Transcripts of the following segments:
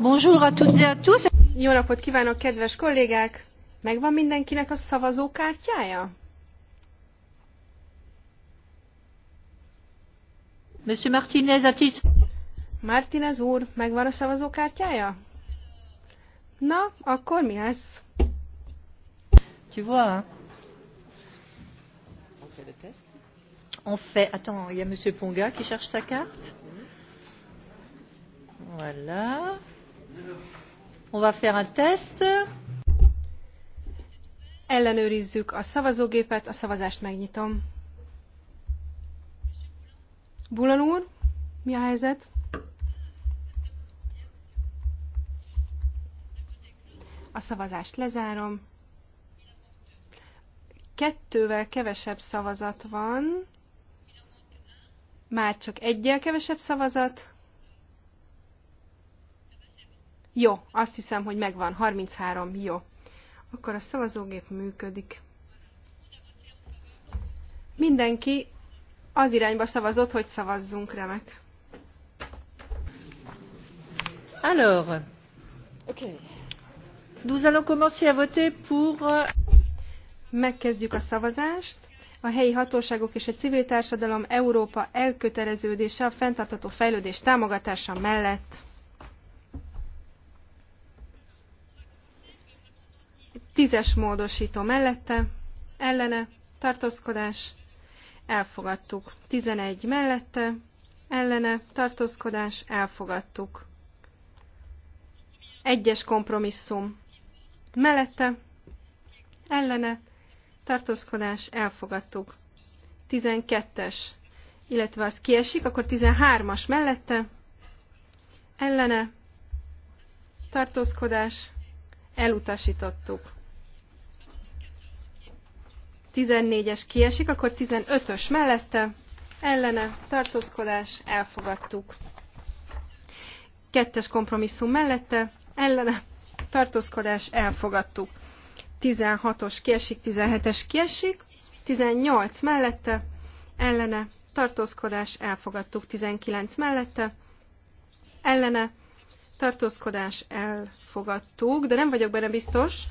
Bonjour à toutes et à tous. Jó napot kívánok, kedves kollégák! Megvan mindenkinek a szavazókártyája? Monsieur Martinez, a Martinez úr, megvan a szavazókártyája? Na, akkor mi lesz? Tu vois, On fait. Attends, il y a Monsieur Ponga qui cherche sa carte. Voilà. On va faire un test. Ellenőrizzük a szavazógépet, a szavazást megnyitom. Bulan úr, mi a helyzet? A szavazást lezárom. Kettővel kevesebb szavazat van. Már csak egyel kevesebb szavazat. Jó, azt hiszem, hogy megvan. 33, jó. Akkor a szavazógép működik. Mindenki az irányba szavazott, hogy szavazzunk, remek. Alors, Ok. nous allons commencer à voter pour... Euh, Megkezdjük a szavazást. A helyi hatóságok és a civil társadalom Európa elköteleződése a fenntartható fejlődés támogatása mellett. Tízes módosító mellette, ellene, tartózkodás, elfogadtuk. Tizenegy mellette, ellene, tartózkodás, elfogadtuk. Egyes kompromisszum mellette, ellene, tartózkodás, elfogadtuk. Tizenkettes, illetve az kiesik, akkor 13-as mellette, ellene, tartózkodás, elutasítottuk. 14-es kiesik, akkor 15-ös mellette, ellene, tartózkodás, elfogadtuk. Kettes kompromisszum mellette, ellene, tartózkodás, elfogadtuk. 16-os kiesik, 17-es kiesik, 18 mellette, ellene, tartózkodás, elfogadtuk. 19 mellette, ellene, tartózkodás, elfogadtuk, de nem vagyok benne biztos,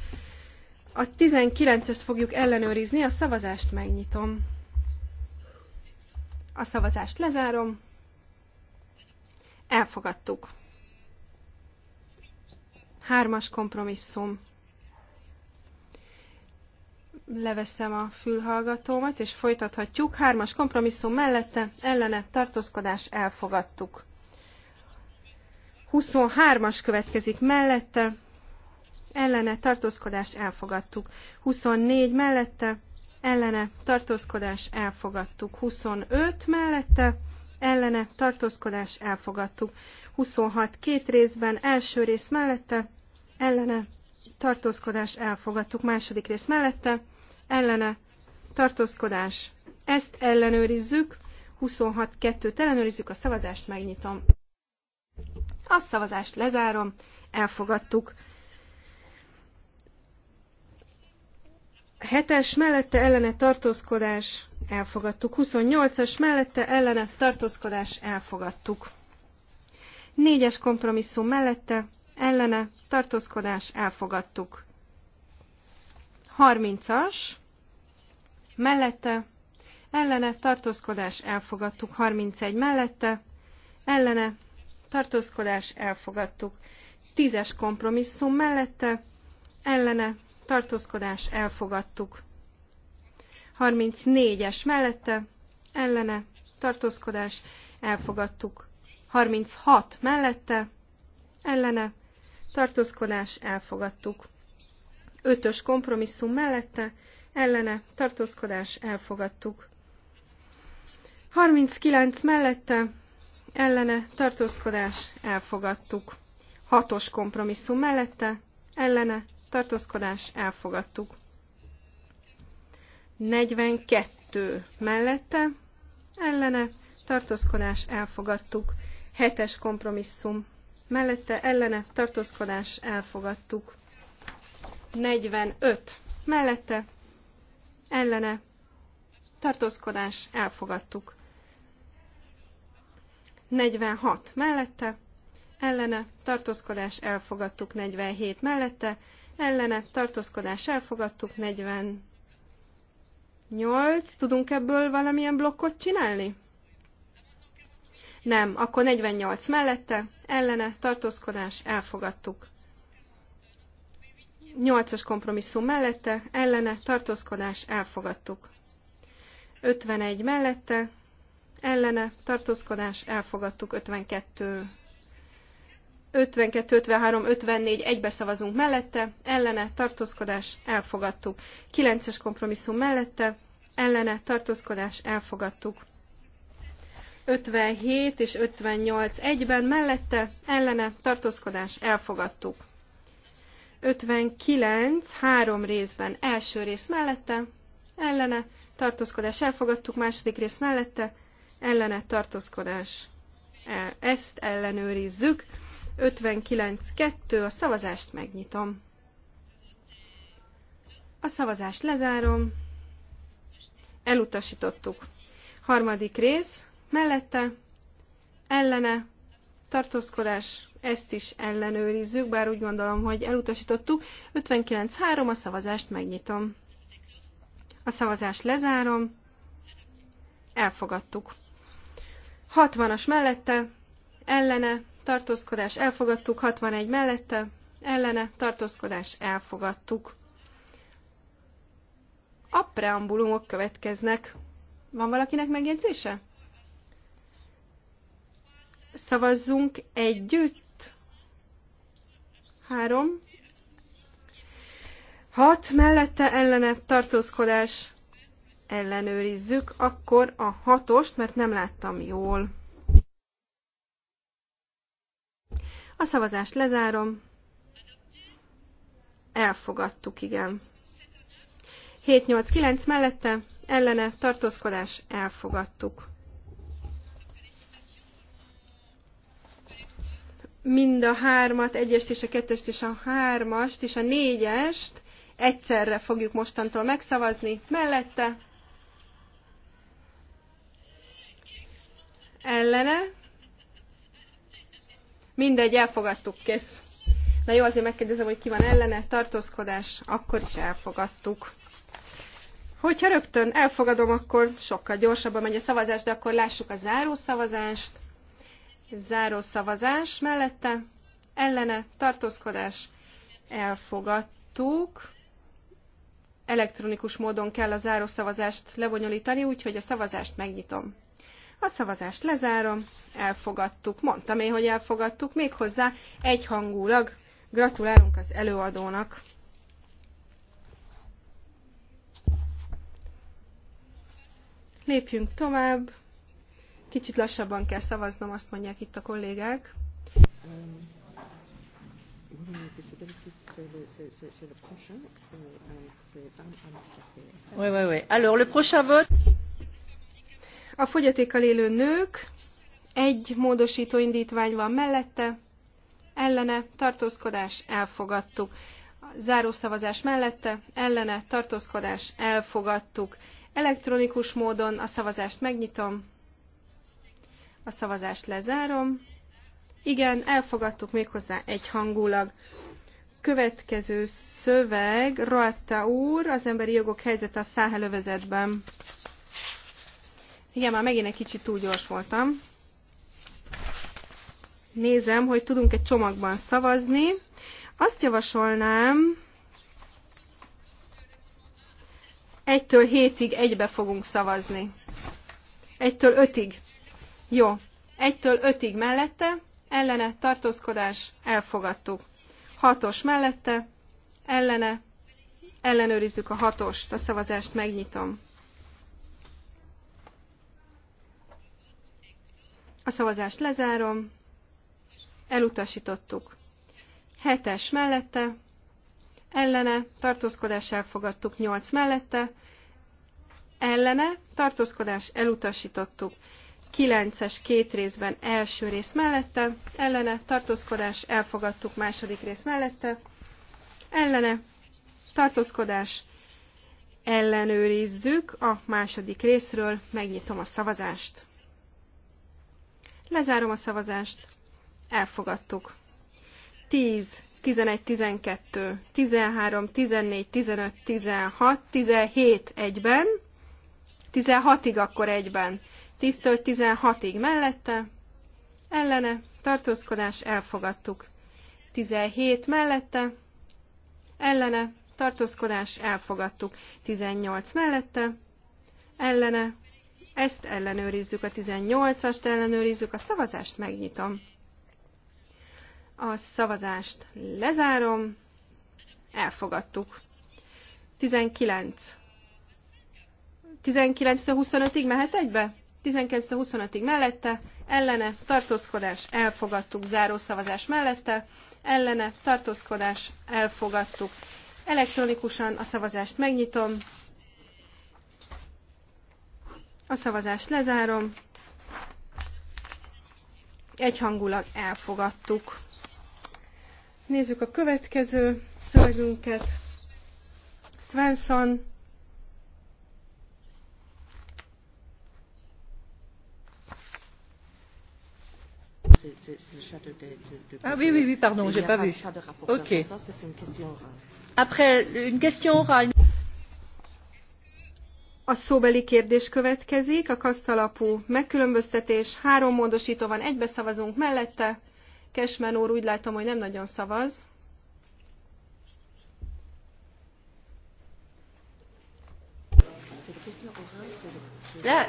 a 19 öst fogjuk ellenőrizni, a szavazást megnyitom. A szavazást lezárom. Elfogadtuk. Hármas kompromisszum. Leveszem a fülhallgatómat, és folytathatjuk. Hármas kompromisszum mellette, ellene, tartózkodás, elfogadtuk. 23-as következik mellette, ellene tartózkodás elfogadtuk. 24 mellette ellene tartózkodás elfogadtuk. 25 mellette ellene tartózkodás elfogadtuk. 26 két részben első rész mellette ellene tartózkodás elfogadtuk. Második rész mellette ellene tartózkodás. Ezt ellenőrizzük. 26-2-t ellenőrizzük, a szavazást megnyitom. A szavazást lezárom, elfogadtuk. 7-es mellette ellene tartózkodás elfogadtuk. 28-as mellette ellene tartózkodás elfogadtuk. 4-es kompromisszum mellette ellene tartózkodás elfogadtuk. 30-as mellette ellene tartózkodás elfogadtuk. 31 mellette ellene tartózkodás elfogadtuk. 10-es kompromisszum mellette ellene tartózkodás elfogadtuk. 34-es mellette, ellene, tartózkodás elfogadtuk. 36 mellette, ellene, tartózkodás elfogadtuk. 5-ös kompromisszum mellette, ellene, tartózkodás elfogadtuk. 39 mellette, ellene, tartózkodás elfogadtuk. 6-os kompromisszum mellette, ellene, tartózkodás, elfogadtuk. 42 mellette, ellene, tartózkodás, elfogadtuk. 7-es kompromisszum mellette, ellene, tartózkodás, elfogadtuk. 45 mellette, ellene, tartózkodás, elfogadtuk. 46 mellette, ellene, tartózkodás, elfogadtuk. 47 mellette, ellene tartózkodás elfogadtuk, 48. Tudunk ebből valamilyen blokkot csinálni? Nem, akkor 48 mellette, ellene tartózkodás elfogadtuk. 8-as kompromisszum mellette, ellene tartózkodás elfogadtuk. 51 mellette, ellene tartózkodás elfogadtuk, 52 52, 53, 54 egybe szavazunk mellette, ellene tartózkodás elfogadtuk. 9-es kompromisszum mellette, ellene tartózkodás elfogadtuk. 57 és 58 egyben mellette, ellene tartózkodás elfogadtuk. 59 három részben első rész mellette, ellene tartózkodás elfogadtuk, második rész mellette, ellene tartózkodás. Ezt ellenőrizzük. 59.2. A szavazást megnyitom. A szavazást lezárom. Elutasítottuk. Harmadik rész. Mellette. Ellene. Tartózkodás. Ezt is ellenőrizzük, bár úgy gondolom, hogy elutasítottuk. 59.3. A szavazást megnyitom. A szavazást lezárom. Elfogadtuk. 60-as mellette. Ellene tartózkodás elfogadtuk, 61 mellette, ellene, tartózkodás elfogadtuk. A preambulumok következnek. Van valakinek megjegyzése? Szavazzunk együtt. Három. Hat mellette ellene tartózkodás ellenőrizzük, akkor a hatost, mert nem láttam jól. A szavazást lezárom. Elfogadtuk, igen. 789 mellette, ellene, tartózkodás, elfogadtuk. Mind a hármat, egyest és a kettest és a hármast és a négyest egyszerre fogjuk mostantól megszavazni, mellette, ellene, Mindegy, elfogadtuk, kész. Na jó, azért megkérdezem, hogy ki van ellene, tartózkodás, akkor is elfogadtuk. Hogyha rögtön elfogadom, akkor sokkal gyorsabban megy a szavazás, de akkor lássuk a záró szavazást. Záró szavazás mellette, ellene, tartózkodás, elfogadtuk. Elektronikus módon kell a zárószavazást lebonyolítani, úgyhogy a szavazást megnyitom. A szavazást lezárom, elfogadtuk. Mondtam én, hogy elfogadtuk, méghozzá egyhangulag. Gratulálunk az előadónak. Lépjünk tovább. Kicsit lassabban kell szavaznom, azt mondják itt a kollégák. Oui, oui, oui. Alors, le prochain vote. A fogyatékkal élő nők, egy módosító indítvány van mellette, ellene, tartózkodás, elfogadtuk. Zárószavazás mellette, ellene, tartózkodás, elfogadtuk. Elektronikus módon a szavazást megnyitom, a szavazást lezárom. Igen, elfogadtuk méghozzá egyhangulag. Következő szöveg, Roatta úr, az emberi jogok helyzete a száhelövezetben. Igen, már megint egy kicsit túl gyors voltam. Nézem, hogy tudunk egy csomagban szavazni. Azt javasolnám, 1-től 7-ig egybe fogunk szavazni. 1-től 5-ig. Jó. 1-től 5-ig mellette, ellene, tartózkodás, elfogadtuk. 6-os mellette, ellene, ellenőrizzük a 6-ost, a szavazást megnyitom. A szavazást lezárom. Elutasítottuk. Hetes mellette. Ellene. Tartózkodás elfogadtuk. Nyolc mellette. Ellene. Tartózkodás elutasítottuk. Kilences két részben első rész mellette, ellene, tartózkodás, elfogadtuk második rész mellette, ellene, tartózkodás, ellenőrizzük a második részről, megnyitom a szavazást. Lezárom a szavazást. Elfogadtuk. 10, 11, 12, 13, 14, 15, 16, 17 egyben, 16-ig akkor egyben, 10-től 16-ig mellette, ellene, tartózkodás, elfogadtuk. 17 mellette, ellene, tartózkodás, elfogadtuk. 18 mellette, ellene, ezt ellenőrizzük, a 18-ast ellenőrizzük, a szavazást megnyitom. A szavazást lezárom, elfogadtuk. 19. 19-25-ig mehet egybe? 19-25-ig mellette, ellene, tartózkodás, elfogadtuk, zárószavazás mellette, ellene, tartózkodás, elfogadtuk. Elektronikusan a szavazást megnyitom, a szavazást lezárom. Egyhangulag elfogadtuk. Nézzük a következő szövegünket. Svensson. Ah oui, oui, oui, pardon, j'ai pas vu. Ok. Après une question orale. A szóbeli kérdés következik, a kasztalapú megkülönböztetés, három módosító van, egybe szavazunk mellette. Kesmen úr úgy látom, hogy nem nagyon szavaz.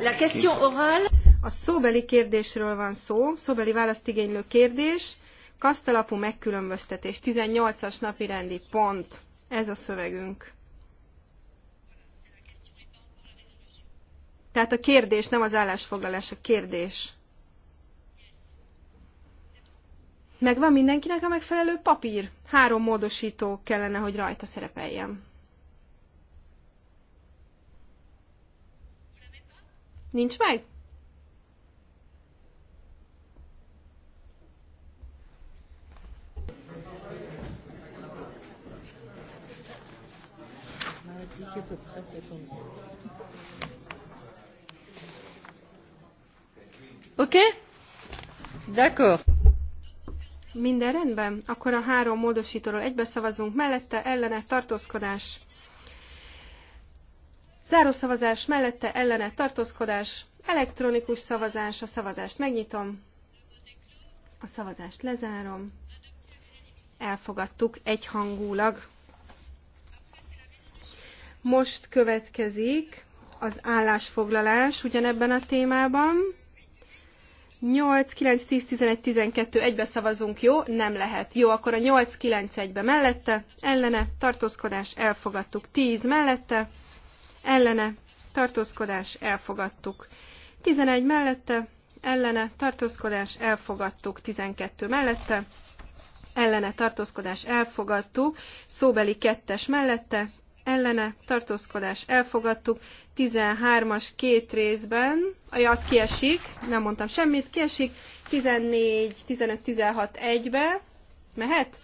La question orale. A szóbeli kérdésről van szó, szóbeli választ igénylő kérdés, kasztalapú megkülönböztetés, 18-as napi rendi pont, ez a szövegünk. Tehát a kérdés nem az állásfoglalás, a kérdés. Megvan mindenkinek a megfelelő papír. Három módosító kellene, hogy rajta szerepeljen. Nincs meg? Artikel für Oké? Okay? D'accord. Minden rendben? Akkor a három módosítóról egybe szavazunk, mellette ellene tartózkodás. Zárószavazás mellette ellene tartózkodás. Elektronikus szavazás, a szavazást megnyitom. A szavazást lezárom. Elfogadtuk egyhangulag. Most következik az állásfoglalás ugyanebben a témában. 8, 9, 10, 11, 12 egybe szavazunk, jó? Nem lehet. Jó, akkor a 8, 9 egybe mellette, ellene, tartózkodás, elfogadtuk. 10 mellette, ellene, tartózkodás, elfogadtuk. 11 mellette, ellene, tartózkodás, elfogadtuk. 12 mellette, ellene tartózkodás elfogadtuk, szóbeli kettes mellette, ellene tartózkodás elfogadtuk, 13-as két részben, aj, az kiesik, nem mondtam semmit, kiesik, 14, 15, 16 egybe, mehet?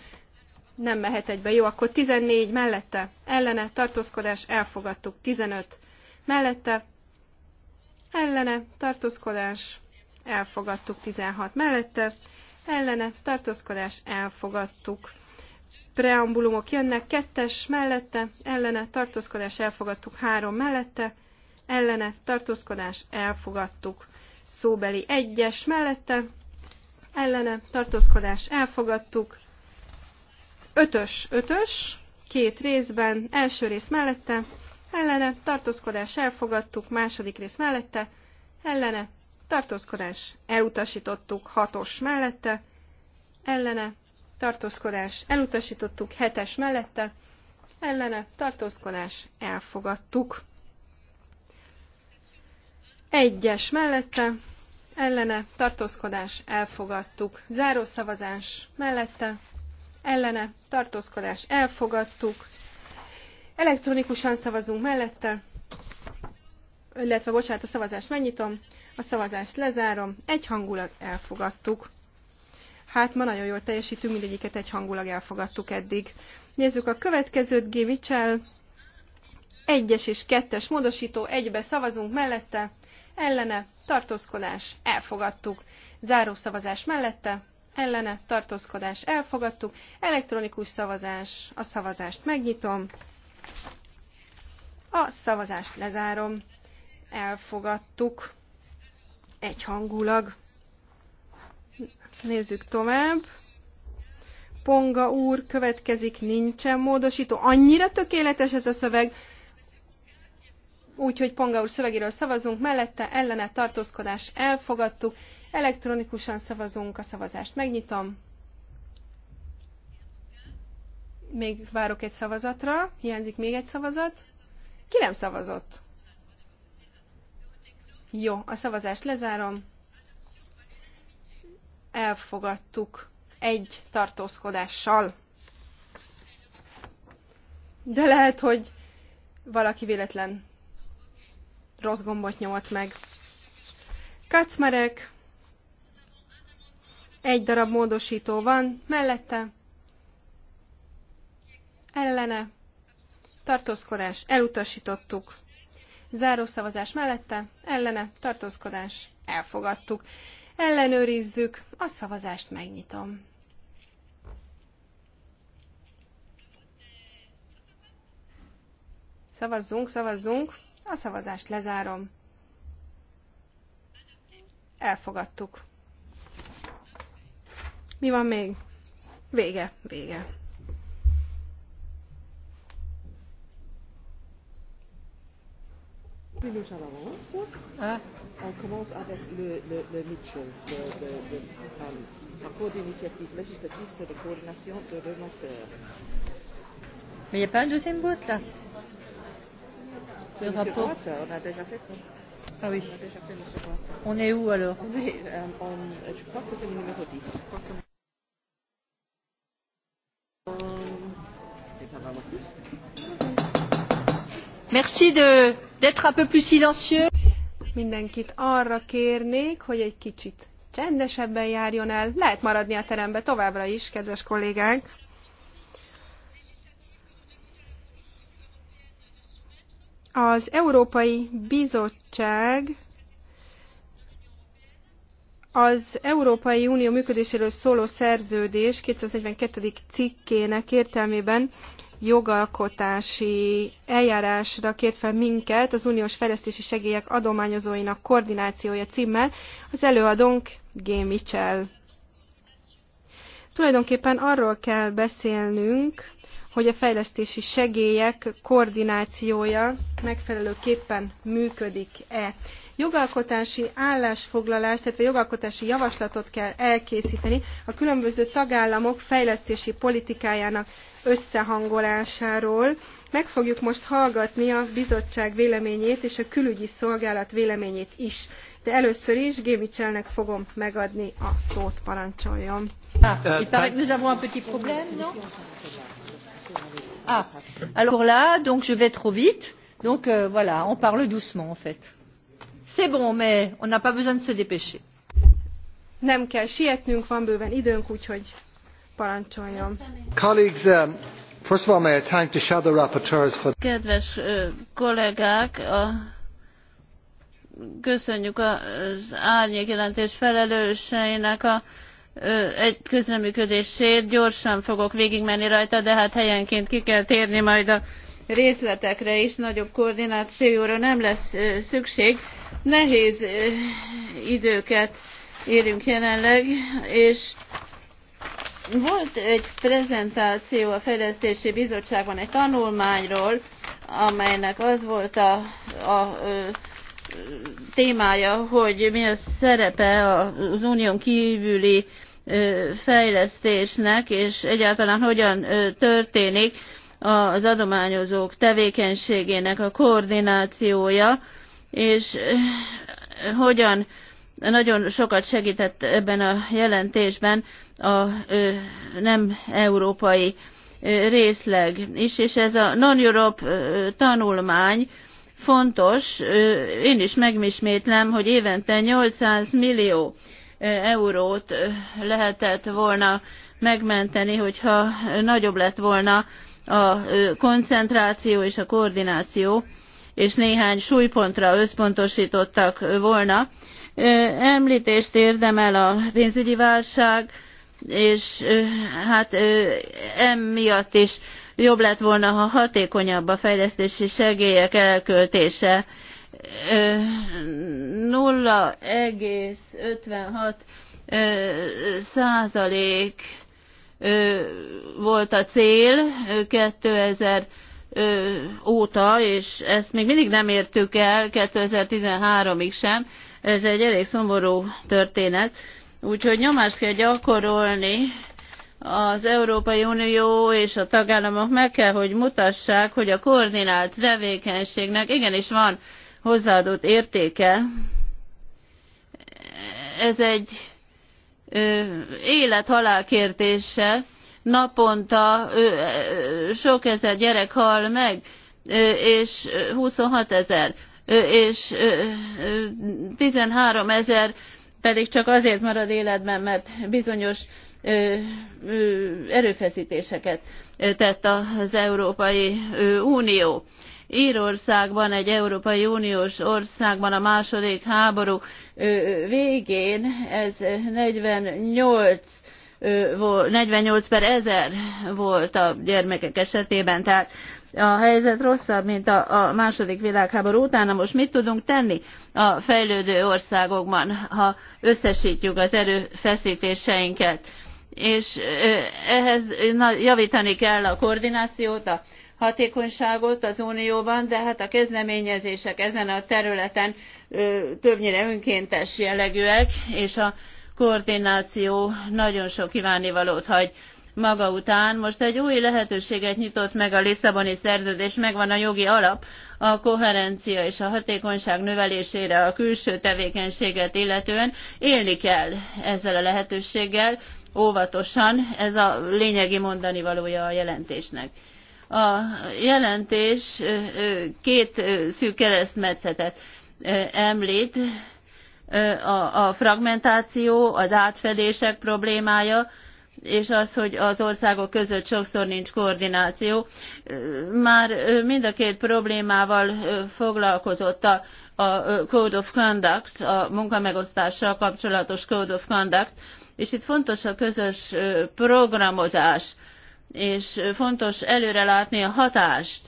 Nem mehet egybe, jó, akkor 14 mellette, ellene tartózkodás elfogadtuk, 15 mellette, ellene tartózkodás elfogadtuk, 16 mellette, ellene tartózkodás elfogadtuk preambulumok jönnek, kettes mellette, ellene, tartózkodás, elfogadtuk, három mellette, ellene, tartózkodás, elfogadtuk, szóbeli egyes mellette, ellene, tartózkodás, elfogadtuk, ötös, ötös, két részben, első rész mellette, ellene, tartózkodás, elfogadtuk, második rész mellette, ellene, tartózkodás, elutasítottuk, hatos mellette, ellene, tartózkodás elutasítottuk, hetes mellette, ellene, tartózkodás elfogadtuk. Egyes mellette, ellene, tartózkodás elfogadtuk. Záró szavazás mellette, ellene, tartózkodás elfogadtuk. Elektronikusan szavazunk mellette, illetve bocsánat, a szavazást megnyitom, a szavazást lezárom, egyhangulat elfogadtuk. Hát ma nagyon jól teljesítünk, mindegyiket egyhangulag elfogadtuk eddig. Nézzük a következőt, G. Mitchell. Egyes és kettes módosító, egybe szavazunk mellette, ellene, tartózkodás, elfogadtuk. Záró szavazás mellette, ellene, tartózkodás, elfogadtuk. Elektronikus szavazás, a szavazást megnyitom. A szavazást lezárom. Elfogadtuk. Egyhangulag. Nézzük tovább. Ponga úr, következik, nincsen módosító. Annyira tökéletes ez a szöveg, úgyhogy Ponga úr szövegéről szavazunk, mellette ellene tartózkodás elfogadtuk, elektronikusan szavazunk, a szavazást megnyitom. Még várok egy szavazatra, hiányzik még egy szavazat. Ki nem szavazott? Jó, a szavazást lezárom elfogadtuk egy tartózkodással. De lehet, hogy valaki véletlen rossz gombot nyomott meg. Kacmarek, egy darab módosító van, mellette, ellene, tartózkodás, elutasítottuk. Zárószavazás mellette, ellene, tartózkodás, elfogadtuk. Ellenőrizzük, a szavazást megnyitom. Szavazzunk, szavazzunk, a szavazást lezárom. Elfogadtuk. Mi van még? Vége, vége. Plus nous temps avance, ah. on commence avec le, le, le Mitchell, le, le, le, enfin, rapport d'initiative législative sur la coordination de renonceurs. Mais il n'y a pas un deuxième vote là Le rapport Watt, On a déjà fait ça. Ah oui. On, a déjà fait Watt. on est où alors on est, euh, on, Je crois que c'est le numéro 10. Je crois que... Merci de d'être un peu plus silencieux. Mindenkit arra kérnék, hogy egy kicsit csendesebben járjon el. Lehet maradni a terembe továbbra is, kedves kollégánk. Az Európai Bizottság az Európai Unió működéséről szóló szerződés 242. cikkének értelmében jogalkotási eljárásra kért fel minket az uniós fejlesztési segélyek adományozóinak koordinációja címmel az előadónk G. Mitchell. Tulajdonképpen arról kell beszélnünk, hogy a fejlesztési segélyek koordinációja megfelelőképpen működik-e jogalkotási állásfoglalást, illetve jogalkotási javaslatot kell elkészíteni a különböző tagállamok fejlesztési politikájának összehangolásáról. Meg fogjuk most hallgatni a bizottság véleményét és a külügyi szolgálat véleményét is. De először is Gémicselnek fogom megadni a szót, parancsoljon. Ah, petit problème, Ah, alors là, donc je vais trop vite. Donc euh, voilà, on parle doucement en fait. C'est bon, mais on n'a pas besoin de se dépêcher. Nem kell sietnünk, van bőven időnk, úgyhogy parancsoljon. Colleagues, um, first of all, may I thank the shadow rapporteurs for... Kedves uh, kollégák, a köszönjük az árnyék jelentés felelőseinek a egy közreműködését. Gyorsan fogok végigmenni rajta, de hát helyenként ki kell térni majd a részletekre is, nagyobb koordinációra nem lesz szükség. Nehéz időket érünk jelenleg, és volt egy prezentáció a Fejlesztési Bizottságban egy tanulmányról, amelynek az volt a, a, a témája, hogy mi a szerepe az unión kívüli fejlesztésnek, és egyáltalán hogyan történik az adományozók tevékenységének a koordinációja és hogyan nagyon sokat segített ebben a jelentésben a nem európai részleg is, és ez a Non-Europe tanulmány fontos, én is megismétlem, hogy évente 800 millió eurót lehetett volna megmenteni, hogyha nagyobb lett volna a koncentráció és a koordináció és néhány súlypontra összpontosítottak volna. Említést érdemel a pénzügyi válság, és hát emiatt is jobb lett volna, ha hatékonyabb a fejlesztési segélyek elköltése. 0,56 százalék volt a cél 2000 óta, és ezt még mindig nem értük el 2013-ig sem. Ez egy elég szomorú történet. Úgyhogy nyomást kell gyakorolni az Európai Unió és a tagállamok meg kell, hogy mutassák, hogy a koordinált tevékenységnek igenis van hozzáadott értéke. Ez egy élet-halál kérdése naponta sok ezer gyerek hal meg, és 26 ezer, és 13 ezer pedig csak azért marad életben, mert bizonyos erőfeszítéseket tett az Európai Unió. Írországban, egy Európai Uniós országban a második háború végén ez 48 48 per 1000 volt a gyermekek esetében, tehát a helyzet rosszabb, mint a, a második világháború utána. Most mit tudunk tenni a fejlődő országokban, ha összesítjük az erőfeszítéseinket? És ehhez javítani kell a koordinációt, a hatékonyságot az unióban, de hát a kezdeményezések ezen a területen többnyire önkéntes jellegűek, és a koordináció nagyon sok kívánivalót hagy maga után. Most egy új lehetőséget nyitott meg a Lisszaboni szerződés, megvan a jogi alap a koherencia és a hatékonyság növelésére a külső tevékenységet illetően. Élni kell ezzel a lehetőséggel, óvatosan, ez a lényegi mondani valója a jelentésnek. A jelentés két szűk keresztmetszetet említ, a, a fragmentáció, az átfedések problémája, és az, hogy az országok között sokszor nincs koordináció. Már mind a két problémával foglalkozott a, a Code of Conduct, a munkamegosztással kapcsolatos Code of Conduct, és itt fontos a közös programozás, és fontos előrelátni a hatást,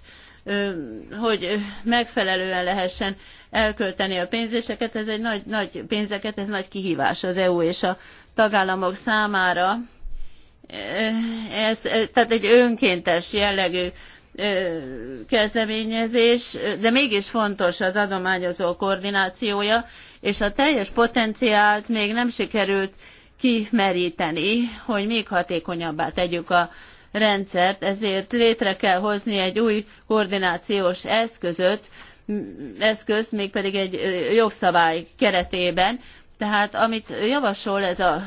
hogy megfelelően lehessen elkölteni a pénzéseket, ez egy nagy, nagy pénzeket, ez nagy kihívás az EU és a tagállamok számára. Ez, ez, tehát egy önkéntes jellegű kezdeményezés, de mégis fontos az adományozó koordinációja, és a teljes potenciált még nem sikerült kimeríteni, hogy még hatékonyabbá tegyük a rendszert, ezért létre kell hozni egy új koordinációs eszközöt, eszköz, mégpedig egy jogszabály keretében. Tehát amit javasol ez a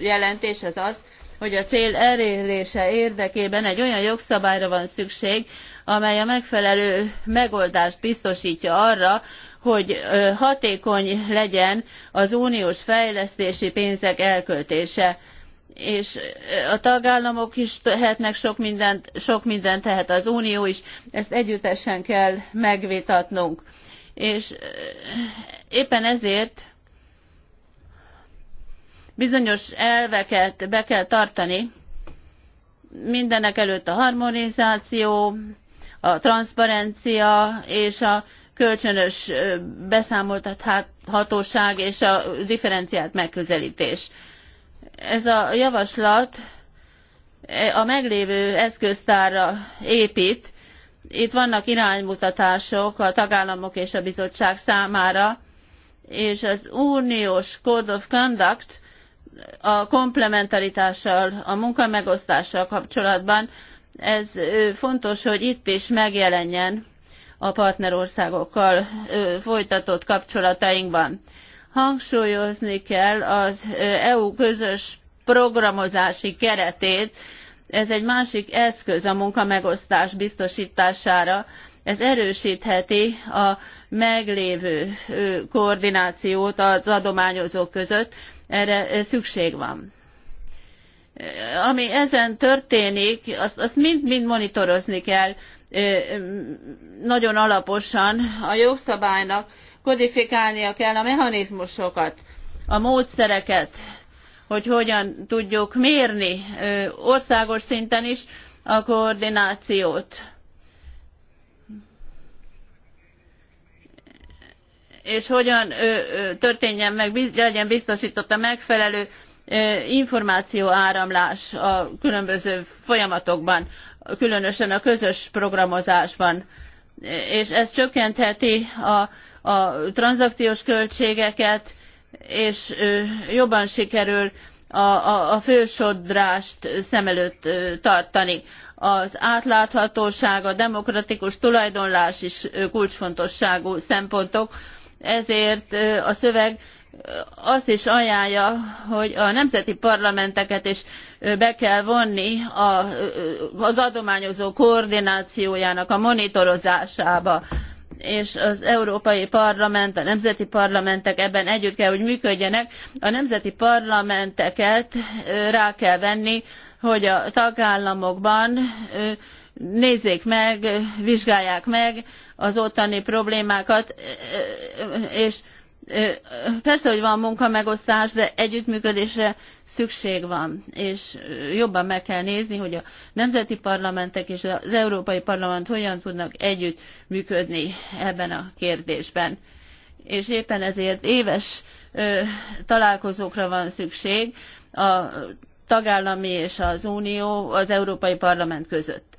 jelentés, az az, hogy a cél elérése érdekében egy olyan jogszabályra van szükség, amely a megfelelő megoldást biztosítja arra, hogy hatékony legyen az uniós fejlesztési pénzek elköltése és eh, a tagállamok is tehetnek sok mindent, sok mindent tehet az Unió is, ezt együttesen kell megvitatnunk. És eh, éppen ezért bizonyos elveket be kell tartani, mindenek előtt a harmonizáció, a transzparencia és a kölcsönös eh, beszámoltathatóság és a differenciált megközelítés ez a javaslat eh, a meglévő eszköztárra épít. Itt vannak iránymutatások a tagállamok és a bizottság számára, és az uniós Code of Conduct a komplementaritással, a munkamegosztással kapcsolatban, ez fontos, hogy itt is megjelenjen a partnerországokkal folytatott kapcsolatainkban hangsúlyozni kell az EU közös programozási keretét. Ez egy másik eszköz a munkamegosztás biztosítására. Ez erősítheti a meglévő koordinációt az adományozók között. Erre szükség van ami ezen történik, azt, azt mind, mind monitorozni kell nagyon alaposan. A jogszabálynak kodifikálnia kell a mechanizmusokat, a módszereket, hogy hogyan tudjuk mérni országos szinten is a koordinációt. És hogyan történjen meg, legyen biztosított a megfelelő információ áramlás a különböző folyamatokban, különösen a közös programozásban. És ez csökkentheti a a tranzakciós költségeket, és jobban sikerül a, a, a fősodrást szem előtt tartani. Az átláthatóság, a demokratikus tulajdonlás is kulcsfontosságú szempontok, ezért a szöveg azt is ajánlja, hogy a nemzeti parlamenteket is be kell vonni az adományozó koordinációjának a monitorozásába és az Európai Parlament, a nemzeti parlamentek ebben együtt kell, hogy működjenek. A nemzeti parlamenteket rá kell venni, hogy a tagállamokban nézzék meg, vizsgálják meg az ottani problémákat, és Persze, hogy van munkamegosztás, de együttműködésre szükség van, és jobban meg kell nézni, hogy a nemzeti parlamentek és az Európai Parlament hogyan tudnak együttműködni ebben a kérdésben. És éppen ezért éves találkozókra van szükség a tagállami és az Unió, az Európai Parlament között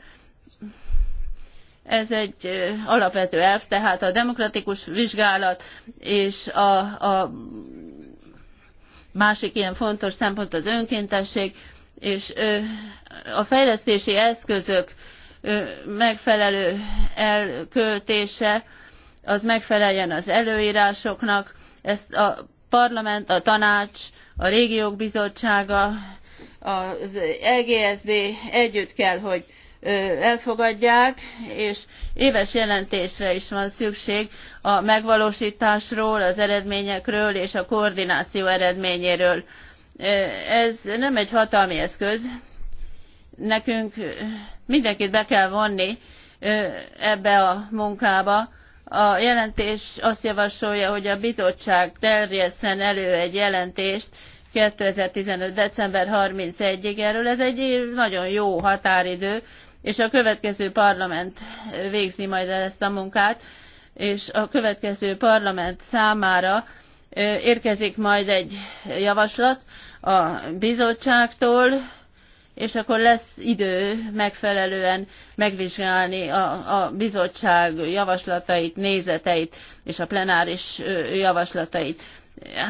ez egy alapvető elv, tehát a demokratikus vizsgálat és a, a másik ilyen fontos szempont az önkéntesség, és a fejlesztési eszközök megfelelő elköltése az megfeleljen az előírásoknak. Ezt a parlament, a tanács, a régiók bizottsága, az EGSB együtt kell, hogy elfogadják, és éves jelentésre is van szükség a megvalósításról, az eredményekről és a koordináció eredményéről. Ez nem egy hatalmi eszköz. Nekünk mindenkit be kell vonni ebbe a munkába. A jelentés azt javasolja, hogy a bizottság terjesszen elő egy jelentést, 2015. december 31-ig erről. Ez egy nagyon jó határidő, és a következő parlament végzi majd el ezt a munkát, és a következő parlament számára érkezik majd egy javaslat a bizottságtól, és akkor lesz idő megfelelően megvizsgálni a, a bizottság javaslatait, nézeteit és a plenáris javaslatait.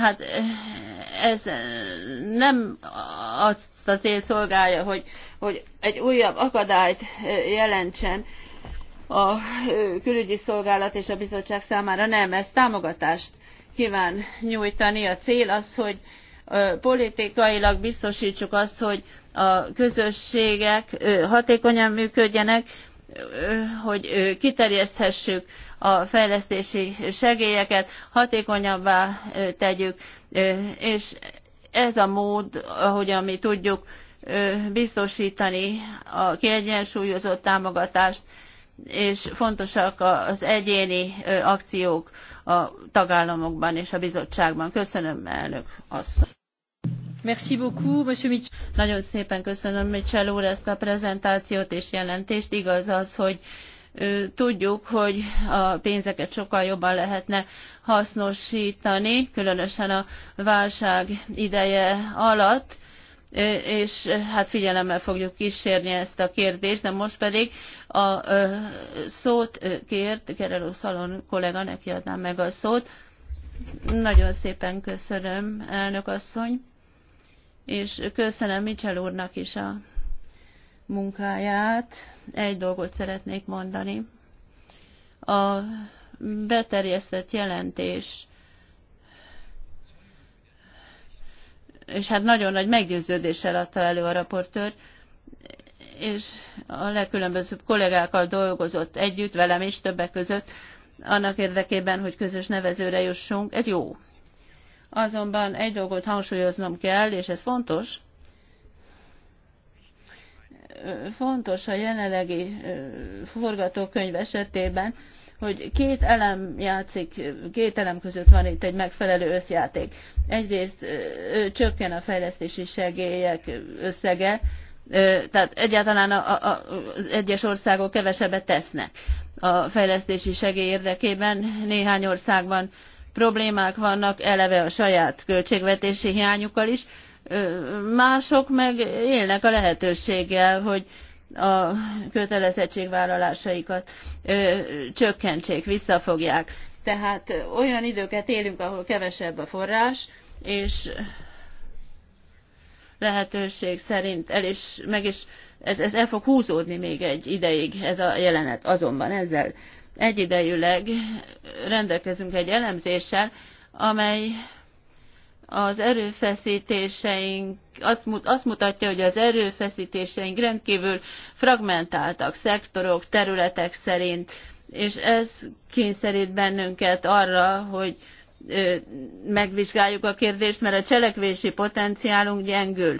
Hát ez nem azt a célt szolgálja, hogy hogy egy újabb akadályt jelentsen a külügyi szolgálat és a bizottság számára. Nem, ez támogatást kíván nyújtani. A cél az, hogy politikailag biztosítsuk azt, hogy a közösségek hatékonyan működjenek, hogy kiterjeszthessük a fejlesztési segélyeket, hatékonyabbá tegyük, és ez a mód, ahogy mi tudjuk, biztosítani a kiegyensúlyozott támogatást, és fontosak az egyéni akciók a tagállamokban és a bizottságban. Köszönöm, elnök asszony. Merci beaucoup, Monsieur Mitchell. Nagyon szépen köszönöm Mitchell úr ezt a prezentációt és jelentést. Igaz az, hogy tudjuk, hogy a pénzeket sokkal jobban lehetne hasznosítani, különösen a válság ideje alatt és hát figyelemmel fogjuk kísérni ezt a kérdést, de most pedig a szót kért, Gereló Szalon kollega, neki adnám meg a szót. Nagyon szépen köszönöm, elnök asszony, és köszönöm Michel úrnak is a munkáját. Egy dolgot szeretnék mondani. A beterjesztett jelentés és hát nagyon nagy meggyőződéssel adta elő a raportőr, és a legkülönbözőbb kollégákkal dolgozott együtt, velem is többek között, annak érdekében, hogy közös nevezőre jussunk. Ez jó. Azonban egy dolgot hangsúlyoznom kell, és ez fontos, fontos a jelenlegi forgatókönyv esetében, hogy két elem játszik, két elem között van itt egy megfelelő összjáték. Egyrészt csökken a fejlesztési segélyek összege, tehát egyáltalán a, a, az egyes országok kevesebbet tesznek a fejlesztési segély érdekében. Néhány országban problémák vannak eleve a saját költségvetési hiányukkal is, mások meg élnek a lehetőséggel, hogy a kötelezettségvállalásaikat ö, csökkentsék, visszafogják. Tehát olyan időket élünk, ahol kevesebb a forrás, és lehetőség szerint el is, meg is, ez, ez el fog húzódni még egy ideig ez a jelenet. Azonban ezzel egyidejűleg rendelkezünk egy elemzéssel, amely az erőfeszítéseink azt, mut, azt mutatja, hogy az erőfeszítéseink rendkívül fragmentáltak szektorok, területek szerint, és ez kényszerít bennünket arra, hogy ö, megvizsgáljuk a kérdést, mert a cselekvési potenciálunk gyengül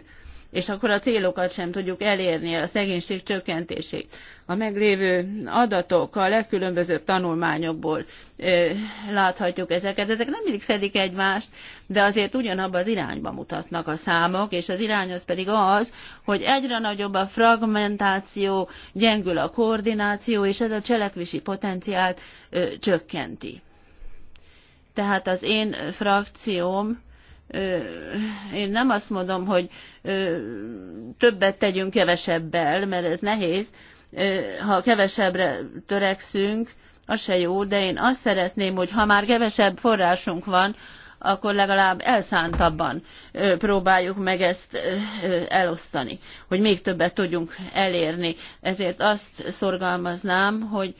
és akkor a célokat sem tudjuk elérni, a szegénység csökkentését. A meglévő adatok a legkülönbözőbb tanulmányokból ö, láthatjuk ezeket. Ezek nem mindig fedik egymást, de azért ugyanabban az irányba mutatnak a számok, és az irány az pedig az, hogy egyre nagyobb a fragmentáció, gyengül a koordináció, és ez a cselekvési potenciált ö, csökkenti. Tehát az én frakcióm én nem azt mondom, hogy többet tegyünk kevesebbel, mert ez nehéz. Ha kevesebbre törekszünk, az se jó, de én azt szeretném, hogy ha már kevesebb forrásunk van, akkor legalább elszántabban próbáljuk meg ezt elosztani, hogy még többet tudjunk elérni. Ezért azt szorgalmaznám, hogy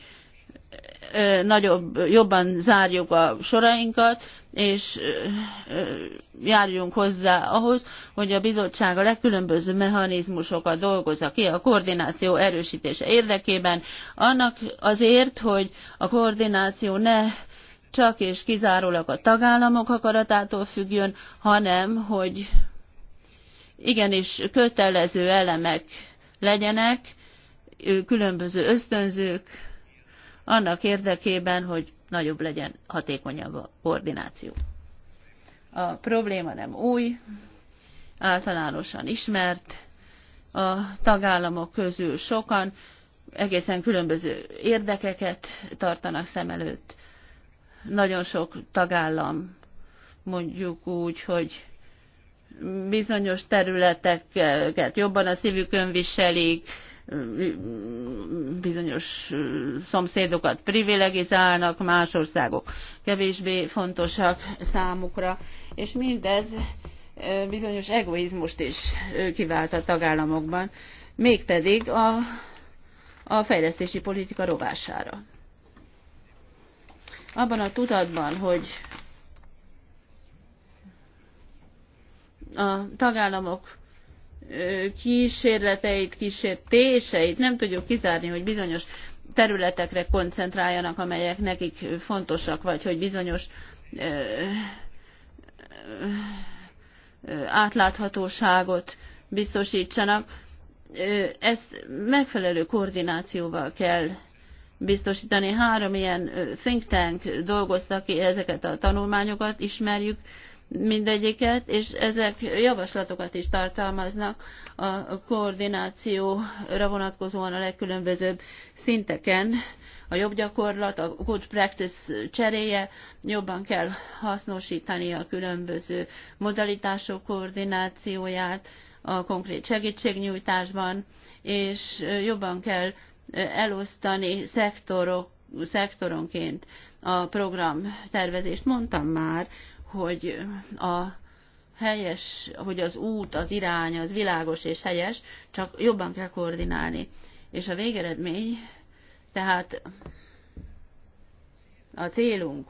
nagyobb, jobban zárjuk a sorainkat, és járjunk hozzá ahhoz, hogy a bizottság a legkülönböző mechanizmusokat dolgozza ki a koordináció erősítése érdekében, annak azért, hogy a koordináció ne csak és kizárólag a tagállamok akaratától függjön, hanem hogy igenis kötelező elemek legyenek, különböző ösztönzők, annak érdekében, hogy nagyobb legyen, hatékonyabb a koordináció. A probléma nem új, általánosan ismert, a tagállamok közül sokan egészen különböző érdekeket tartanak szem előtt. Nagyon sok tagállam mondjuk úgy, hogy bizonyos területeket jobban a szívükön viselik, bizonyos szomszédokat privilegizálnak, más országok kevésbé fontosak számukra, és mindez bizonyos egoizmust is kivált a tagállamokban, mégpedig a, a fejlesztési politika rovására. Abban a tudatban, hogy a tagállamok kísérleteit, kísértéseit nem tudjuk kizárni, hogy bizonyos területekre koncentráljanak, amelyek nekik fontosak, vagy hogy bizonyos átláthatóságot biztosítsanak. Ezt megfelelő koordinációval kell biztosítani. Három ilyen think tank dolgozta ki ezeket a tanulmányokat, ismerjük mindegyiket, és ezek javaslatokat is tartalmaznak a koordinációra vonatkozóan a legkülönbözőbb szinteken. A jobb gyakorlat, a good practice cseréje, jobban kell hasznosítani a különböző modalitások koordinációját a konkrét segítségnyújtásban, és jobban kell elosztani szektorok, szektoronként a programtervezést. Mondtam már, hogy a helyes, hogy az út, az irány, az világos és helyes, csak jobban kell koordinálni. És a végeredmény, tehát a célunk,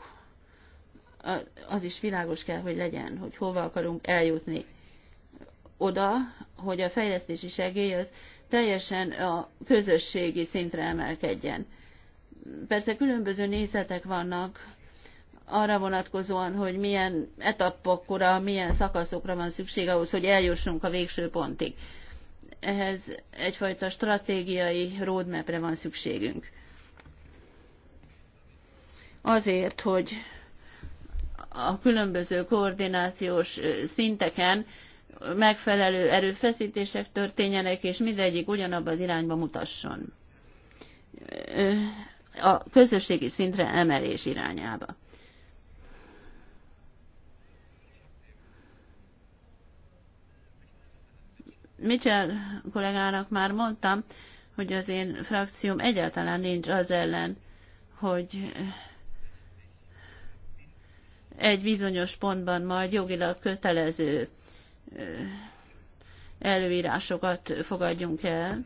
az is világos kell, hogy legyen, hogy hova akarunk eljutni. Oda, hogy a fejlesztési segély az teljesen a közösségi szintre emelkedjen. Persze különböző nézetek vannak arra vonatkozóan, hogy milyen etapokra, milyen szakaszokra van szükség ahhoz, hogy eljussunk a végső pontig. Ehhez egyfajta stratégiai roadmapre van szükségünk. Azért, hogy a különböző koordinációs szinteken megfelelő erőfeszítések történjenek, és mindegyik ugyanabba az irányba mutasson. A közösségi szintre emelés irányába. Mitchell kollégának már mondtam, hogy az én frakcióm egyáltalán nincs az ellen, hogy egy bizonyos pontban majd jogilag kötelező előírásokat fogadjunk el,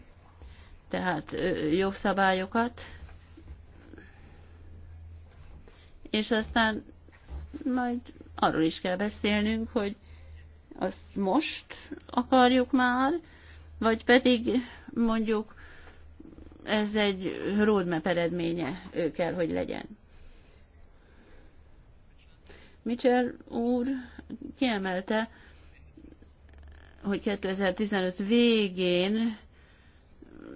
tehát jogszabályokat, és aztán majd arról is kell beszélnünk, hogy azt most akarjuk már, vagy pedig mondjuk ez egy roadmap eredménye ő kell, hogy legyen. Mitchell úr kiemelte, hogy 2015 végén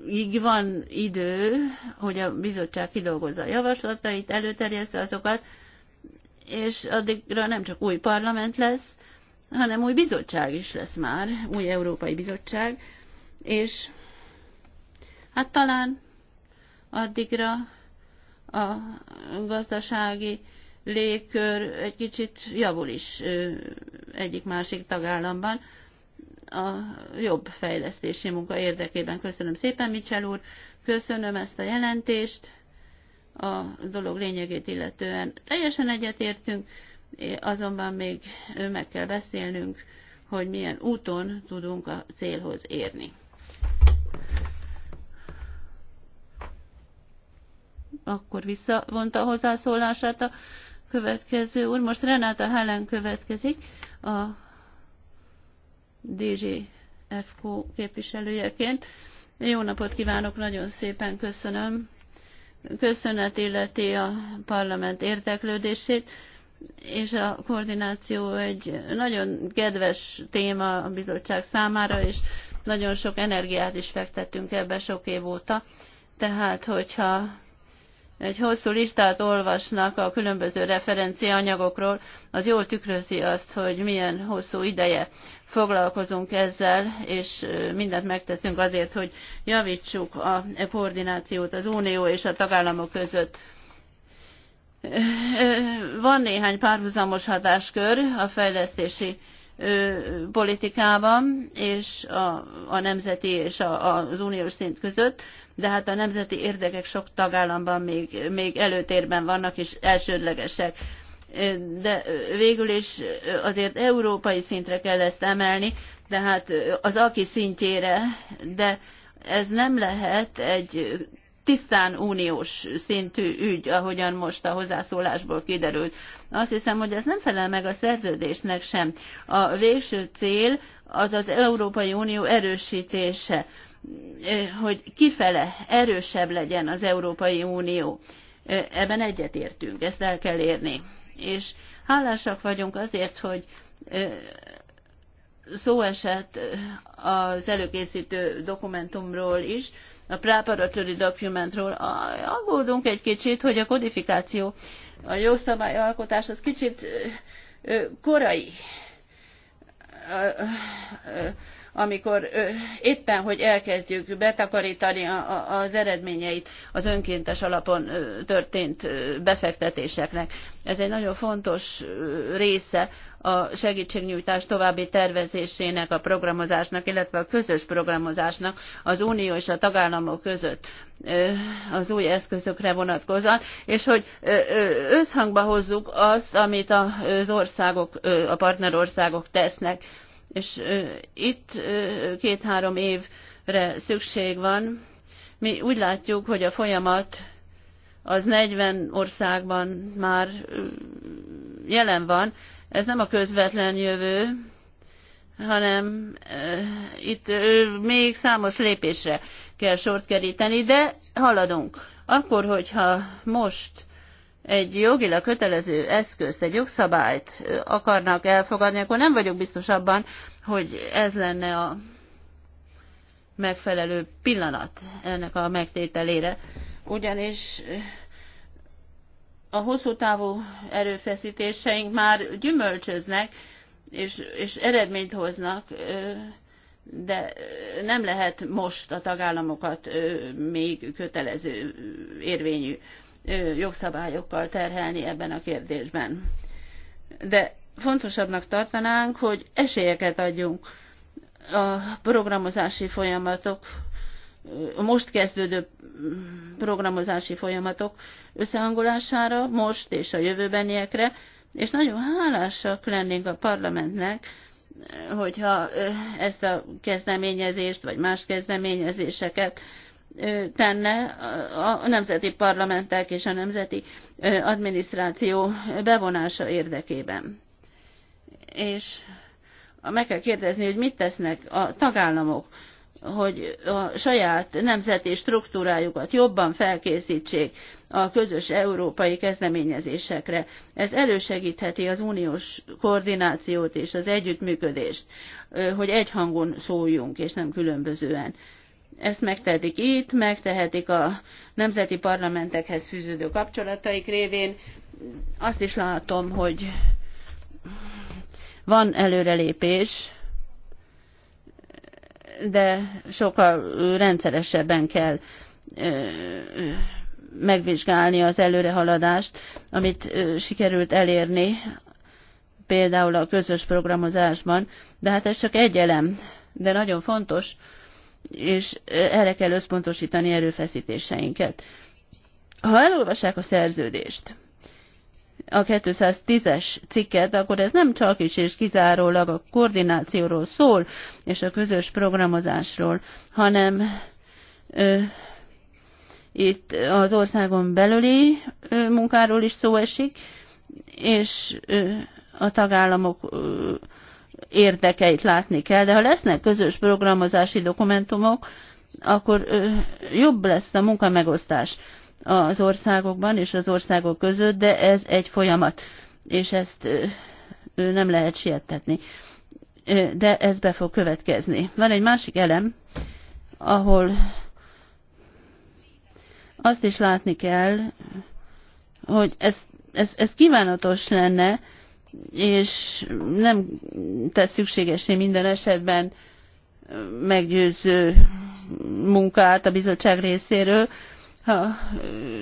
így van idő, hogy a bizottság kidolgozza a javaslatait, előterjeszte azokat, és addigra nem csak új parlament lesz, hanem új bizottság is lesz már, új Európai Bizottság, és hát talán addigra a gazdasági légkör egy kicsit javul is egyik-másik tagállamban a jobb fejlesztési munka érdekében. Köszönöm szépen, Michel úr, köszönöm ezt a jelentést a dolog lényegét illetően. Teljesen egyetértünk, azonban még meg kell beszélnünk, hogy milyen úton tudunk a célhoz érni. Akkor visszavonta a hozzászólását a következő úr. Most Renáta Helen következik, a DGFK képviselőjeként. Jó napot kívánok, nagyon szépen köszönöm. Köszönet illeti a parlament érdeklődését és a koordináció egy nagyon kedves téma a bizottság számára, és nagyon sok energiát is fektettünk ebbe sok év óta. Tehát, hogyha egy hosszú listát olvasnak a különböző referenciaanyagokról, az jól tükrözi azt, hogy milyen hosszú ideje foglalkozunk ezzel, és mindent megteszünk azért, hogy javítsuk a koordinációt az Unió és a tagállamok között. Van néhány párhuzamos hatáskör a fejlesztési politikában és a, a nemzeti és a, az uniós szint között, de hát a nemzeti érdekek sok tagállamban még, még előtérben vannak és elsődlegesek. De végül is azért európai szintre kell ezt emelni, tehát az aki szintjére, de ez nem lehet egy tisztán uniós szintű ügy, ahogyan most a hozzászólásból kiderült. Azt hiszem, hogy ez nem felel meg a szerződésnek sem. A végső cél az az Európai Unió erősítése, eh, hogy kifele erősebb legyen az Európai Unió. Eh, ebben egyetértünk, ezt el kell érni. És hálásak vagyunk azért, hogy eh, szó esett az előkészítő dokumentumról is, a preparatory documentról aggódunk egy kicsit, hogy a kodifikáció, a jogszabályalkotás az kicsit korai amikor éppen, hogy elkezdjük betakarítani az eredményeit az önkéntes alapon történt befektetéseknek. Ez egy nagyon fontos része a segítségnyújtás további tervezésének, a programozásnak, illetve a közös programozásnak az Unió és a tagállamok között az új eszközökre vonatkozóan, és hogy összhangba hozzuk azt, amit az országok, a partnerországok tesznek és itt két-három évre szükség van. Mi úgy látjuk, hogy a folyamat az 40 országban már jelen van. Ez nem a közvetlen jövő, hanem itt még számos lépésre kell sort keríteni, de haladunk. Akkor, hogyha most egy jogilag kötelező eszközt, egy jogszabályt akarnak elfogadni, akkor nem vagyok biztos abban, hogy ez lenne a megfelelő pillanat ennek a megtételére. Ugyanis a hosszú távú erőfeszítéseink már gyümölcsöznek, és, és eredményt hoznak, de nem lehet most a tagállamokat még kötelező érvényű jogszabályokkal terhelni ebben a kérdésben. De fontosabbnak tartanánk, hogy esélyeket adjunk a programozási folyamatok, a most kezdődő programozási folyamatok összehangolására, most és a jövőbeniekre, és nagyon hálásak lennénk a parlamentnek, hogyha ezt a kezdeményezést, vagy más kezdeményezéseket tenne a nemzeti parlamentek és a nemzeti adminisztráció bevonása érdekében. És meg kell kérdezni, hogy mit tesznek a tagállamok, hogy a saját nemzeti struktúrájukat jobban felkészítsék a közös európai kezdeményezésekre. Ez elősegítheti az uniós koordinációt és az együttműködést, hogy egyhangon szóljunk, és nem különbözően. Ezt megtehetik itt, megtehetik a nemzeti parlamentekhez fűződő kapcsolataik révén. Azt is látom, hogy van előrelépés, de sokkal rendszeresebben kell megvizsgálni az előrehaladást, amit sikerült elérni, például a közös programozásban, de hát ez csak egy elem, de nagyon fontos, és erre kell összpontosítani erőfeszítéseinket. Ha elolvassák a szerződést, a 210-es cikket, akkor ez nem csak is és kizárólag a koordinációról szól, és a közös programozásról, hanem ö, itt az országon belüli ö, munkáról is szó esik, és ö, a tagállamok ö, érdekeit látni kell, de ha lesznek közös programozási dokumentumok, akkor jobb lesz a munkamegosztás az országokban és az országok között, de ez egy folyamat, és ezt nem lehet siettetni. De ez be fog következni. Van egy másik elem, ahol azt is látni kell, hogy ez, ez, ez kívánatos lenne, és nem tesz szükségesé minden esetben meggyőző munkát a bizottság részéről. Ha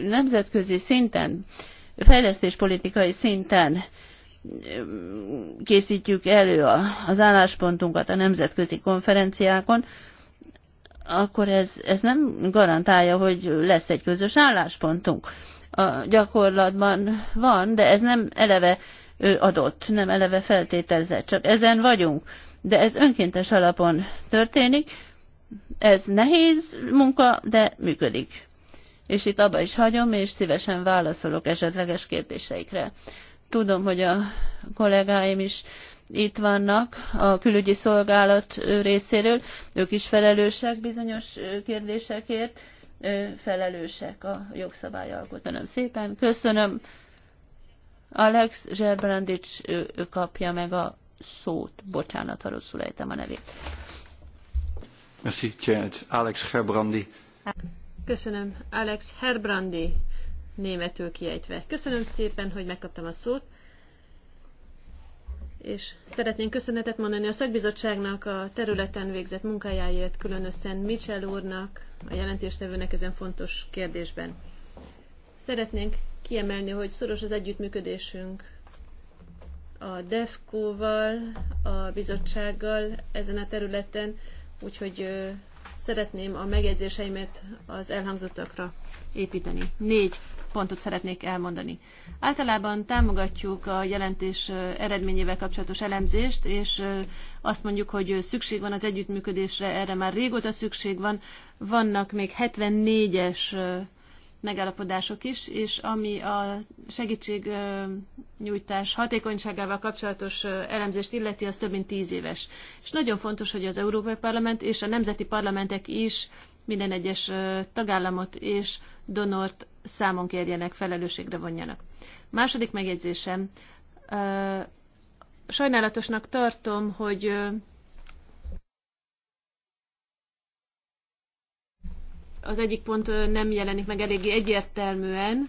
nemzetközi szinten, fejlesztéspolitikai szinten készítjük elő az álláspontunkat a nemzetközi konferenciákon, akkor ez, ez nem garantálja, hogy lesz egy közös álláspontunk. A gyakorlatban van, de ez nem eleve adott, nem eleve feltételezett, csak ezen vagyunk. De ez önkéntes alapon történik, ez nehéz munka, de működik. És itt abba is hagyom, és szívesen válaszolok esetleges kérdéseikre. Tudom, hogy a kollégáim is itt vannak a külügyi szolgálat részéről, ők is felelősek bizonyos kérdésekért, felelősek a jogszabályalkotó. Köszönöm szépen, köszönöm. Alex Zserbrandics kapja meg a szót. Bocsánat, ha rosszul ejtem a nevét. Merci, Alex Herbrandi. Köszönöm, Alex Herbrandi, németül kiejtve. Köszönöm szépen, hogy megkaptam a szót és szeretném köszönetet mondani a szakbizottságnak a területen végzett munkájáért, különösen Mitchell úrnak, a jelentéstevőnek ezen fontos kérdésben. Szeretnénk kiemelni, hogy szoros az együttműködésünk a DEFCO-val, a bizottsággal ezen a területen, úgyhogy szeretném a megjegyzéseimet az elhangzottakra építeni. Négy pontot szeretnék elmondani. Általában támogatjuk a jelentés eredményével kapcsolatos elemzést, és azt mondjuk, hogy szükség van az együttműködésre, erre már régóta szükség van. Vannak még 74-es megállapodások is, és ami a segítségnyújtás hatékonyságával kapcsolatos elemzést illeti, az több mint tíz éves. És nagyon fontos, hogy az Európai Parlament és a nemzeti parlamentek is minden egyes tagállamot és donort számon kérjenek, felelősségre vonjanak. Második megjegyzésem. Sajnálatosnak tartom, hogy az egyik pont nem jelenik meg eléggé egyértelműen.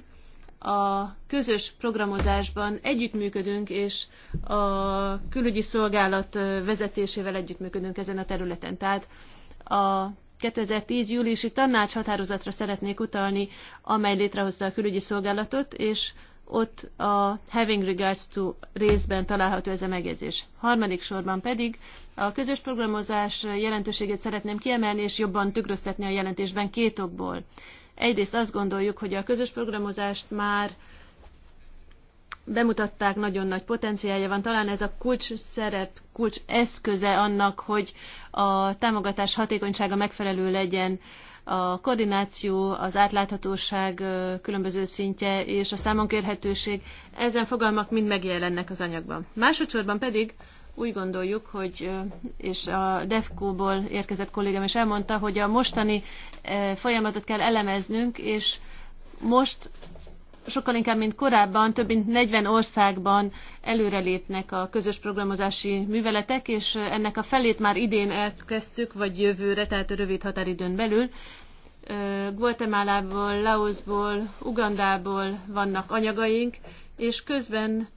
A közös programozásban együttműködünk, és a külügyi szolgálat vezetésével együttműködünk ezen a területen. Tehát a 2010. júliusi tanács határozatra szeretnék utalni, amely létrehozta a külügyi szolgálatot, és ott a having regards to részben található ez a megjegyzés. Harmadik sorban pedig a közös programozás jelentőségét szeretném kiemelni és jobban tükröztetni a jelentésben két okból. Egyrészt azt gondoljuk, hogy a közös programozást már bemutatták, nagyon nagy potenciálja van. Talán ez a kulcs szerep, kulcs eszköze annak, hogy a támogatás hatékonysága megfelelő legyen a koordináció, az átláthatóság különböző szintje és a számonkérhetőség, ezen fogalmak mind megjelennek az anyagban. Másodszorban pedig úgy gondoljuk, hogy, és a DEFCO-ból érkezett kollégám is elmondta, hogy a mostani folyamatot kell elemeznünk, és most sokkal inkább, mint korábban, több mint 40 országban előrelépnek a közös programozási műveletek, és ennek a felét már idén elkezdtük, vagy jövőre, tehát rövid határidőn belül. Guatemalából, Laosból, Ugandából vannak anyagaink, és közben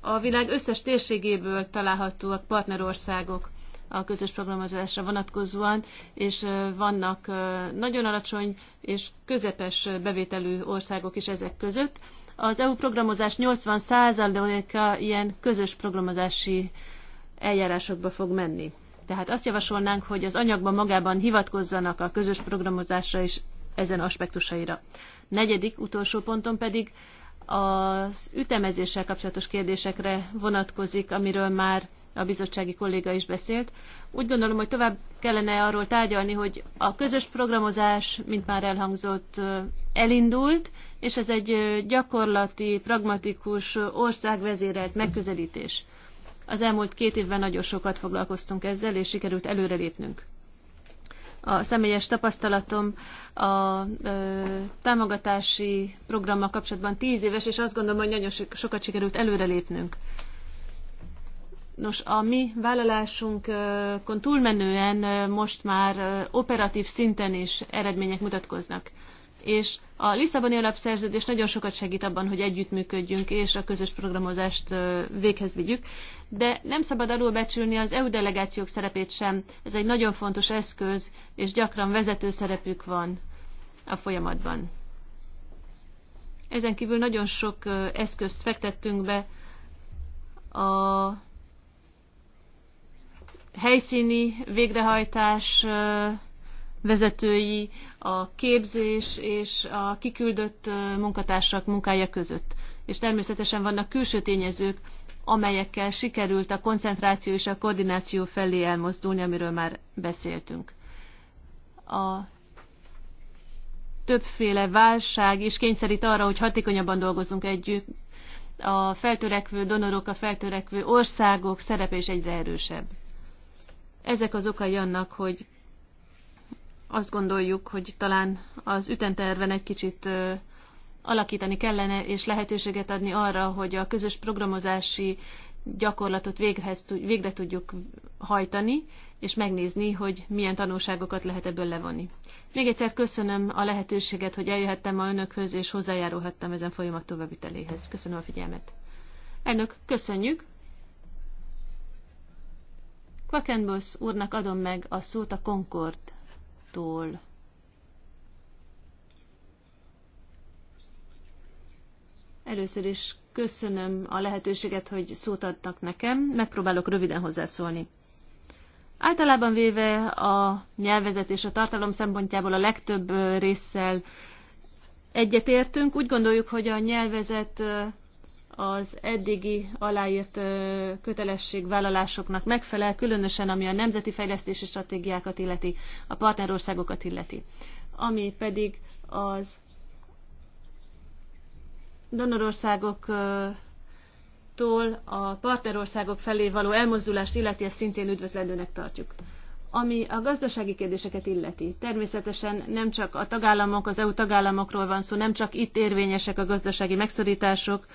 a világ összes térségéből találhatóak partnerországok a közös programozásra vonatkozóan, és vannak nagyon alacsony és közepes bevételű országok is ezek között. Az EU programozás 80%-a ilyen közös programozási eljárásokba fog menni. Tehát azt javasolnánk, hogy az anyagban magában hivatkozzanak a közös programozásra és ezen aspektusaira. Negyedik, utolsó ponton pedig az ütemezéssel kapcsolatos kérdésekre vonatkozik, amiről már a bizottsági kolléga is beszélt. Úgy gondolom, hogy tovább kellene arról tárgyalni, hogy a közös programozás, mint már elhangzott, elindult, és ez egy gyakorlati, pragmatikus, országvezérelt megközelítés. Az elmúlt két évben nagyon sokat foglalkoztunk ezzel, és sikerült előrelépnünk a személyes tapasztalatom a ö, támogatási programmal kapcsolatban tíz éves, és azt gondolom, hogy nagyon sokat sikerült előrelépnünk. Nos, a mi vállalásunkon túlmenően most már operatív szinten is eredmények mutatkoznak. És a Lisszaboni alapszerződés nagyon sokat segít abban, hogy együttműködjünk és a közös programozást véghez vigyük, de nem szabad alulbecsülni az EU delegációk szerepét sem. Ez egy nagyon fontos eszköz, és gyakran vezető szerepük van a folyamatban. Ezen kívül nagyon sok eszközt fektettünk be a helyszíni végrehajtás vezetői, a képzés és a kiküldött munkatársak munkája között. És természetesen vannak külső tényezők, amelyekkel sikerült a koncentráció és a koordináció felé elmozdulni, amiről már beszéltünk. A többféle válság is kényszerít arra, hogy hatékonyabban dolgozunk együtt. A feltörekvő donorok, a feltörekvő országok szerepe is egyre erősebb. Ezek az okai annak, hogy azt gondoljuk, hogy talán az ütenterven egy kicsit alakítani kellene, és lehetőséget adni arra, hogy a közös programozási gyakorlatot véghez, végre tudjuk hajtani, és megnézni, hogy milyen tanulságokat lehet ebből levonni. Még egyszer köszönöm a lehetőséget, hogy eljöhettem ma önökhöz, és hozzájárulhattam ezen folyamat továbbviteléhez. Köszönöm a figyelmet. Elnök, köszönjük! Quackenbos úrnak adom meg a szót a Concordtól. Először is köszönöm a lehetőséget, hogy szót adtak nekem. Megpróbálok röviden hozzászólni. Általában véve a nyelvezet és a tartalom szempontjából a legtöbb résszel egyetértünk. Úgy gondoljuk, hogy a nyelvezet az eddigi aláírt kötelességvállalásoknak megfelel, különösen ami a nemzeti fejlesztési stratégiákat illeti, a partnerországokat illeti. Ami pedig az donorországoktól a partnerországok felé való elmozdulást illeti, ezt szintén üdvözlendőnek tartjuk. Ami a gazdasági kérdéseket illeti, természetesen nem csak a tagállamok, az EU tagállamokról van szó, nem csak itt érvényesek a gazdasági megszorítások,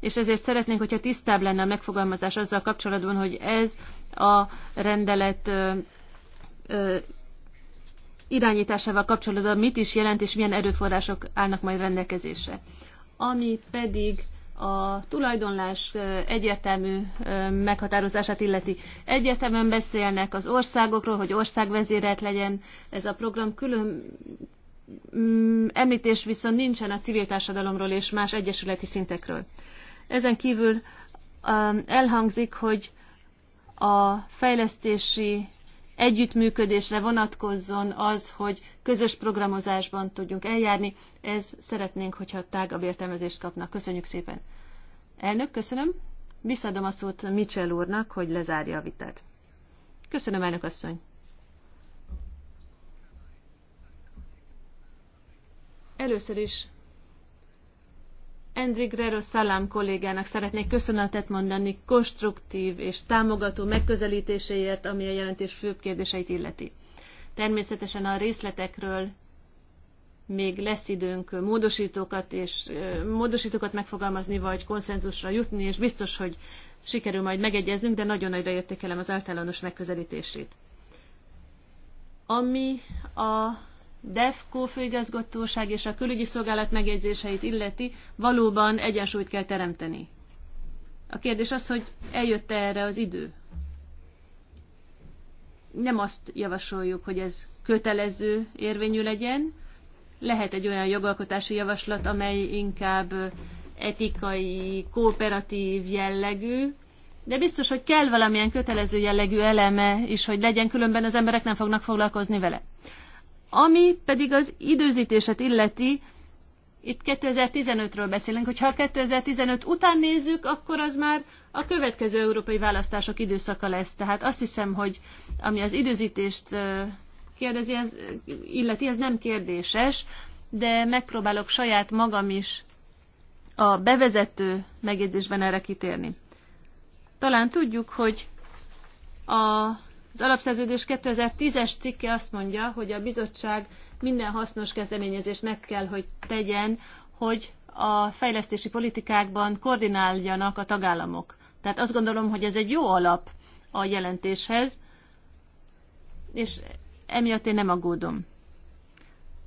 és ezért szeretnénk, hogyha tisztább lenne a megfogalmazás azzal kapcsolatban, hogy ez a rendelet irányításával kapcsolatban mit is jelent, és milyen erőforrások állnak majd rendelkezésre. Ami pedig a tulajdonlás egyértelmű meghatározását illeti. Egyértelműen beszélnek az országokról, hogy országvezérelt legyen ez a program, külön mm, említés viszont nincsen a civil társadalomról és más egyesületi szintekről. Ezen kívül um, elhangzik, hogy a fejlesztési együttműködésre vonatkozzon az, hogy közös programozásban tudjunk eljárni. Ez szeretnénk, hogyha tágabb értelmezést kapnak. Köszönjük szépen. Elnök, köszönöm. Visszadom a szót Mitchell úrnak, hogy lezárja a vitát. Köszönöm, elnök asszony. Először is Endri Grero Szalám kollégának szeretnék köszönetet mondani konstruktív és támogató megközelítéséért, ami a jelentés főbb kérdéseit illeti. Természetesen a részletekről még lesz időnk módosítókat, és módosítókat megfogalmazni, vagy konszenzusra jutni, és biztos, hogy sikerül majd megegyeznünk, de nagyon nagyra értékelem az általános megközelítését. Ami a DEFCO főigazgatóság és a külügyi szolgálat megjegyzéseit illeti, valóban egyensúlyt kell teremteni. A kérdés az, hogy eljött -e erre az idő. Nem azt javasoljuk, hogy ez kötelező érvényű legyen. Lehet egy olyan jogalkotási javaslat, amely inkább etikai, kooperatív jellegű, de biztos, hogy kell valamilyen kötelező jellegű eleme is, hogy legyen, különben az emberek nem fognak foglalkozni vele. Ami pedig az időzítéset illeti, itt 2015-ről beszélünk, hogyha 2015 után nézzük, akkor az már a következő európai választások időszaka lesz. Tehát azt hiszem, hogy ami az időzítést kérdezi, ez, illeti, ez nem kérdéses, de megpróbálok saját magam is a bevezető megjegyzésben erre kitérni. Talán tudjuk, hogy a az alapszerződés 2010-es cikke azt mondja, hogy a bizottság minden hasznos kezdeményezést meg kell, hogy tegyen, hogy a fejlesztési politikákban koordináljanak a tagállamok. Tehát azt gondolom, hogy ez egy jó alap a jelentéshez, és emiatt én nem aggódom.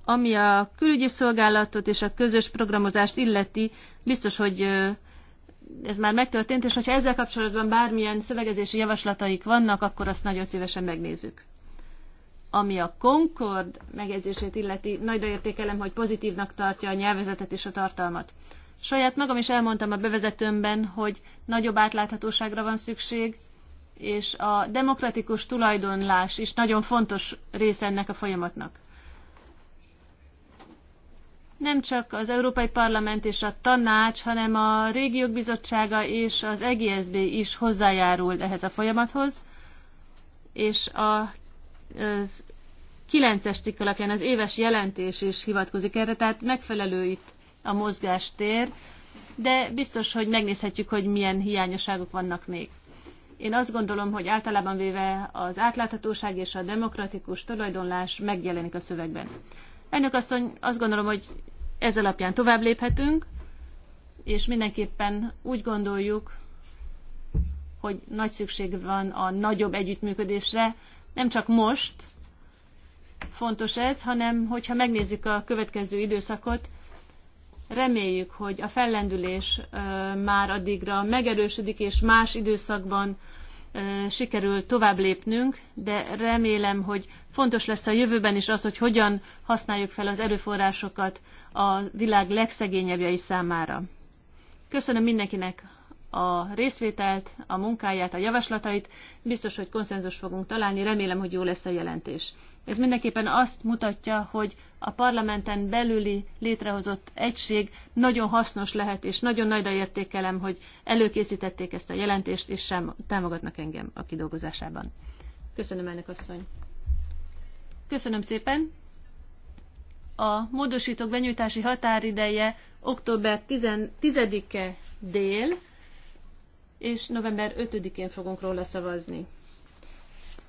Ami a külügyi szolgálatot és a közös programozást illeti, biztos, hogy ez már megtörtént, és hogyha ezzel kapcsolatban bármilyen szövegezési javaslataik vannak, akkor azt nagyon szívesen megnézzük. Ami a Concord megjegyzését illeti, nagyra értékelem, hogy pozitívnak tartja a nyelvezetet és a tartalmat. Saját magam is elmondtam a bevezetőmben, hogy nagyobb átláthatóságra van szükség, és a demokratikus tulajdonlás is nagyon fontos része ennek a folyamatnak nem csak az Európai Parlament és a Tanács, hanem a Régiók Bizottsága és az EGSB is hozzájárul ehhez a folyamathoz, és a, az 9-es cikk alapján az éves jelentés is hivatkozik erre, tehát megfelelő itt a mozgástér, de biztos, hogy megnézhetjük, hogy milyen hiányosságok vannak még. Én azt gondolom, hogy általában véve az átláthatóság és a demokratikus tulajdonlás megjelenik a szövegben. Elnök asszony, azt gondolom, hogy ez alapján tovább léphetünk, és mindenképpen úgy gondoljuk, hogy nagy szükség van a nagyobb együttműködésre, nem csak most fontos ez, hanem hogyha megnézzük a következő időszakot, reméljük, hogy a fellendülés már addigra megerősödik, és más időszakban sikerül tovább lépnünk, de remélem, hogy fontos lesz a jövőben is az, hogy hogyan használjuk fel az erőforrásokat a világ legszegényebbjei számára. Köszönöm mindenkinek a részvételt, a munkáját, a javaslatait. Biztos, hogy konszenzus fogunk találni, remélem, hogy jó lesz a jelentés. Ez mindenképpen azt mutatja, hogy a parlamenten belüli létrehozott egység nagyon hasznos lehet, és nagyon nagyra értékelem, hogy előkészítették ezt a jelentést, és sem támogatnak engem a kidolgozásában. Köszönöm, elnök asszony. Köszönöm szépen. A módosítók benyújtási határideje október 10-e dél, és november 5-én fogunk róla szavazni.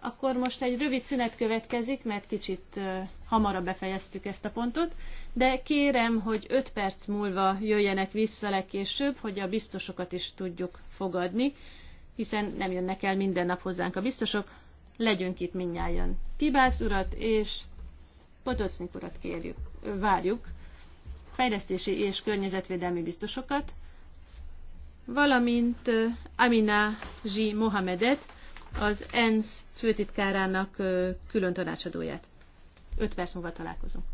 Akkor most egy rövid szünet következik, mert kicsit hamarabb befejeztük ezt a pontot, de kérem, hogy 5 perc múlva jöjjenek vissza legkésőbb, hogy a biztosokat is tudjuk fogadni, hiszen nem jönnek el minden nap hozzánk a biztosok, legyünk itt minnyáján. Kibász urat és Potocnik urat kérjük, várjuk, fejlesztési és környezetvédelmi biztosokat, valamint Amina Zsi Mohamedet, az ENSZ főtitkárának külön tanácsadóját. Öt perc múlva találkozunk.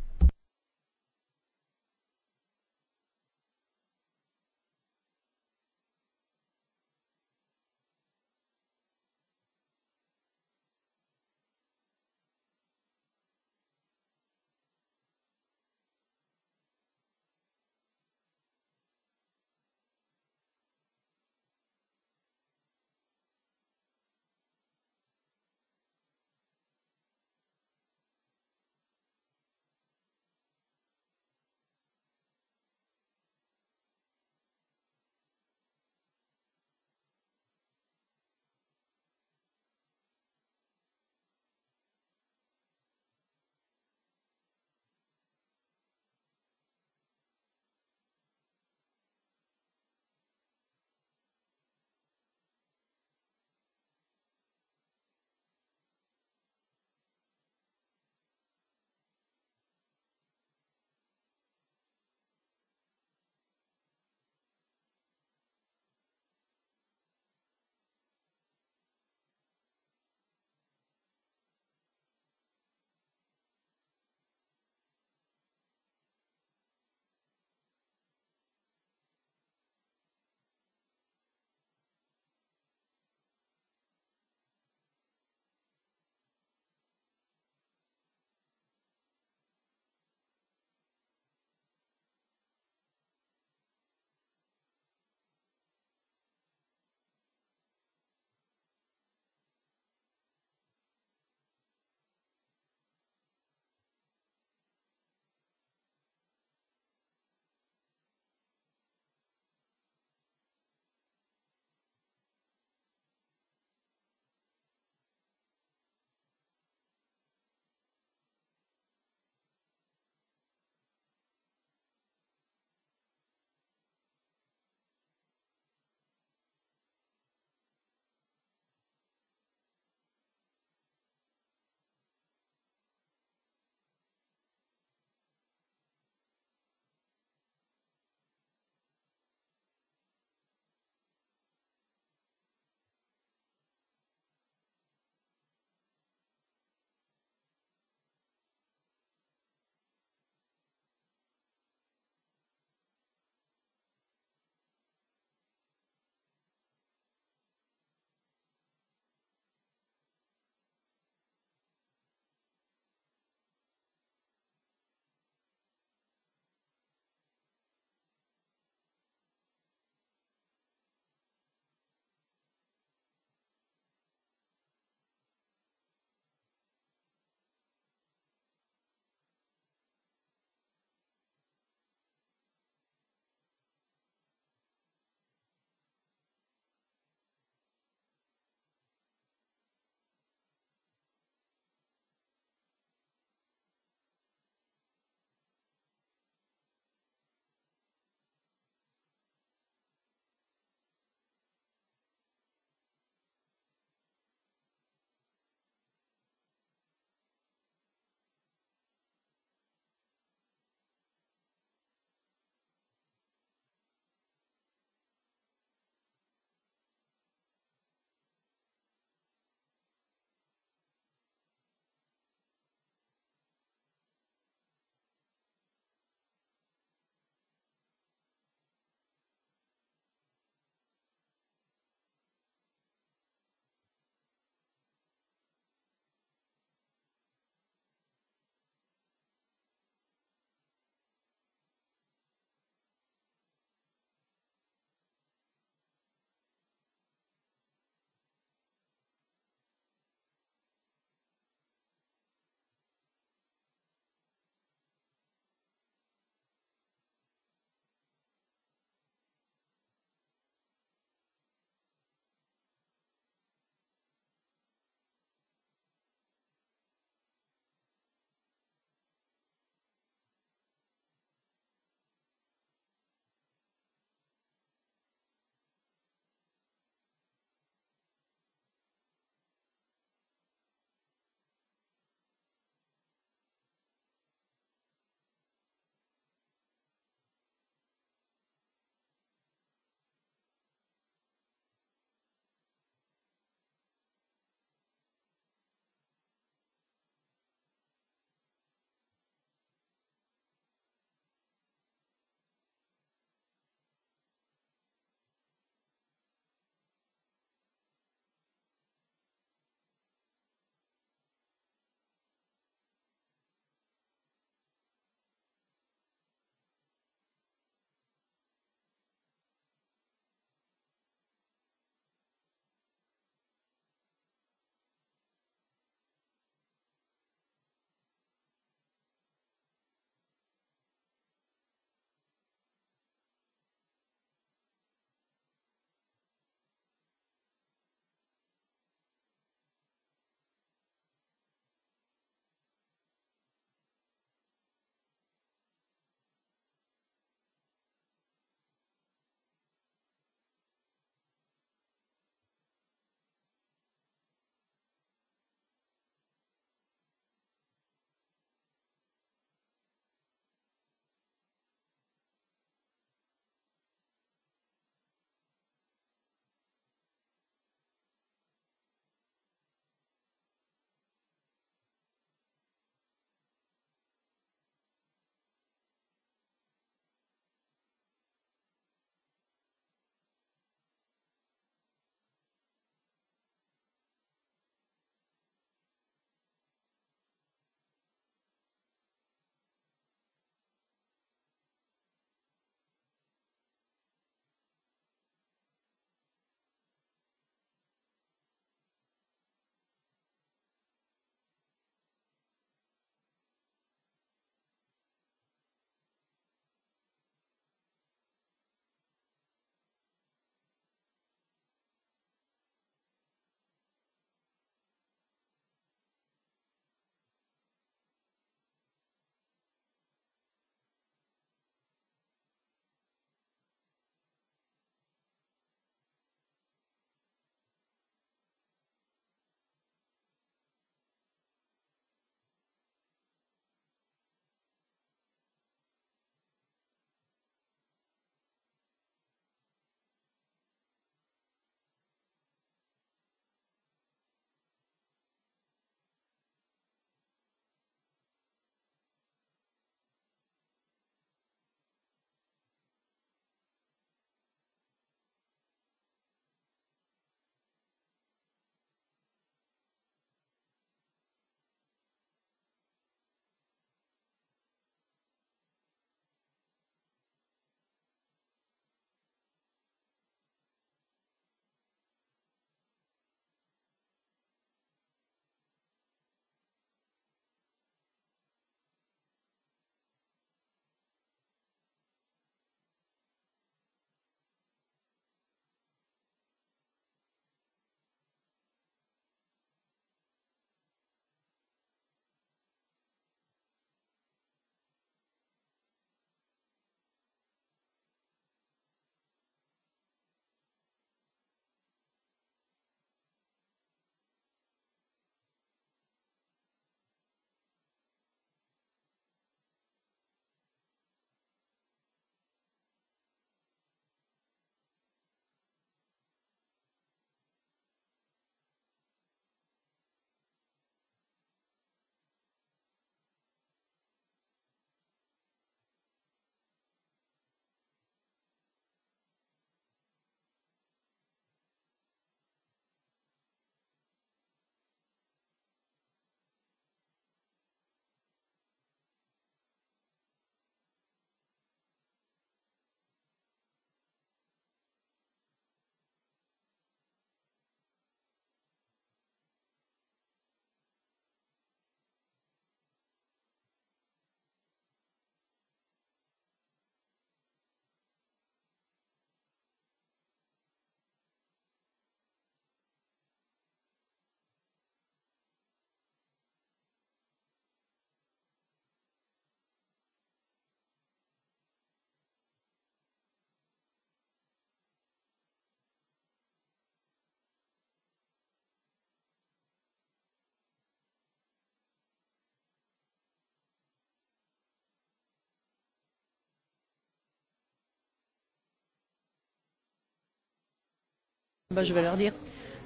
Bah, je vais leur dire.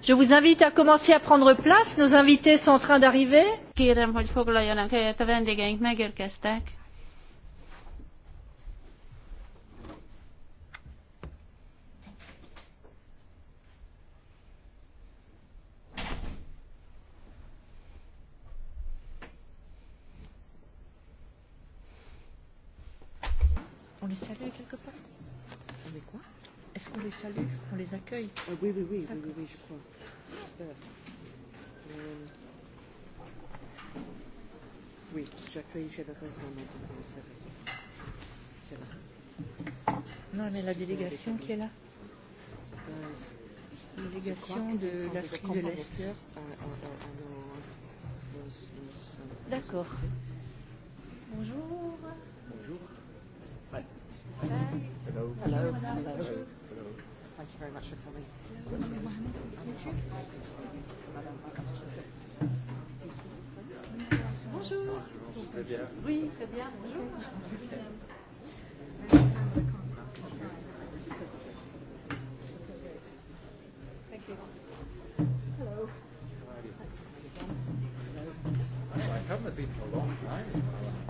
Je vous invite à commencer à prendre place. Nos invités sont en train d'arriver. Kérem, hogy foglaljanak helyet, a vendégeink megérkeztek. oui. Ah, oui, oui, oui, oui, oui, oui, je crois. Euh... Oui, j'accueille chaleureusement notre commissaire. C'est là. Non, mais la délégation qui est là euh, Délégation de l'Afrique de l'Est. D'accord. Bonjour. Bonjour. Hello. Hello. Hello. Hello. Hello. Thank you very much for coming. Bonjour. Oui, très bien. Bonjour. Hello. Hello. I haven't been for a long time.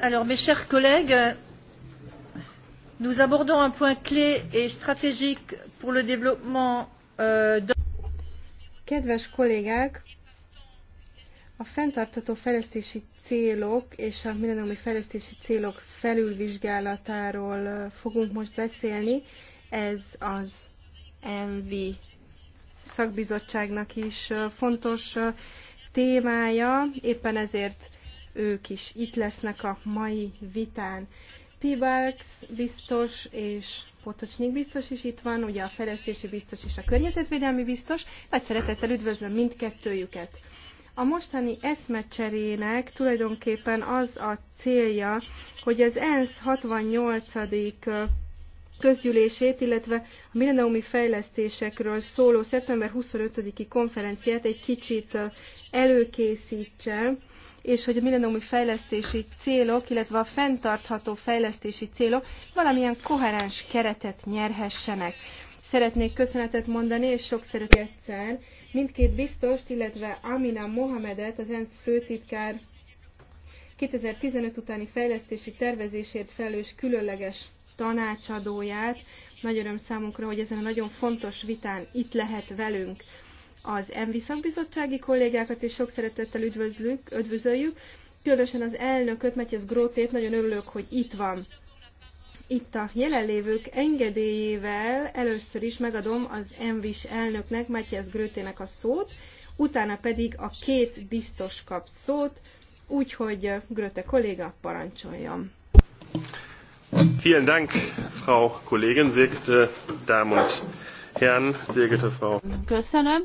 Alors, mes chers collègues, nous abordons un point clé et stratégique pour le développement euh, de... Kedves kollégák, a fenntartató fejlesztési célok és a millenniumi fejlesztési célok felülvizsgálatáról fogunk most beszélni. Ez az MV szakbizottságnak is fontos témája, éppen ezért ők is itt lesznek a mai vitán. Pivax biztos és Potocsnyik biztos is itt van, ugye a fejlesztési biztos és a környezetvédelmi biztos. Nagy szeretettel üdvözlöm mindkettőjüket. A mostani eszmecserének tulajdonképpen az a célja, hogy az ENSZ 68 közgyűlését, illetve a milleniumi fejlesztésekről szóló szeptember 25-i konferenciát egy kicsit előkészítse és hogy a millenniumi fejlesztési célok, illetve a fenntartható fejlesztési célok valamilyen koherens keretet nyerhessenek. Szeretnék köszönetet mondani, és sok szeretettel mindkét biztost, illetve Amina Mohamedet, az ENSZ főtitkár 2015 utáni fejlesztési tervezésért felelős különleges tanácsadóját. Nagy öröm számunkra, hogy ezen a nagyon fontos vitán itt lehet velünk az ENVI szakbizottsági kollégákat is sok szeretettel üdvözlük, üdvözöljük, különösen az elnököt, ez Grótét, nagyon örülök, hogy itt van. Itt a jelenlévők engedélyével először is megadom az ENVIS elnöknek, Matthias Grótének a szót, utána pedig a két biztos kap szót, úgyhogy Gröte kolléga parancsoljon. Vielen Dank, Frau Kollegin, sehr geehrte Damen und Herren, sehr geehrte Frau. Köszönöm.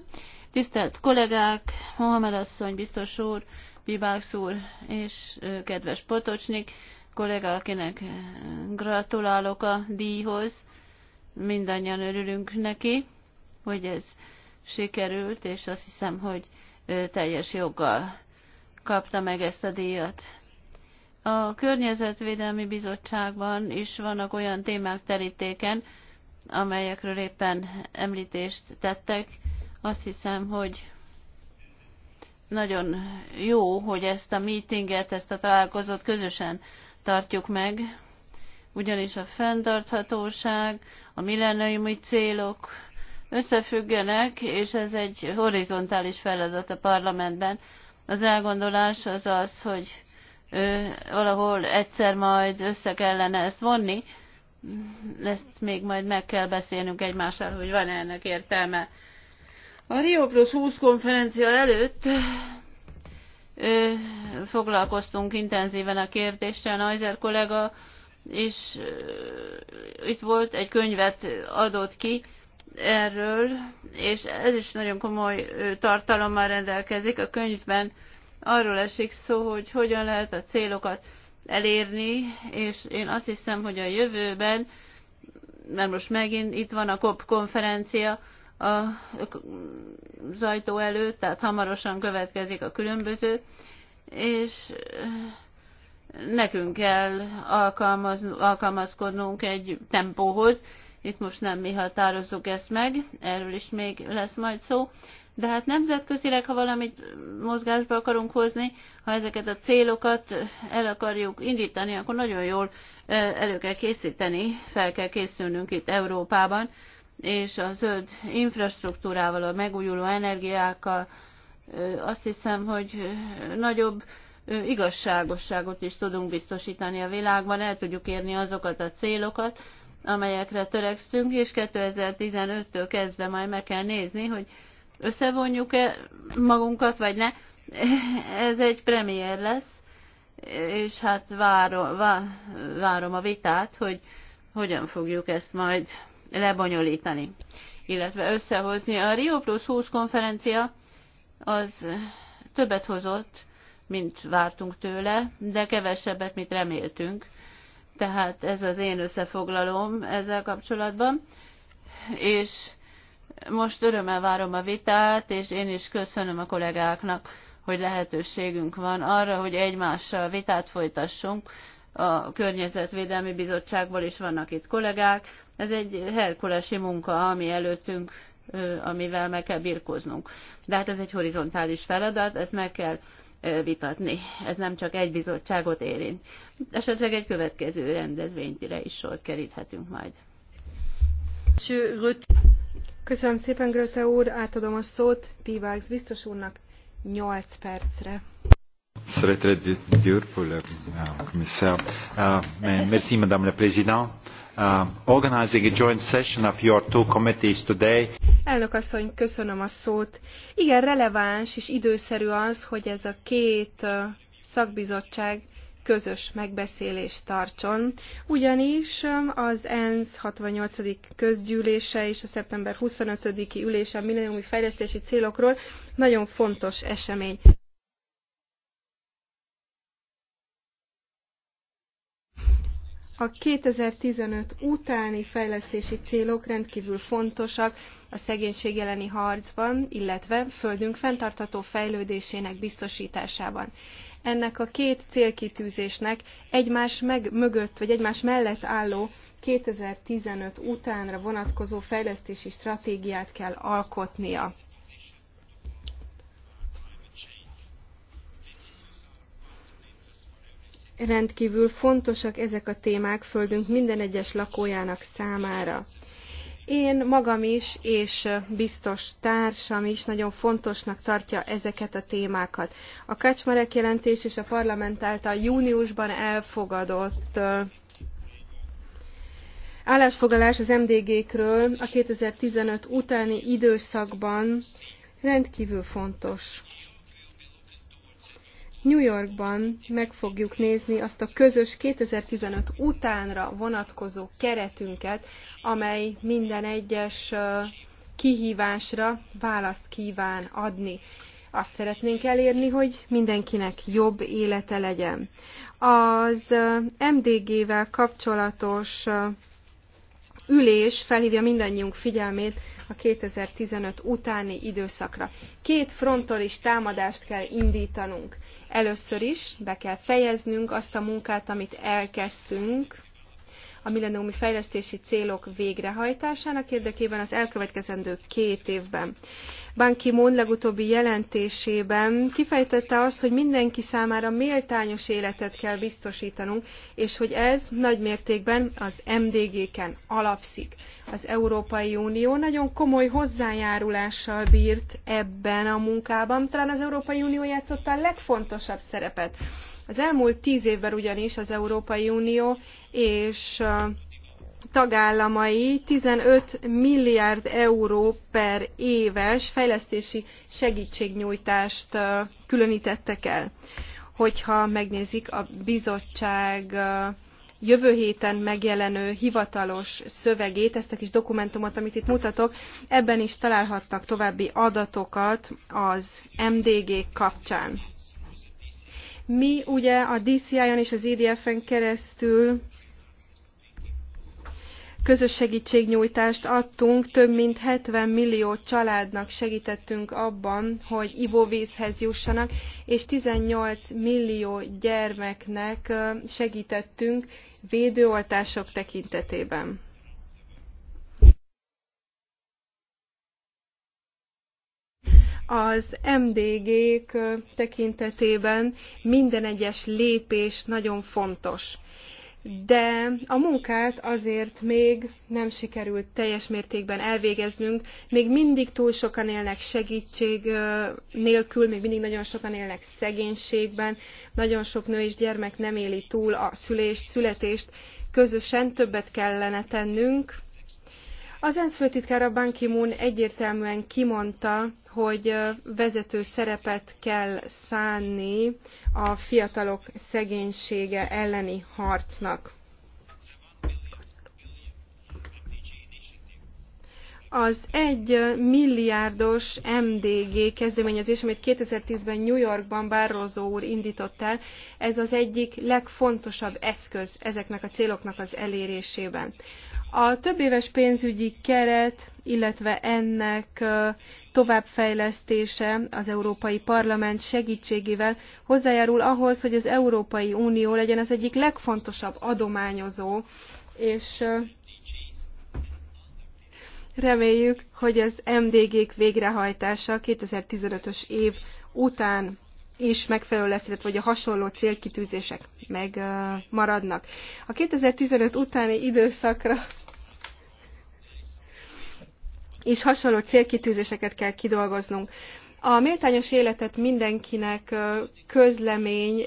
Tisztelt kollégák, Mohamed asszony, biztos úr, Bibáksz úr és kedves Potocsnik kollega, akinek gratulálok a díjhoz. Mindannyian örülünk neki, hogy ez sikerült, és azt hiszem, hogy teljes joggal kapta meg ezt a díjat. A Környezetvédelmi Bizottságban is vannak olyan témák terítéken, amelyekről éppen említést tettek, azt hiszem, hogy nagyon jó, hogy ezt a meetinget, ezt a találkozót közösen tartjuk meg, ugyanis a fenntarthatóság, a milleniumi célok összefüggenek, és ez egy horizontális feladat a parlamentben. Az elgondolás az az, hogy ő, valahol egyszer majd össze kellene ezt vonni, ezt még majd meg kell beszélnünk egymással, hogy van -e ennek értelme. A Rio Plus 20 konferencia előtt ö, foglalkoztunk intenzíven a kérdéssel, Neuser kollega, és ö, itt volt egy könyvet adott ki erről, és ez is nagyon komoly ö, tartalommal rendelkezik. A könyvben arról esik szó, hogy hogyan lehet a célokat elérni, és én azt hiszem, hogy a jövőben, mert most megint itt van a COP konferencia, a zajtó előtt, tehát hamarosan következik a különböző, és eh, nekünk kell alkalmaz, alkalmazkodnunk egy tempóhoz. Itt most nem mi határozzuk ezt meg, erről is még lesz majd szó. De hát nemzetközileg, ha valamit mozgásba akarunk hozni, ha ezeket a célokat el akarjuk indítani, akkor nagyon jól eh, elő kell készíteni, fel kell készülnünk itt Európában és a zöld infrastruktúrával, a megújuló energiákkal azt hiszem, hogy nagyobb igazságosságot is tudunk biztosítani a világban, el tudjuk érni azokat a célokat, amelyekre törekszünk, és 2015-től kezdve majd meg kell nézni, hogy összevonjuk-e magunkat, vagy ne. Ez egy premier lesz, és hát várom, várom a vitát, hogy hogyan fogjuk ezt majd lebonyolítani, illetve összehozni. A Rio Plus 20 konferencia az többet hozott, mint vártunk tőle, de kevesebbet, mint reméltünk. Tehát ez az én összefoglalóm ezzel kapcsolatban. És most örömmel várom a vitát, és én is köszönöm a kollégáknak, hogy lehetőségünk van arra, hogy egymással vitát folytassunk. A Környezetvédelmi Bizottságból is vannak itt kollégák, ez egy herkulesi munka, ami előttünk, amivel meg kell birkóznunk. De hát ez egy horizontális feladat, ezt meg kell vitatni. Ez nem csak egy bizottságot érint. Esetleg egy következő rendezvényre is sort keríthetünk majd. Köszönöm szépen, Gröte úr, átadom a szót Pivágz biztos úrnak 8 percre. Szeretre d'Ur a Merci, Madame la Présidente. Uh, organizing a joint session of your two committees today. Elnök asszony, köszönöm a szót. Igen, releváns és időszerű az, hogy ez a két uh, szakbizottság közös megbeszélést tartson, ugyanis um, az ENSZ 68. közgyűlése és a szeptember 25-i ülése a milleniumi fejlesztési célokról nagyon fontos esemény. A 2015 utáni fejlesztési célok rendkívül fontosak a szegénység elleni harcban, illetve földünk fenntartható fejlődésének biztosításában. Ennek a két célkitűzésnek egymás meg mögött, vagy egymás mellett álló 2015 utánra vonatkozó fejlesztési stratégiát kell alkotnia. rendkívül fontosak ezek a témák Földünk minden egyes lakójának számára. Én magam is, és biztos társam is nagyon fontosnak tartja ezeket a témákat. A Kacsmarek jelentés és a parlament által júniusban elfogadott állásfoglalás az MDG-kről a 2015 utáni időszakban rendkívül fontos. New Yorkban meg fogjuk nézni azt a közös 2015 utánra vonatkozó keretünket, amely minden egyes kihívásra választ kíván adni. Azt szeretnénk elérni, hogy mindenkinek jobb élete legyen. Az MDG-vel kapcsolatos ülés felhívja mindannyiunk figyelmét a 2015 utáni időszakra. Két fronton is támadást kell indítanunk. Először is be kell fejeznünk azt a munkát, amit elkezdtünk a millenniumi fejlesztési célok végrehajtásának érdekében az elkövetkezendő két évben. Ban Ki-moon legutóbbi jelentésében kifejtette azt, hogy mindenki számára méltányos életet kell biztosítanunk, és hogy ez nagy mértékben az MDG-ken alapszik. Az Európai Unió nagyon komoly hozzájárulással bírt ebben a munkában, talán az Európai Unió játszotta a legfontosabb szerepet. Az elmúlt tíz évben ugyanis az Európai Unió és tagállamai 15 milliárd euró per éves fejlesztési segítségnyújtást különítettek el. Hogyha megnézik a bizottság jövő héten megjelenő hivatalos szövegét, ezt a kis dokumentumot, amit itt mutatok, ebben is találhatnak további adatokat az MDG kapcsán. Mi ugye a DCI-on és az EDF-en keresztül közös segítségnyújtást adtunk, több mint 70 millió családnak segítettünk abban, hogy ivóvízhez jussanak, és 18 millió gyermeknek segítettünk védőoltások tekintetében. az MDG-k tekintetében minden egyes lépés nagyon fontos de a munkát azért még nem sikerült teljes mértékben elvégeznünk. Még mindig túl sokan élnek segítség nélkül, még mindig nagyon sokan élnek szegénységben, nagyon sok nő és gyermek nem éli túl a szülést, születést. Közösen többet kellene tennünk az ENSZ főtitkára Ban Ki-moon egyértelműen kimondta, hogy vezető szerepet kell szánni a fiatalok szegénysége elleni harcnak. az egy milliárdos MDG kezdeményezés, amit 2010-ben New Yorkban Barroso úr indított el, ez az egyik legfontosabb eszköz ezeknek a céloknak az elérésében. A több éves pénzügyi keret, illetve ennek továbbfejlesztése az Európai Parlament segítségével hozzájárul ahhoz, hogy az Európai Unió legyen az egyik legfontosabb adományozó, és reméljük, hogy az MDG-k végrehajtása 2015-ös év után is megfelelő lesz, illetve hogy a hasonló célkitűzések megmaradnak. A 2015 utáni időszakra és hasonló célkitűzéseket kell kidolgoznunk. A méltányos életet mindenkinek közlemény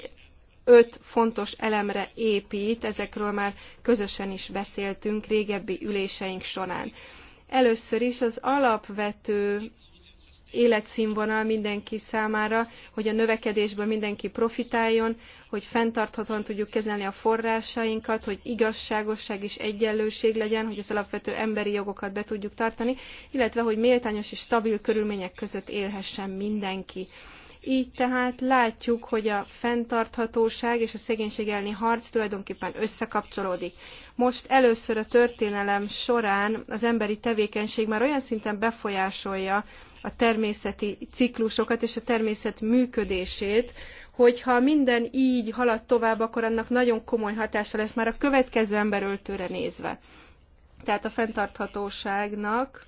öt fontos elemre épít, ezekről már közösen is beszéltünk régebbi üléseink során. Először is az alapvető életszínvonal mindenki számára, hogy a növekedésből mindenki profitáljon, hogy fenntarthatóan tudjuk kezelni a forrásainkat, hogy igazságosság és egyenlőség legyen, hogy az alapvető emberi jogokat be tudjuk tartani, illetve hogy méltányos és stabil körülmények között élhessen mindenki. Így tehát látjuk, hogy a fenntarthatóság és a szegénység elleni harc tulajdonképpen összekapcsolódik. Most először a történelem során az emberi tevékenység már olyan szinten befolyásolja a természeti ciklusokat és a természet működését, hogyha minden így halad tovább, akkor annak nagyon komoly hatása lesz már a következő emberöltőre nézve. Tehát a fenntarthatóságnak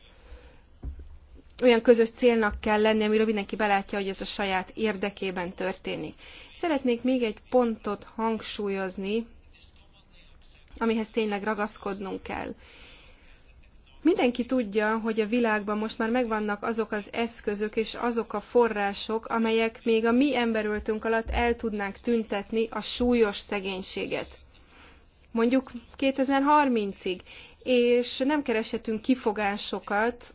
olyan közös célnak kell lenni, amiről mindenki belátja, hogy ez a saját érdekében történik. Szeretnék még egy pontot hangsúlyozni, amihez tényleg ragaszkodnunk kell. Mindenki tudja, hogy a világban most már megvannak azok az eszközök és azok a források, amelyek még a mi emberültünk alatt el tudnánk tüntetni a súlyos szegénységet. Mondjuk 2030-ig. És nem kereshetünk kifogásokat,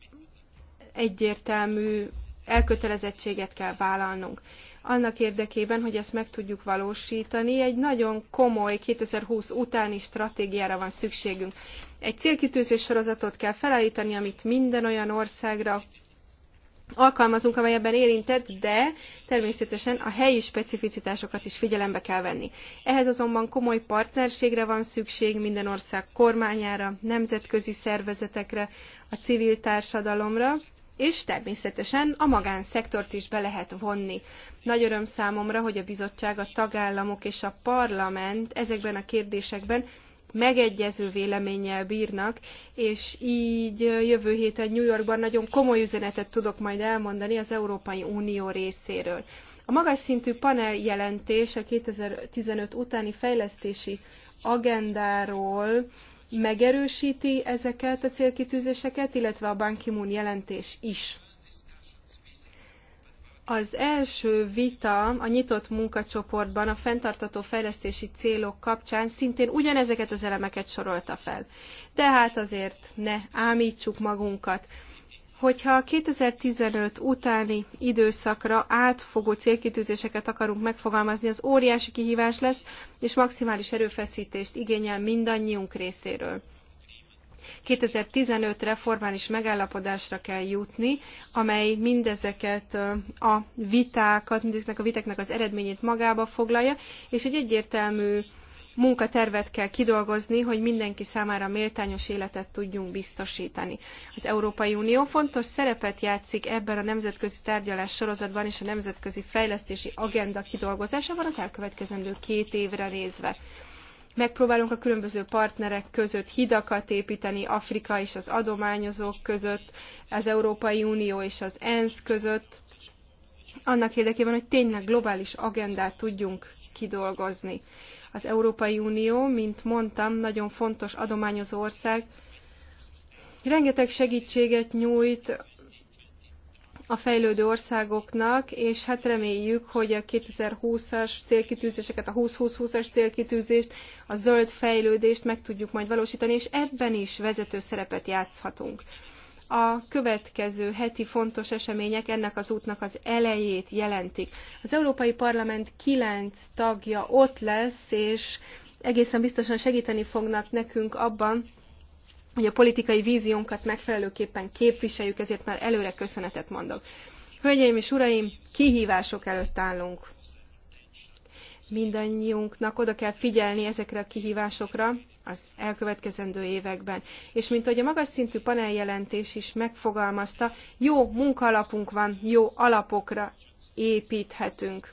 egyértelmű elkötelezettséget kell vállalnunk annak érdekében, hogy ezt meg tudjuk valósítani, egy nagyon komoly 2020 utáni stratégiára van szükségünk. Egy célkitűzés sorozatot kell felállítani, amit minden olyan országra alkalmazunk, amely ebben érintett, de természetesen a helyi specificitásokat is figyelembe kell venni. Ehhez azonban komoly partnerségre van szükség minden ország kormányára, nemzetközi szervezetekre, a civil társadalomra, és természetesen a magánszektort is be lehet vonni. Nagy öröm számomra, hogy a bizottság, a tagállamok és a parlament ezekben a kérdésekben megegyező véleménnyel bírnak, és így jövő héten New Yorkban nagyon komoly üzenetet tudok majd elmondani az Európai Unió részéről. A magas szintű panel jelentés a 2015 utáni fejlesztési agendáról megerősíti ezeket a célkitűzéseket, illetve a Ban Ki-moon jelentés is. Az első vita a nyitott munkacsoportban a fenntartató fejlesztési célok kapcsán szintén ugyanezeket az elemeket sorolta fel. Tehát azért ne ámítsuk magunkat. Hogyha a 2015 utáni időszakra átfogó célkitűzéseket akarunk megfogalmazni, az óriási kihívás lesz, és maximális erőfeszítést igényel mindannyiunk részéről. 2015 reformális megállapodásra kell jutni, amely mindezeket a vitákat, mindezeknek a vitáknak az eredményét magába foglalja, és egy egyértelmű munkatervet kell kidolgozni, hogy mindenki számára méltányos életet tudjunk biztosítani. Az Európai Unió fontos szerepet játszik ebben a nemzetközi tárgyalás sorozatban és a nemzetközi fejlesztési agenda kidolgozásában az elkövetkezendő két évre nézve megpróbálunk a különböző partnerek között hidakat építeni, Afrika és az adományozók között, az Európai Unió és az ENSZ között, annak érdekében, hogy tényleg globális agendát tudjunk kidolgozni. Az Európai Unió, mint mondtam, nagyon fontos adományozó ország. Rengeteg segítséget nyújt a fejlődő országoknak, és hát reméljük, hogy a 2020-as célkitűzéseket, a 2020 20 as célkitűzést, a zöld fejlődést meg tudjuk majd valósítani, és ebben is vezető szerepet játszhatunk a következő heti fontos események ennek az útnak az elejét jelentik. Az Európai Parlament kilenc tagja ott lesz, és egészen biztosan segíteni fognak nekünk abban, hogy a politikai víziónkat megfelelőképpen képviseljük, ezért már előre köszönetet mondok. Hölgyeim és uraim, kihívások előtt állunk. Mindannyiunknak oda kell figyelni ezekre a kihívásokra, az elkövetkezendő években. És mint ahogy a magas szintű paneljelentés is megfogalmazta, jó munkalapunk van, jó alapokra építhetünk.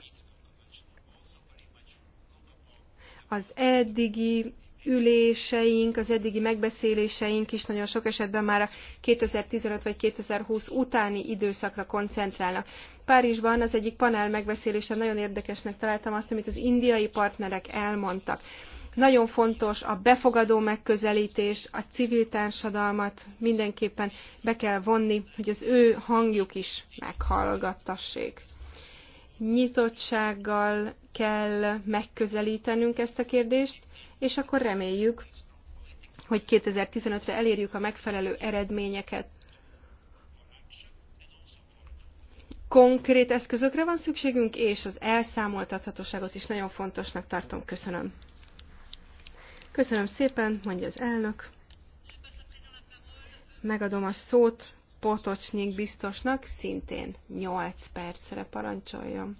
Az eddigi üléseink, az eddigi megbeszéléseink is nagyon sok esetben már a 2015 vagy 2020 utáni időszakra koncentrálnak. Párizsban az egyik panel megbeszélésen nagyon érdekesnek találtam azt, amit az indiai partnerek elmondtak nagyon fontos a befogadó megközelítés, a civil társadalmat mindenképpen be kell vonni, hogy az ő hangjuk is meghallgattassék. Nyitottsággal kell megközelítenünk ezt a kérdést, és akkor reméljük, hogy 2015-re elérjük a megfelelő eredményeket. konkrét eszközökre van szükségünk, és az elszámoltathatóságot is nagyon fontosnak tartom. Köszönöm. Köszönöm szépen, mondja az elnök. Megadom a szót Potocsnyik biztosnak, szintén 8 percre parancsoljon.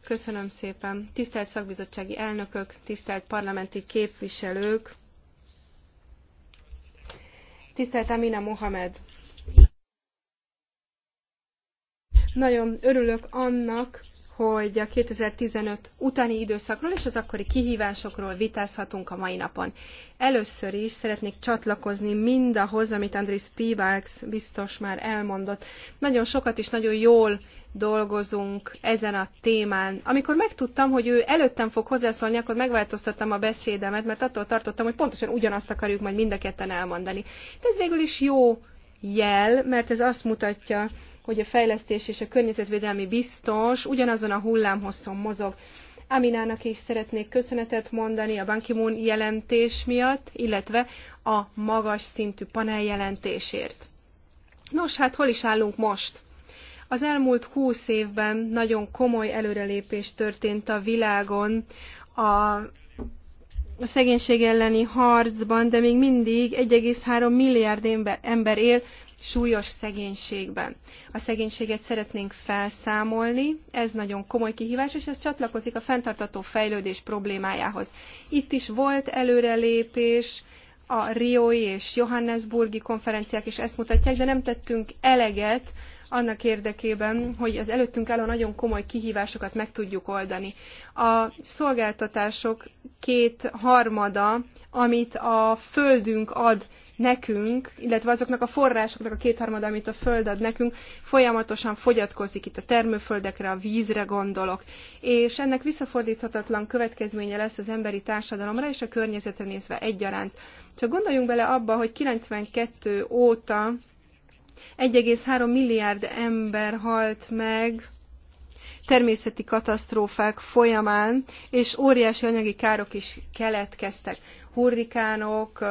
Köszönöm szépen. Tisztelt szakbizottsági elnökök, tisztelt parlamenti képviselők, tisztelt Amina Mohamed. Nagyon örülök annak, hogy a 2015 utáni időszakról és az akkori kihívásokról vitázhatunk a mai napon. Először is szeretnék csatlakozni mindahhoz, amit Andris Pivax biztos már elmondott. Nagyon sokat is nagyon jól dolgozunk ezen a témán. Amikor megtudtam, hogy ő előttem fog hozzászólni, akkor megváltoztattam a beszédemet, mert attól tartottam, hogy pontosan ugyanazt akarjuk majd mind a ketten elmondani. De ez végül is jó jel, mert ez azt mutatja, hogy a fejlesztés és a környezetvédelmi biztos ugyanazon a hullámhosszon mozog. Aminának is szeretnék köszönetet mondani a banki moon jelentés miatt, illetve a magas szintű panel jelentésért. Nos, hát hol is állunk most? Az elmúlt húsz évben nagyon komoly előrelépés történt a világon a a szegénység elleni harcban, de még mindig 1,3 milliárd ember él súlyos szegénységben. A szegénységet szeretnénk felszámolni, ez nagyon komoly kihívás, és ez csatlakozik a fenntartató fejlődés problémájához. Itt is volt előrelépés, a Riói és Johannesburgi konferenciák is ezt mutatják, de nem tettünk eleget annak érdekében, hogy az előttünk álló nagyon komoly kihívásokat meg tudjuk oldani. A szolgáltatások két harmada, amit a Földünk ad nekünk, illetve azoknak a forrásoknak a kétharmada, amit a Föld ad nekünk, folyamatosan fogyatkozik itt a termőföldekre, a vízre gondolok. És ennek visszafordíthatatlan következménye lesz az emberi társadalomra és a környezetre nézve egyaránt. Csak gondoljunk bele abba, hogy 92 óta 1,3 milliárd ember halt meg természeti katasztrófák folyamán, és óriási anyagi károk is keletkeztek. Hurrikánok,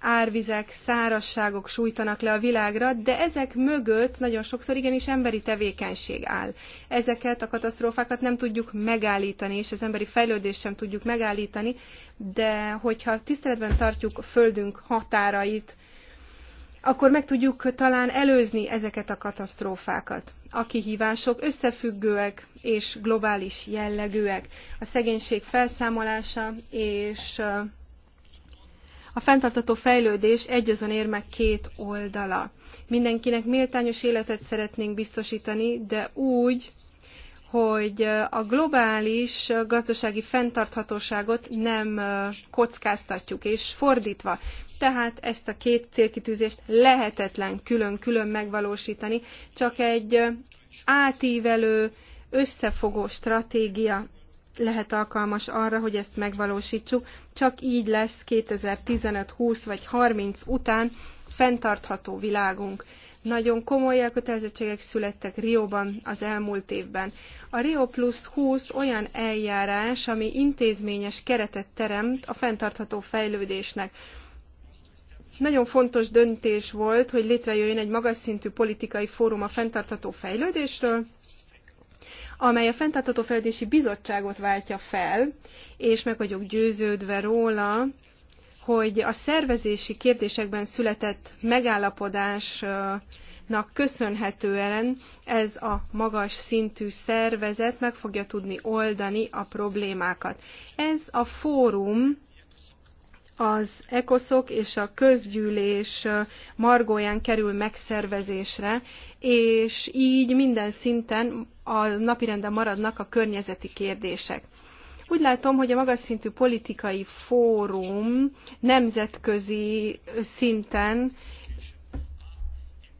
árvizek, szárasságok sújtanak le a világra, de ezek mögött nagyon sokszor igenis emberi tevékenység áll. Ezeket a katasztrófákat nem tudjuk megállítani, és az emberi fejlődést sem tudjuk megállítani, de hogyha tiszteletben tartjuk a földünk határait, akkor meg tudjuk talán előzni ezeket a katasztrófákat. A kihívások összefüggőek és globális jellegűek. A szegénység felszámolása és a fenntartató fejlődés egyazon érmek két oldala. Mindenkinek méltányos életet szeretnénk biztosítani, de úgy, hogy a globális gazdasági fenntarthatóságot nem kockáztatjuk, és fordítva. Tehát ezt a két célkitűzést lehetetlen külön-külön megvalósítani, csak egy átívelő, összefogó stratégia lehet alkalmas arra, hogy ezt megvalósítsuk, csak így lesz 2015, 20 vagy 30 után fenntartható világunk. Nagyon komoly elkötelezettségek születtek Rióban az elmúlt évben. A Rio Plus 20 olyan eljárás, ami intézményes keretet teremt a fenntartható fejlődésnek nagyon fontos döntés volt, hogy létrejöjjön egy magas szintű politikai fórum a fenntartható fejlődésről, amely a Fenntartható Fejlődési Bizottságot váltja fel, és meg vagyok győződve róla, hogy a szervezési kérdésekben született megállapodásnak köszönhetően ez a magas szintű szervezet meg fogja tudni oldani a problémákat. Ez a fórum az ECOSZOK és a közgyűlés margóján kerül megszervezésre, és így minden szinten a napirenden maradnak a környezeti kérdések. Úgy látom, hogy a magas szintű politikai fórum nemzetközi szinten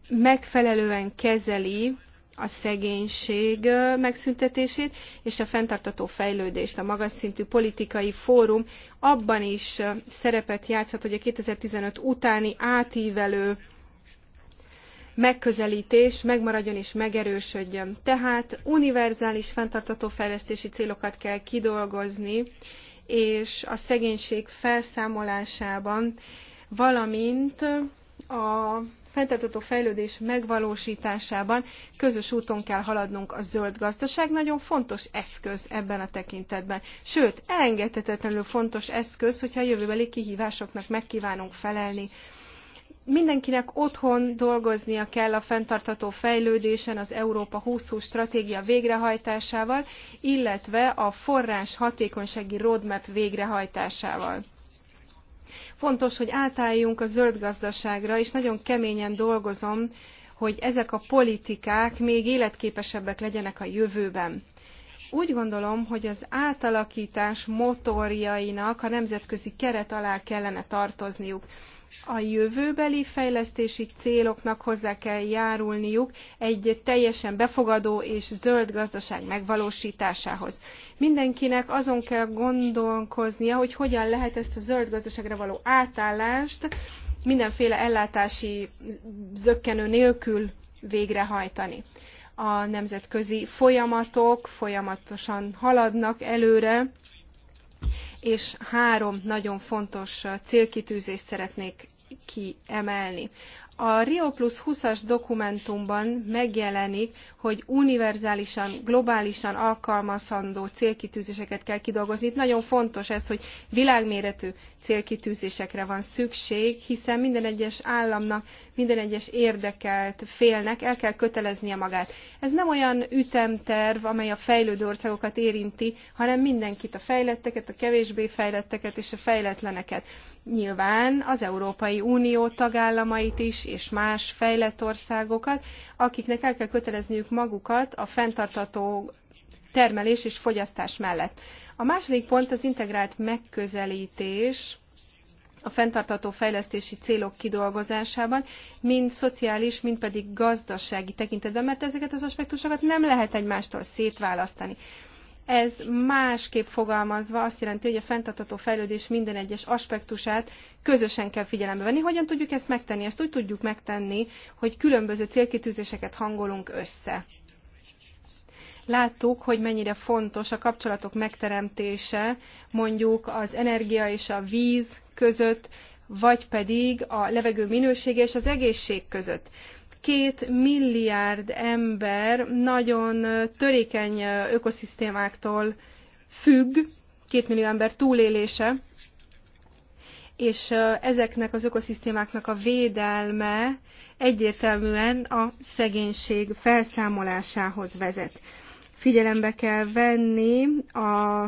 megfelelően kezeli a szegénység megszüntetését és a fenntartató fejlődést. A magas szintű politikai fórum abban is szerepet játszhat, hogy a 2015 utáni átívelő megközelítés megmaradjon és megerősödjön. Tehát univerzális fenntartható fejlesztési célokat kell kidolgozni, és a szegénység felszámolásában, valamint a fenntartható fejlődés megvalósításában közös úton kell haladnunk. A zöld gazdaság nagyon fontos eszköz ebben a tekintetben. Sőt, elengedhetetlenül fontos eszköz, hogyha a jövőbeli kihívásoknak megkívánunk felelni mindenkinek otthon dolgoznia kell a fenntartható fejlődésen, az Európa 2020 stratégia végrehajtásával, illetve a forrás hatékonysági roadmap végrehajtásával. Fontos, hogy átálljunk a zöld gazdaságra, és nagyon keményen dolgozom, hogy ezek a politikák még életképesebbek legyenek a jövőben. Úgy gondolom, hogy az átalakítás motorjainak a nemzetközi keret alá kellene tartozniuk a jövőbeli fejlesztési céloknak hozzá kell járulniuk egy teljesen befogadó és zöld gazdaság megvalósításához. Mindenkinek azon kell gondolkoznia, hogy hogyan lehet ezt a zöld gazdaságra való átállást mindenféle ellátási zökkenő nélkül végrehajtani. A nemzetközi folyamatok folyamatosan haladnak előre, és három nagyon fontos célkitűzést szeretnék kiemelni. A Rio Plus 20-as dokumentumban megjelenik, hogy univerzálisan, globálisan alkalmazandó célkitűzéseket kell kidolgozni. Itt nagyon fontos ez, hogy világméretű célkitűzésekre van szükség, hiszen minden egyes államnak, minden egyes érdekelt félnek el kell köteleznie magát. Ez nem olyan ütemterv, amely a fejlődő országokat érinti, hanem mindenkit, a fejletteket, a kevésbé fejletteket és a fejletleneket. Nyilván az Európai Unió tagállamait is, és más fejlett országokat, akiknek el kell kötelezniük magukat a fenntartató termelés és fogyasztás mellett. A második pont az integrált megközelítés a fenntartató fejlesztési célok kidolgozásában, mind szociális, mind pedig gazdasági tekintetben, mert ezeket az aspektusokat nem lehet egymástól szétválasztani. Ez másképp fogalmazva azt jelenti, hogy a fenntartató fejlődés minden egyes aspektusát közösen kell figyelembe venni. Hogyan tudjuk ezt megtenni? Ezt úgy tudjuk megtenni, hogy különböző célkitűzéseket hangolunk össze láttuk, hogy mennyire fontos a kapcsolatok megteremtése mondjuk az energia és a víz között, vagy pedig a levegő minősége és az egészség között két milliárd ember nagyon törékeny ökoszisztémáktól függ, két millió ember túlélése, és ezeknek az ökoszisztémáknak a védelme egyértelműen a szegénység felszámolásához vezet. Figyelembe kell venni a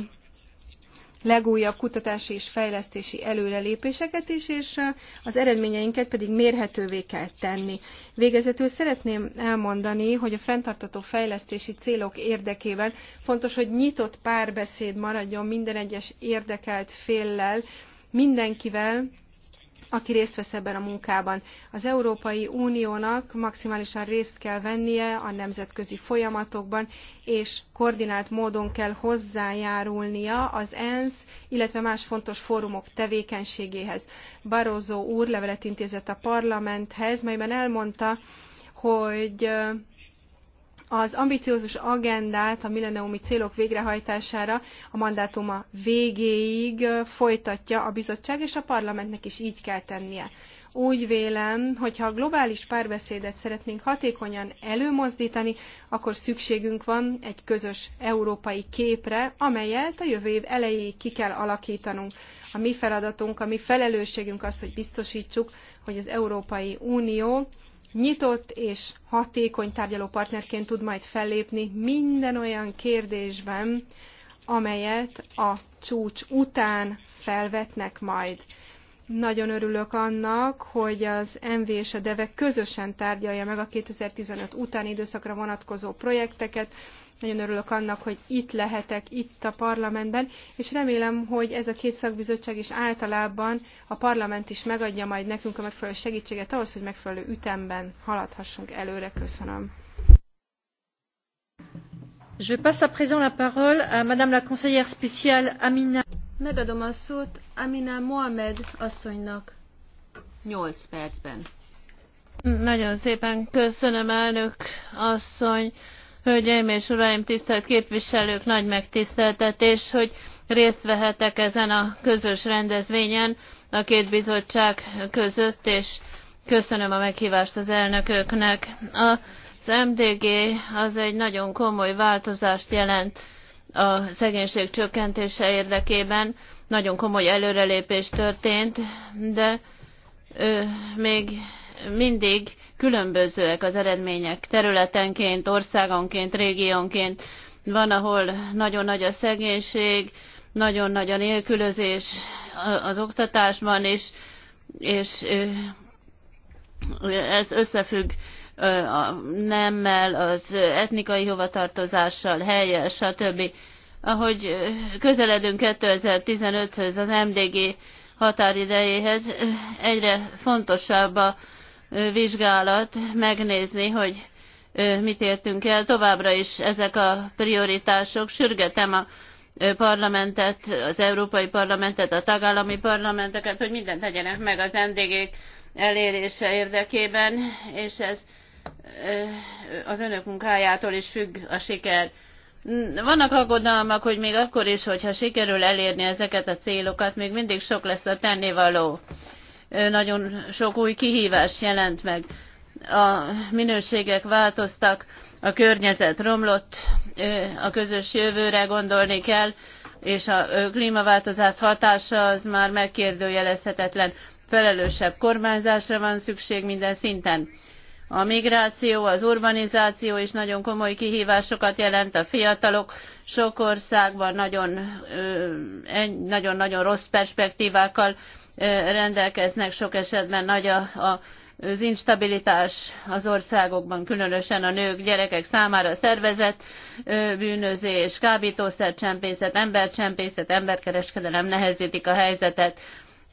legújabb kutatási és fejlesztési előrelépéseket is, és az eredményeinket pedig mérhetővé kell tenni. Végezetül szeretném elmondani, hogy a fenntartató fejlesztési célok érdekében fontos, hogy nyitott párbeszéd maradjon minden egyes érdekelt féllel, mindenkivel, aki részt vesz ebben a munkában. Az Európai Uniónak maximálisan részt kell vennie a nemzetközi folyamatokban, és koordinált módon kell hozzájárulnia az ENSZ, illetve más fontos fórumok tevékenységéhez. Barozó úr levelet intézett a parlamenthez, melyben elmondta, hogy az ambiciózus agendát a milleniumi célok végrehajtására a mandátuma végéig folytatja a bizottság, és a parlamentnek is így kell tennie. Úgy vélem, hogy ha a globális párbeszédet szeretnénk hatékonyan előmozdítani, akkor szükségünk van egy közös európai képre, amelyet a jövő év elejéig ki kell alakítanunk. A mi feladatunk, a mi felelősségünk az, hogy biztosítsuk, hogy az Európai Unió nyitott és hatékony tárgyalópartnerként tud majd fellépni minden olyan kérdésben, amelyet a csúcs után felvetnek majd. Nagyon örülök annak, hogy az MV és a DEVE e közösen tárgyalja meg a 2015 utáni időszakra vonatkozó projekteket, nagyon örülök annak, hogy itt lehetek, itt a parlamentben, és remélem, hogy ez a két szakbizottság is általában a parlament is megadja majd nekünk a megfelelő segítséget ahhoz, hogy megfelelő ütemben haladhassunk előre. Köszönöm. Je passe à présent la parole à Madame la conseillère spéciale Amina. Megadom a szót Amina Mohamed asszonynak. 8 percben. Nagyon szépen köszönöm, elnök asszony. Hölgyeim és uraim, tisztelt képviselők, nagy megtiszteltetés, hogy részt vehetek ezen a közös rendezvényen a két bizottság között, és köszönöm a meghívást az elnököknek. Az MDG az egy nagyon komoly változást jelent a szegénység csökkentése érdekében. Nagyon komoly előrelépés történt, de ö, még mindig különbözőek az eredmények területenként, országonként, régiónként. Van, ahol nagyon nagy a szegénység, nagyon nagy a nélkülözés az oktatásban, és, és ez összefügg a nemmel, az etnikai hovatartozással, helyes, stb. Ahogy közeledünk 2015-höz, az MDG határidejéhez, egyre fontosabb a vizsgálat megnézni, hogy mit értünk el. Továbbra is ezek a prioritások. Sürgetem a parlamentet, az Európai Parlamentet, a tagállami parlamenteket, hogy mindent tegyenek meg az ndg elérése érdekében, és ez az önök munkájától is függ a siker. Vannak aggodalmak, hogy még akkor is, hogyha sikerül elérni ezeket a célokat, még mindig sok lesz a tennivaló nagyon sok új kihívás jelent meg. A minőségek változtak, a környezet romlott, a közös jövőre gondolni kell, és a klímaváltozás hatása az már megkérdőjelezhetetlen. Felelősebb kormányzásra van szükség minden szinten. A migráció, az urbanizáció is nagyon komoly kihívásokat jelent. A fiatalok sok országban nagyon-nagyon rossz perspektívákkal rendelkeznek, sok esetben nagy a, a az instabilitás az országokban, különösen a nők, gyerekek számára szervezett bűnözés, kábítószercsempészet, embercsempészet, emberkereskedelem nehezítik a helyzetet.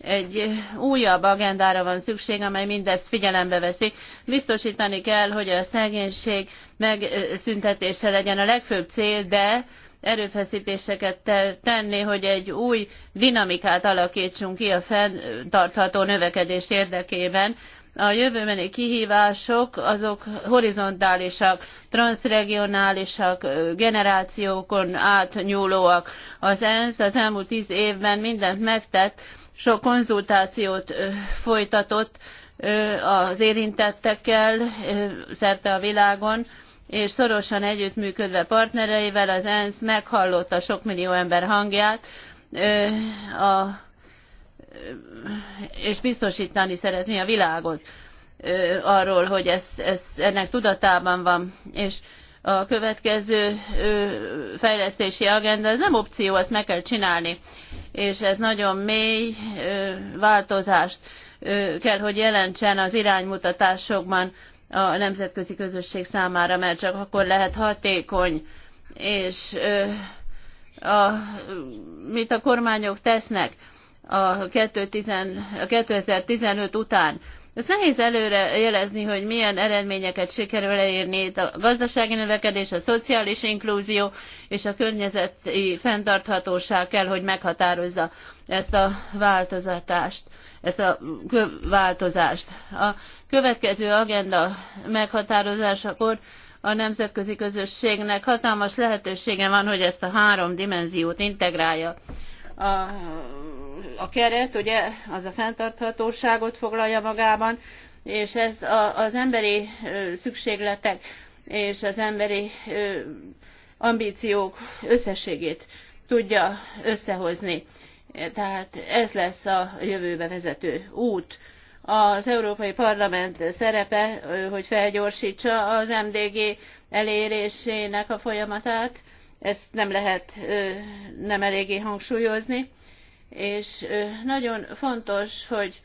Egy újabb agendára van szükség, amely mindezt figyelembe veszi. Biztosítani kell, hogy a szegénység megszüntetése legyen a legfőbb cél, de erőfeszítéseket tenni, hogy egy új dinamikát alakítsunk ki a fenntartható növekedés érdekében. A jövőbeni kihívások azok horizontálisak, transregionálisak, generációkon átnyúlóak. Az ENSZ az elmúlt tíz évben mindent megtett, sok konzultációt folytatott az érintettekkel szerte a világon, és szorosan együttműködve partnereivel az ENSZ meghallotta sok millió ember hangját, a, és biztosítani szeretné a világot arról, hogy ez, ez, ennek tudatában van, és a következő fejlesztési agenda, ez nem opció, ezt meg kell csinálni, és ez nagyon mély változást kell, hogy jelentsen az iránymutatásokban a nemzetközi közösség számára, mert csak akkor lehet hatékony, és a, mit a kormányok tesznek a, 2010, a 2015 után. Ez nehéz előre jelezni, hogy milyen eredményeket sikerül elérni itt a gazdasági növekedés, a szociális inklúzió és a környezeti fenntarthatóság kell, hogy meghatározza ezt a változatást, ezt a változást. A következő agenda meghatározásakor a nemzetközi közösségnek hatalmas lehetősége van, hogy ezt a három dimenziót integrálja. A, a keret ugye az a fenntarthatóságot foglalja magában, és ez a, az emberi szükségletek és az emberi ambíciók összességét tudja összehozni. Tehát ez lesz a jövőbe vezető út az Európai Parlament szerepe, hogy felgyorsítsa az MDG elérésének a folyamatát. Ezt nem lehet nem eléggé hangsúlyozni. És nagyon fontos, hogy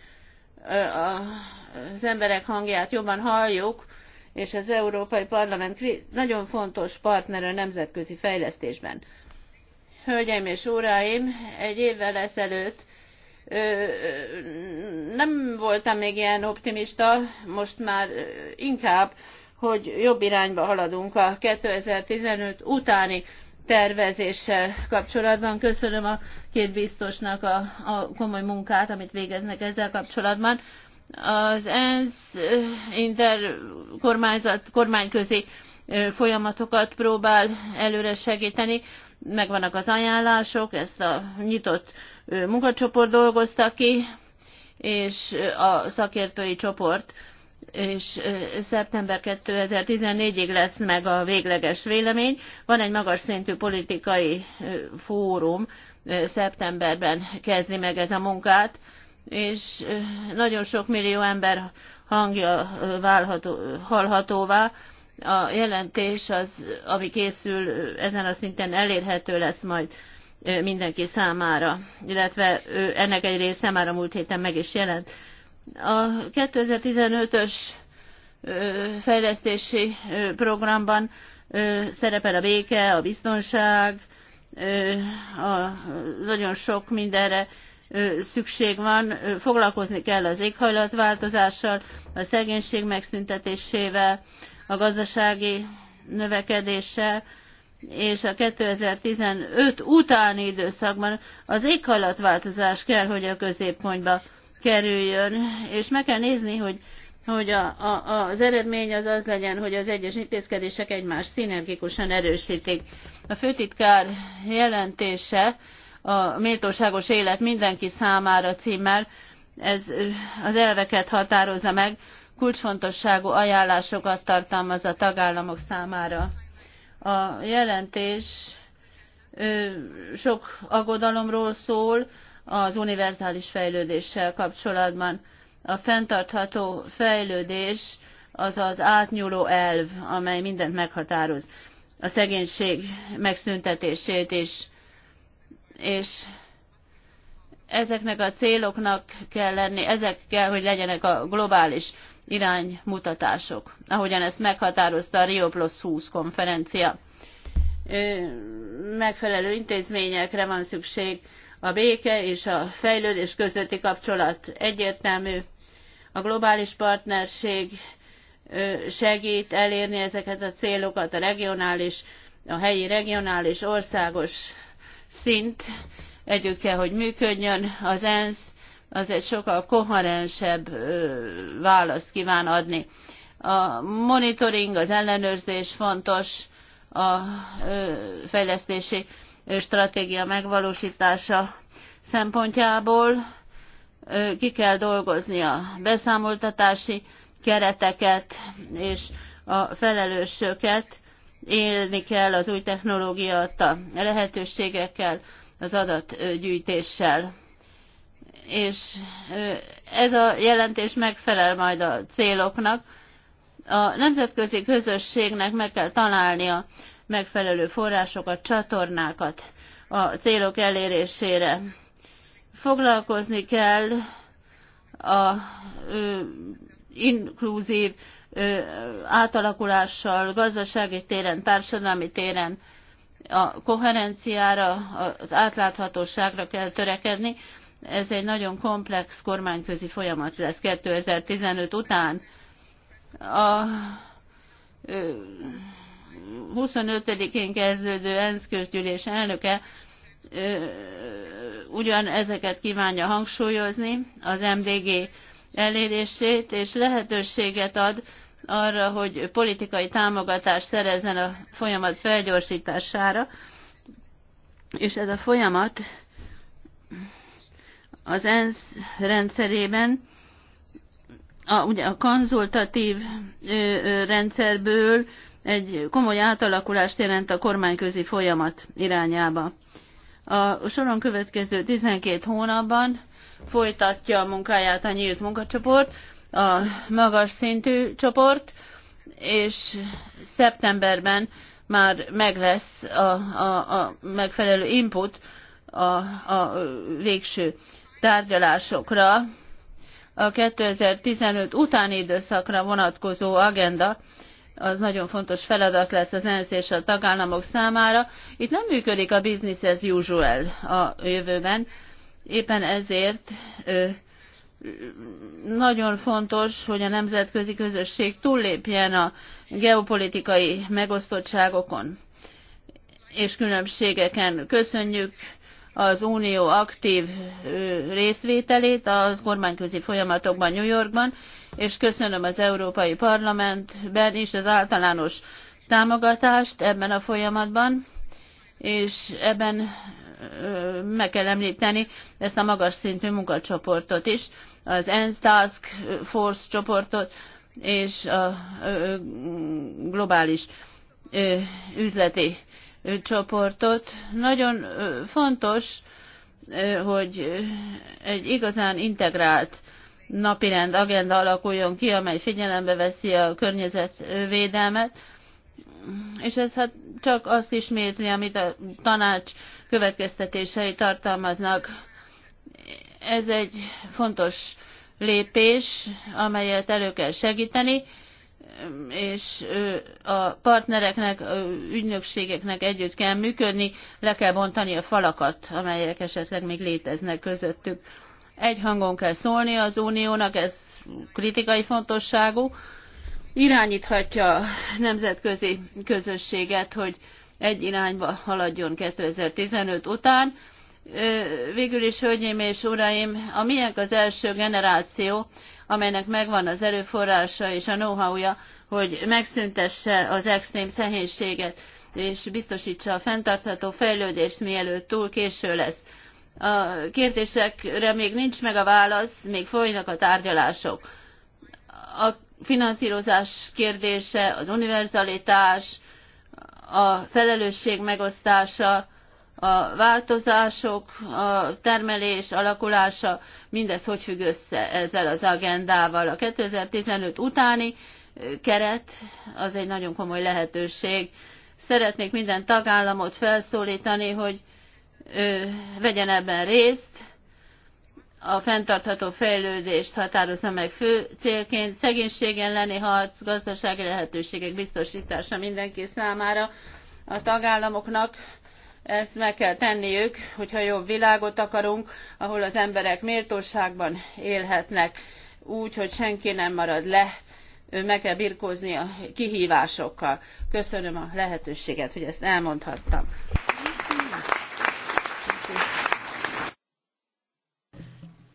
az emberek hangját jobban halljuk, és az Európai Parlament nagyon fontos partner a nemzetközi fejlesztésben. Hölgyeim és uraim, egy évvel ezelőtt nem voltam még ilyen optimista, most már inkább, hogy jobb irányba haladunk a 2015 utáni tervezéssel kapcsolatban. Köszönöm a két biztosnak a, a komoly munkát, amit végeznek ezzel kapcsolatban. Az ENSZ interkormányzat, kormányközi folyamatokat próbál előre segíteni, megvannak az ajánlások, ezt a nyitott munkacsoport dolgozta ki, és a szakértői csoport és szeptember 2014-ig lesz meg a végleges vélemény. Van egy magas szintű politikai fórum, szeptemberben kezdi meg ez a munkát, és nagyon sok millió ember hangja válható, hallhatóvá. A jelentés, az, ami készül, ezen a szinten elérhető lesz majd mindenki számára, illetve ennek egy része már a múlt héten meg is jelent. A 2015-ös fejlesztési programban szerepel a béke, a biztonság, a, nagyon sok mindenre szükség van, foglalkozni kell az éghajlatváltozással, a szegénység megszüntetésével, a gazdasági növekedéssel, és a 2015 utáni időszakban az éghajlatváltozás kell, hogy a középpontba kerüljön, és meg kell nézni, hogy hogy a, a, az eredmény az az legyen, hogy az egyes intézkedések egymást szinergikusan erősítik. A főtitkár jelentése a méltóságos élet mindenki számára címmel, ez az elveket határozza meg, kulcsfontosságú ajánlásokat tartalmaz a tagállamok számára. A jelentés sok aggodalomról szól az univerzális fejlődéssel kapcsolatban. A fenntartható fejlődés az az átnyúló elv, amely mindent meghatároz. A szegénység megszüntetését is. És ezeknek a céloknak kell lenni, ezek kell, hogy legyenek a globális iránymutatások, ahogyan ezt meghatározta a Rio Plus 20 konferencia. Megfelelő intézményekre van szükség, a béke és a fejlődés közötti kapcsolat egyértelmű, a globális partnerség segít elérni ezeket a célokat, a regionális, a helyi regionális országos szint együtt kell, hogy működjön az ENSZ, az egy sokkal koherensebb választ kíván adni. A monitoring, az ellenőrzés fontos, a fejlesztési stratégia megvalósítása szempontjából ki kell dolgozni a beszámoltatási kereteket és a felelősöket, élni kell az új technológiát, a lehetőségekkel, az adatgyűjtéssel és ez a jelentés megfelel majd a céloknak. A nemzetközi közösségnek meg kell találnia megfelelő forrásokat, csatornákat a célok elérésére. Foglalkozni kell a ö, inkluzív ö, átalakulással gazdasági téren, társadalmi téren a koherenciára, az átláthatóságra kell törekedni, ez egy nagyon komplex kormányközi folyamat lesz 2015 után. A 25-én kezdődő ENSZ közgyűlés elnöke ugyan ezeket kívánja hangsúlyozni, az MDG elérését, és lehetőséget ad arra, hogy politikai támogatást szerezzen a folyamat felgyorsítására, és ez a folyamat az ENSZ rendszerében a, ugye a konzultatív ö, ö, rendszerből egy komoly átalakulást jelent a kormányközi folyamat irányába. A soron következő 12 hónapban folytatja a munkáját a nyílt munkacsoport, a magas szintű csoport, és szeptemberben már meg lesz a, a, a megfelelő input a, a végső tárgyalásokra a 2015 utáni időszakra vonatkozó agenda az nagyon fontos feladat lesz az ENSZ és a tagállamok számára. Itt nem működik a business as usual a jövőben, éppen ezért nagyon fontos, hogy a nemzetközi közösség túllépjen a geopolitikai megosztottságokon és különbségeken. Köszönjük az unió aktív részvételét az kormányközi folyamatokban New Yorkban, és köszönöm az Európai Parlamentben is az általános támogatást ebben a folyamatban, és ebben meg kell említeni ezt a magas szintű munkacsoportot is, az ENSZ Task Force csoportot és a globális üzleti csoportot. Nagyon fontos, hogy egy igazán integrált napirend agenda alakuljon ki, amely figyelembe veszi a környezetvédelmet, és ez hát csak azt ismétli, amit a tanács következtetései tartalmaznak. Ez egy fontos lépés, amelyet elő kell segíteni, és a partnereknek, ügynökségeknek együtt kell működni, le kell bontani a falakat, amelyek esetleg még léteznek közöttük. Egy hangon kell szólni az uniónak, ez kritikai fontosságú, irányíthatja a nemzetközi közösséget, hogy egy irányba haladjon 2015 után. Végül is, hölgyeim és uraim, a miénk az első generáció, amelynek megvan az erőforrása és a know ja hogy megszüntesse az extrém szehénységet és biztosítsa a fenntartható fejlődést, mielőtt túl késő lesz. A kérdésekre még nincs meg a válasz, még folynak a tárgyalások. A finanszírozás kérdése, az univerzalitás, a felelősség megosztása, a változások, a termelés alakulása, mindez hogy függ össze ezzel az agendával. A 2015 utáni keret az egy nagyon komoly lehetőség. Szeretnék minden tagállamot felszólítani, hogy ö, vegyen ebben részt, a fenntartható fejlődést határozza meg fő célként, szegénység elleni harc, gazdasági lehetőségek biztosítása mindenki számára, a tagállamoknak ezt meg kell tenniük, hogyha jobb világot akarunk, ahol az emberek méltóságban élhetnek, úgy, hogy senki nem marad le, meg kell birkózni a kihívásokkal. Köszönöm a lehetőséget, hogy ezt elmondhattam.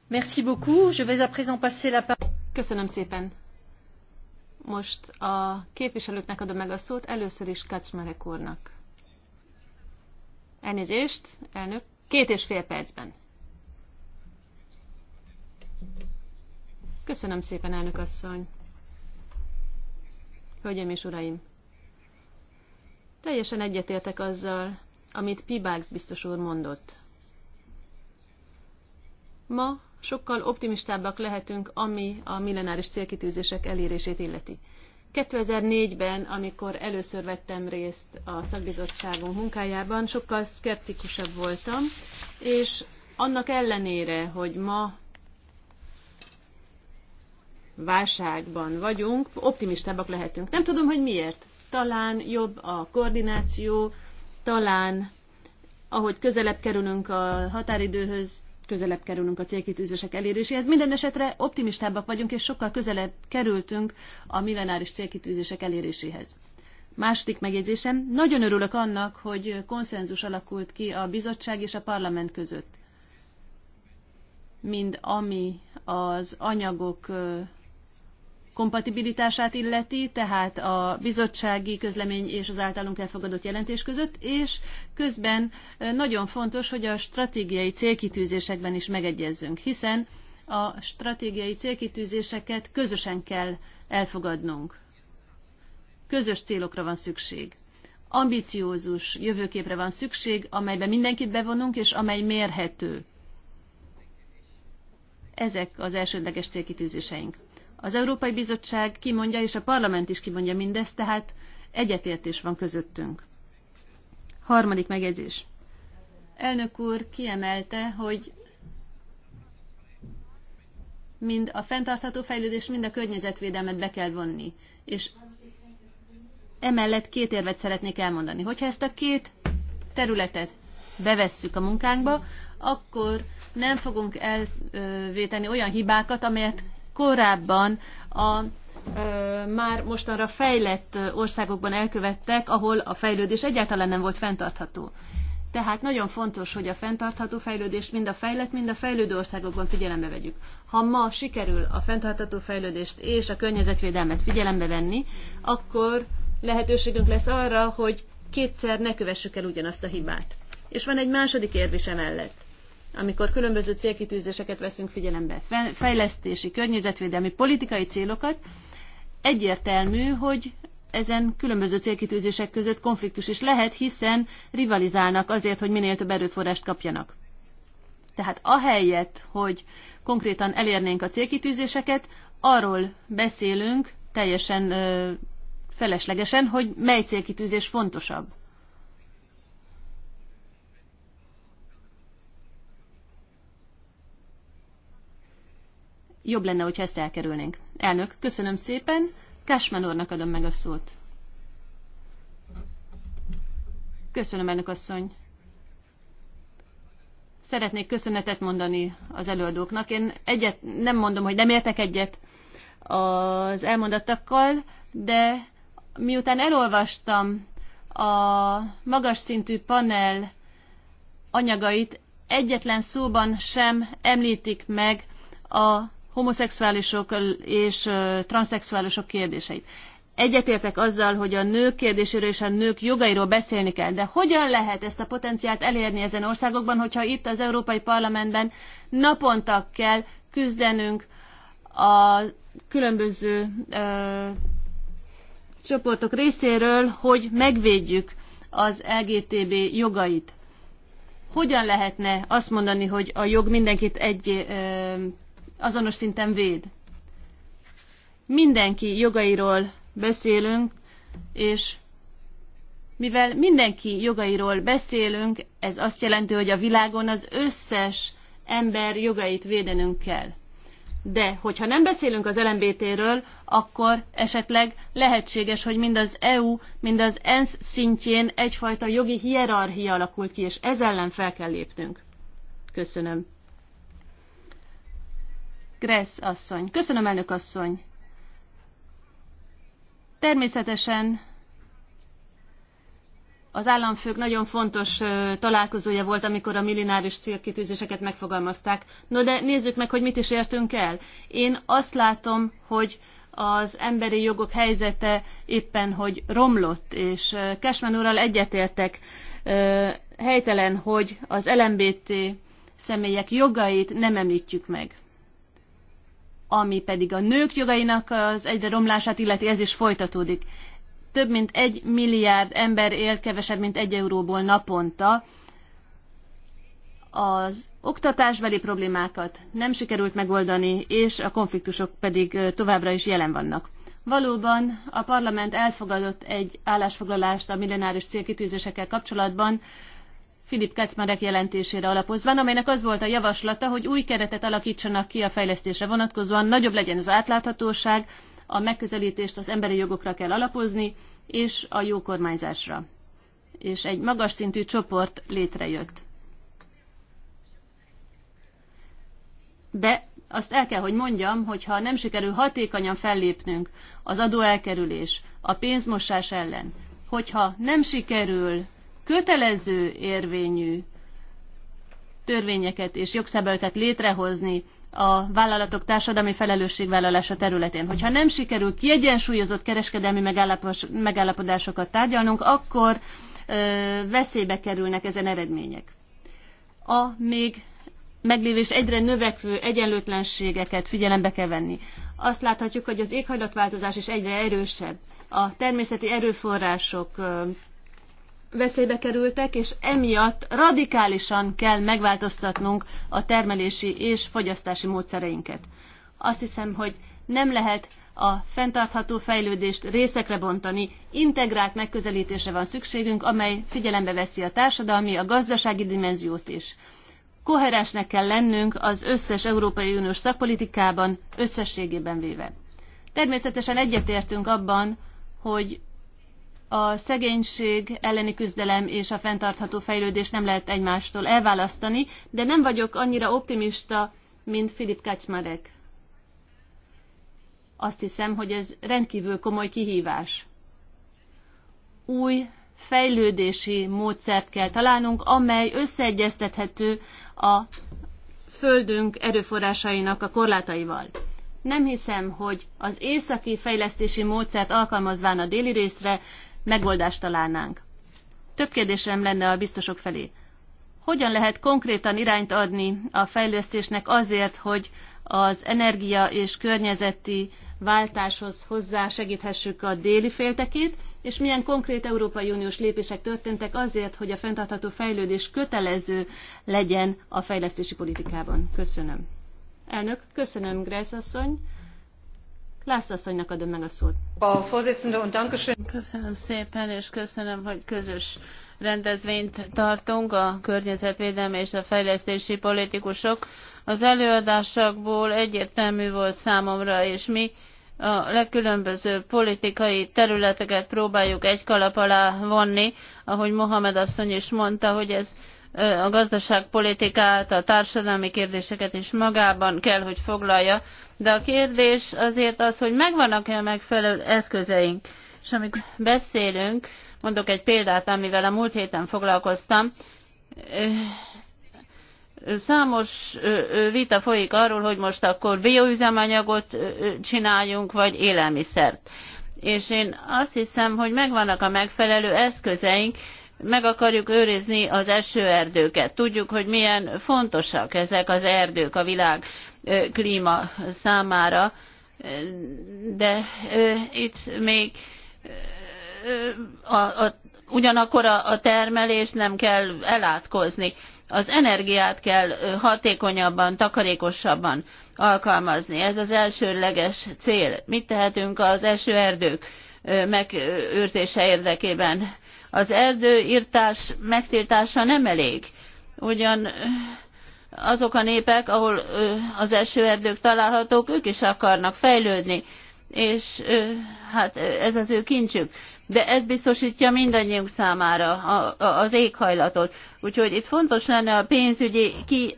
Merci beaucoup. Je vais à présent passer la parole. Köszönöm szépen. Most a képviselőknek adom meg a szót, először is Kacsmerek úrnak. Elnézést, elnök. Két és fél percben. Köszönöm szépen, elnök asszony. Hölgyeim és uraim! Teljesen egyetértek azzal, amit Pibax biztos úr mondott. Ma sokkal optimistábbak lehetünk, ami a millenáris célkitűzések elérését illeti. 2004-ben, amikor először vettem részt a szakbizottságunk munkájában, sokkal szkeptikusabb voltam, és annak ellenére, hogy ma válságban vagyunk, optimistábbak lehetünk. Nem tudom, hogy miért. Talán jobb a koordináció, talán ahogy közelebb kerülünk a határidőhöz, közelebb kerülünk a célkitűzések eléréséhez. Minden esetre optimistábbak vagyunk, és sokkal közelebb kerültünk a millenáris célkitűzések eléréséhez. Második megjegyzésem, nagyon örülök annak, hogy konszenzus alakult ki a bizottság és a parlament között, mind ami az anyagok kompatibilitását illeti, tehát a bizottsági közlemény és az általunk elfogadott jelentés között, és közben nagyon fontos, hogy a stratégiai célkitűzésekben is megegyezzünk, hiszen a stratégiai célkitűzéseket közösen kell elfogadnunk. Közös célokra van szükség. Ambiciózus jövőképre van szükség, amelyben mindenkit bevonunk, és amely mérhető. Ezek az elsődleges célkitűzéseink. Az Európai Bizottság kimondja, és a parlament is kimondja mindezt, tehát egyetértés van közöttünk. Harmadik megjegyzés. Elnök úr kiemelte, hogy mind a fenntartható fejlődés, mind a környezetvédelmet be kell vonni. És emellett két érvet szeretnék elmondani. Hogyha ezt a két területet bevesszük a munkánkba, akkor nem fogunk elvéteni olyan hibákat, amelyet korábban a már mostanra fejlett országokban elkövettek, ahol a fejlődés egyáltalán nem volt fenntartható. Tehát nagyon fontos, hogy a fenntartható fejlődést mind a fejlett, mind a fejlődő országokban figyelembe vegyük. Ha ma sikerül a fenntartható fejlődést és a környezetvédelmet figyelembe venni, akkor lehetőségünk lesz arra, hogy kétszer ne kövessük el ugyanazt a hibát. És van egy második érv mellett amikor különböző célkitűzéseket veszünk figyelembe, fejlesztési, környezetvédelmi, politikai célokat, egyértelmű, hogy ezen különböző célkitűzések között konfliktus is lehet, hiszen rivalizálnak azért, hogy minél több erőforrást kapjanak. Tehát ahelyett, hogy konkrétan elérnénk a célkitűzéseket, arról beszélünk teljesen ö, feleslegesen, hogy mely célkitűzés fontosabb. jobb lenne, hogyha ezt elkerülnénk. Elnök, köszönöm szépen. Cashman úrnak adom meg a szót. Köszönöm, elnök asszony. Szeretnék köszönetet mondani az előadóknak. Én egyet nem mondom, hogy nem értek egyet az elmondattakkal, de miután elolvastam a magas szintű panel anyagait, egyetlen szóban sem említik meg a homoszexuálisok és transzexuálisok kérdéseit. Egyetértek azzal, hogy a nők kérdéséről és a nők jogairól beszélni kell, de hogyan lehet ezt a potenciált elérni ezen országokban, hogyha itt az Európai Parlamentben naponta kell küzdenünk a különböző ö, csoportok részéről, hogy megvédjük az LGTB jogait. Hogyan lehetne azt mondani, hogy a jog mindenkit egy ö, azonos szinten véd. Mindenki jogairól beszélünk, és mivel mindenki jogairól beszélünk, ez azt jelenti, hogy a világon az összes ember jogait védenünk kell. De hogyha nem beszélünk az LMBT-ről, akkor esetleg lehetséges, hogy mind az EU, mind az ENSZ szintjén egyfajta jogi hierarchia alakult ki, és ez ellen fel kell lépnünk. Köszönöm. Gressz asszony. Köszönöm, elnök asszony. Természetesen az államfők nagyon fontos találkozója volt, amikor a millináris célkitűzéseket megfogalmazták. No de nézzük meg, hogy mit is értünk el. Én azt látom, hogy az emberi jogok helyzete éppen, hogy romlott, és Kesmen úrral egyetértek helytelen, hogy az LMBT személyek jogait nem említjük meg ami pedig a nők jogainak az egyre romlását illeti, ez is folytatódik. Több mint egy milliárd ember él kevesebb, mint egy euróból naponta. Az oktatásbeli problémákat nem sikerült megoldani, és a konfliktusok pedig továbbra is jelen vannak. Valóban a parlament elfogadott egy állásfoglalást a millenáris célkitűzésekkel kapcsolatban, Filip Kacmarek jelentésére alapozva, amelynek az volt a javaslata, hogy új keretet alakítsanak ki a fejlesztésre vonatkozóan, nagyobb legyen az átláthatóság, a megközelítést az emberi jogokra kell alapozni, és a jó kormányzásra. És egy magas szintű csoport létrejött. De azt el kell, hogy mondjam, hogy ha nem sikerül hatékonyan fellépnünk az adóelkerülés, a pénzmosás ellen, hogyha nem sikerül kötelező érvényű törvényeket és jogszabályokat létrehozni a vállalatok társadalmi felelősségvállalása területén. Hogyha nem sikerül kiegyensúlyozott kereskedelmi megállapodásokat tárgyalnunk, akkor ö, veszélybe kerülnek ezen eredmények. A még meglévés egyre növekvő egyenlőtlenségeket figyelembe kell venni. Azt láthatjuk, hogy az éghajlatváltozás is egyre erősebb. A természeti erőforrások veszélybe kerültek, és emiatt radikálisan kell megváltoztatnunk a termelési és fogyasztási módszereinket. Azt hiszem, hogy nem lehet a fenntartható fejlődést részekre bontani, integrált megközelítésre van szükségünk, amely figyelembe veszi a társadalmi, a gazdasági dimenziót is. Koherensnek kell lennünk az összes Európai Uniós szakpolitikában, összességében véve. Természetesen egyetértünk abban, hogy a szegénység elleni küzdelem és a fenntartható fejlődés nem lehet egymástól elválasztani, de nem vagyok annyira optimista, mint Filip Kacsmarek. Azt hiszem, hogy ez rendkívül komoly kihívás. Új fejlődési módszert kell találnunk, amely összeegyeztethető a földünk erőforrásainak a korlátaival. Nem hiszem, hogy az északi fejlesztési módszert alkalmazván a déli részre megoldást találnánk. Több kérdésem lenne a biztosok felé. Hogyan lehet konkrétan irányt adni a fejlesztésnek azért, hogy az energia és környezeti váltáshoz hozzásegíthessük a déli féltekét, és milyen konkrét Európai Uniós lépések történtek azért, hogy a fenntartható fejlődés kötelező legyen a fejlesztési politikában. Köszönöm. Elnök, köszönöm, Grace asszony. Lászlászonynak adom meg a szót. Köszönöm szépen, és köszönöm, hogy közös rendezvényt tartunk a környezetvédelmi és a fejlesztési politikusok. Az előadásokból egyértelmű volt számomra, és mi a legkülönbözőbb politikai területeket próbáljuk egy kalap alá vonni, ahogy Mohamed asszony is mondta, hogy ez a gazdaságpolitikát, a társadalmi kérdéseket is magában kell, hogy foglalja, de a kérdés azért az, hogy megvannak-e a megfelelő eszközeink. És amikor beszélünk, mondok egy példát, amivel a múlt héten foglalkoztam, számos vita folyik arról, hogy most akkor bioüzemanyagot csináljunk, vagy élelmiszert. És én azt hiszem, hogy megvannak a megfelelő eszközeink, meg akarjuk őrizni az esőerdőket. Tudjuk, hogy milyen fontosak ezek az erdők a világ klíma számára, de itt még a, a, ugyanakkor a, a termelés nem kell elátkozni. Az energiát kell hatékonyabban, takarékosabban alkalmazni. Ez az elsőleges cél. Mit tehetünk az esőerdők megőrzése érdekében? Az erdőírtás megtiltása nem elég. Ugyan azok a népek, ahol az esőerdők találhatók, ők is akarnak fejlődni, és hát ez az ő kincsük. De ez biztosítja mindannyiunk számára a, a, az éghajlatot. Úgyhogy itt fontos lenne a pénzügyi, ki,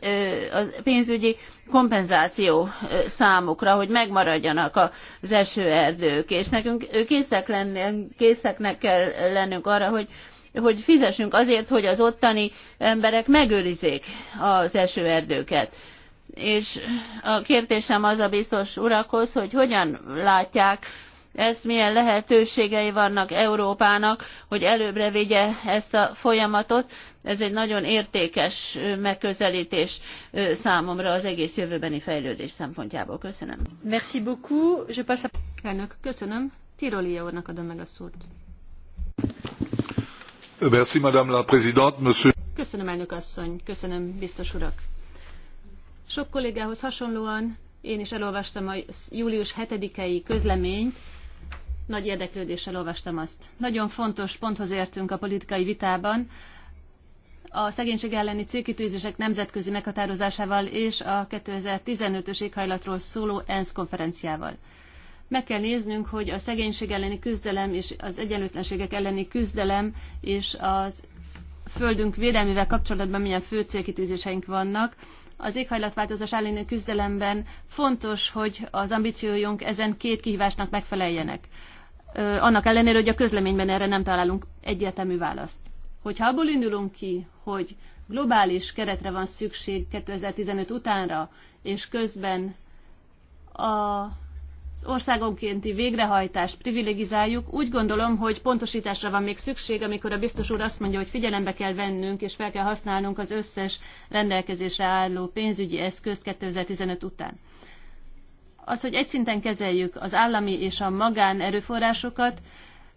a pénzügyi kompenzáció számukra, hogy megmaradjanak az esőerdők. És nekünk készek, lenni, készeknek kell lennünk arra, hogy hogy fizessünk azért, hogy az ottani emberek megőrizzék az esőerdőket. És a kérdésem az a biztos urakhoz, hogy hogyan látják ezt, milyen lehetőségei vannak Európának, hogy előbbre vigye ezt a folyamatot. Ez egy nagyon értékes megközelítés számomra az egész jövőbeni fejlődés szempontjából. Köszönöm. Merci beaucoup. Je passe a... Elnök, köszönöm. Tirolia úrnak adom meg a szót. Köszönöm, elnök asszony, köszönöm, biztos urak. Sok kollégához hasonlóan én is elolvastam a július 7-i közleményt, nagy érdeklődéssel olvastam azt. Nagyon fontos ponthoz értünk a politikai vitában, a szegénység elleni célkitűzések nemzetközi meghatározásával és a 2015-ös éghajlatról szóló ENSZ konferenciával. Meg kell néznünk, hogy a szegénység elleni küzdelem és az egyenlőtlenségek elleni küzdelem és az földünk védelmével kapcsolatban milyen fő célkitűzéseink vannak. Az éghajlatváltozás elleni küzdelemben fontos, hogy az ambíciójunk ezen két kihívásnak megfeleljenek. Annak ellenére, hogy a közleményben erre nem találunk egyértelmű választ. Hogyha abból indulunk ki, hogy globális keretre van szükség 2015 utánra, és közben a az országonkénti végrehajtást privilegizáljuk, úgy gondolom, hogy pontosításra van még szükség, amikor a biztos úr azt mondja, hogy figyelembe kell vennünk és fel kell használnunk az összes rendelkezésre álló pénzügyi eszközt 2015 után. Az, hogy egy szinten kezeljük az állami és a magán erőforrásokat,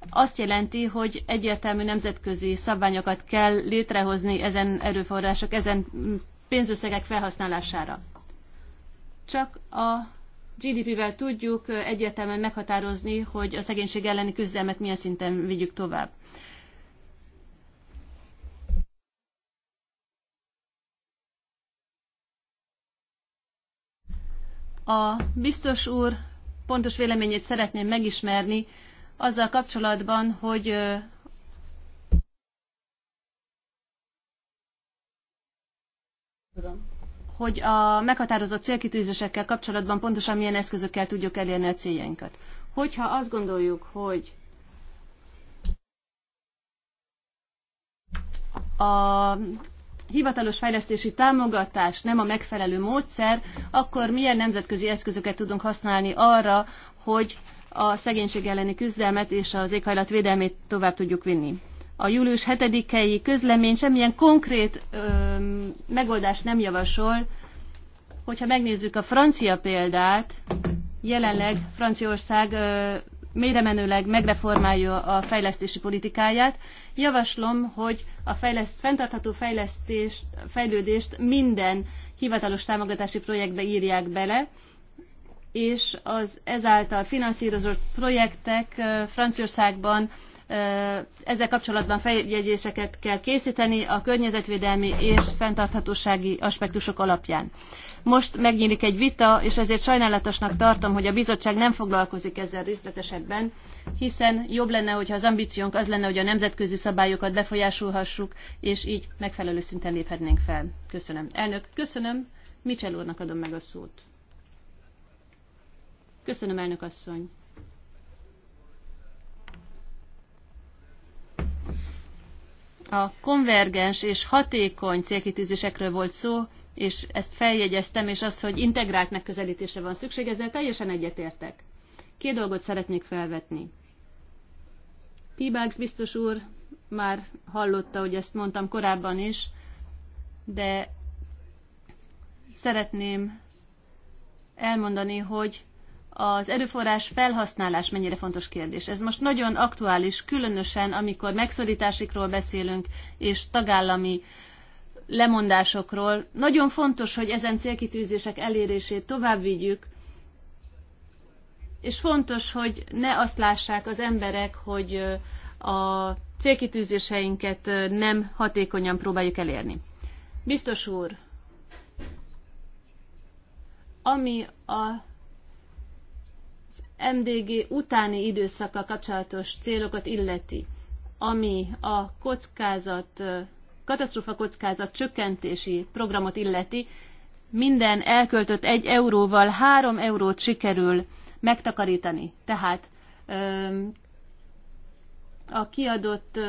azt jelenti, hogy egyértelmű nemzetközi szabványokat kell létrehozni ezen erőforrások, ezen pénzösszegek felhasználására. Csak a GDP-vel tudjuk egyértelműen meghatározni, hogy a szegénység elleni küzdelmet milyen szinten vigyük tovább. A biztos úr pontos véleményét szeretném megismerni azzal kapcsolatban, hogy Tudom hogy a meghatározott célkitűzésekkel kapcsolatban pontosan milyen eszközökkel tudjuk elérni a céljainkat. Hogyha azt gondoljuk, hogy a hivatalos fejlesztési támogatás nem a megfelelő módszer, akkor milyen nemzetközi eszközöket tudunk használni arra, hogy a szegénység elleni küzdelmet és az éghajlat védelmét tovább tudjuk vinni a július 7-i közlemény semmilyen konkrét ö, megoldást nem javasol. Hogyha megnézzük a francia példát, jelenleg Franciaország ö, méremenőleg megreformálja a fejlesztési politikáját. Javaslom, hogy a fejleszt, fenntartható fejlesztést, fejlődést minden hivatalos támogatási projektbe írják bele, és az ezáltal finanszírozott projektek Franciaországban ezzel kapcsolatban feljegyzéseket kell készíteni a környezetvédelmi és fenntarthatósági aspektusok alapján. Most megnyílik egy vita, és ezért sajnálatosnak tartom, hogy a bizottság nem foglalkozik ezzel részletesebben, hiszen jobb lenne, hogyha az ambíciónk az lenne, hogy a nemzetközi szabályokat befolyásolhassuk, és így megfelelő szinten léphetnénk fel. Köszönöm. Elnök, köszönöm. Michel úrnak adom meg a szót. Köszönöm, elnök asszony. A konvergens és hatékony célkitűzésekről volt szó, és ezt feljegyeztem, és az, hogy integrált megközelítése van szükség, ezzel teljesen egyetértek. Két dolgot szeretnék felvetni. Pibax biztos úr már hallotta, hogy ezt mondtam korábban is, de szeretném elmondani, hogy az erőforrás felhasználás mennyire fontos kérdés. Ez most nagyon aktuális, különösen amikor megszorításikról beszélünk, és tagállami lemondásokról. Nagyon fontos, hogy ezen célkitűzések elérését tovább vigyük, és fontos, hogy ne azt lássák az emberek, hogy a célkitűzéseinket nem hatékonyan próbáljuk elérni. Biztos úr, ami a MDG utáni időszakkal kapcsolatos célokat illeti, ami a kockázat, katasztrófa kockázat csökkentési programot illeti, minden elköltött egy euróval három eurót sikerül megtakarítani. Tehát a kiadott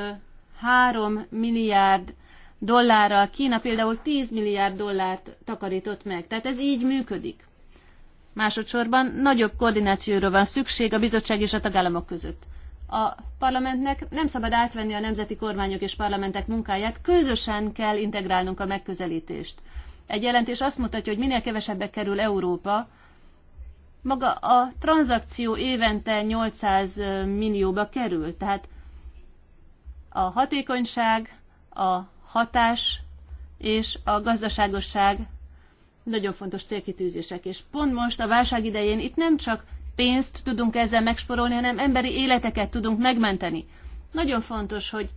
3 milliárd dollárral Kína például 10 milliárd dollárt takarított meg. Tehát ez így működik. Másodszorban nagyobb koordinációra van szükség a bizottság és a tagállamok között. A parlamentnek nem szabad átvenni a nemzeti kormányok és parlamentek munkáját, közösen kell integrálnunk a megközelítést. Egy jelentés azt mutatja, hogy minél kevesebbe kerül Európa, maga a tranzakció évente 800 millióba kerül. Tehát a hatékonyság, a hatás és a gazdaságosság nagyon fontos célkitűzések. És pont most a válság idején itt nem csak pénzt tudunk ezzel megsporolni, hanem emberi életeket tudunk megmenteni. Nagyon fontos, hogy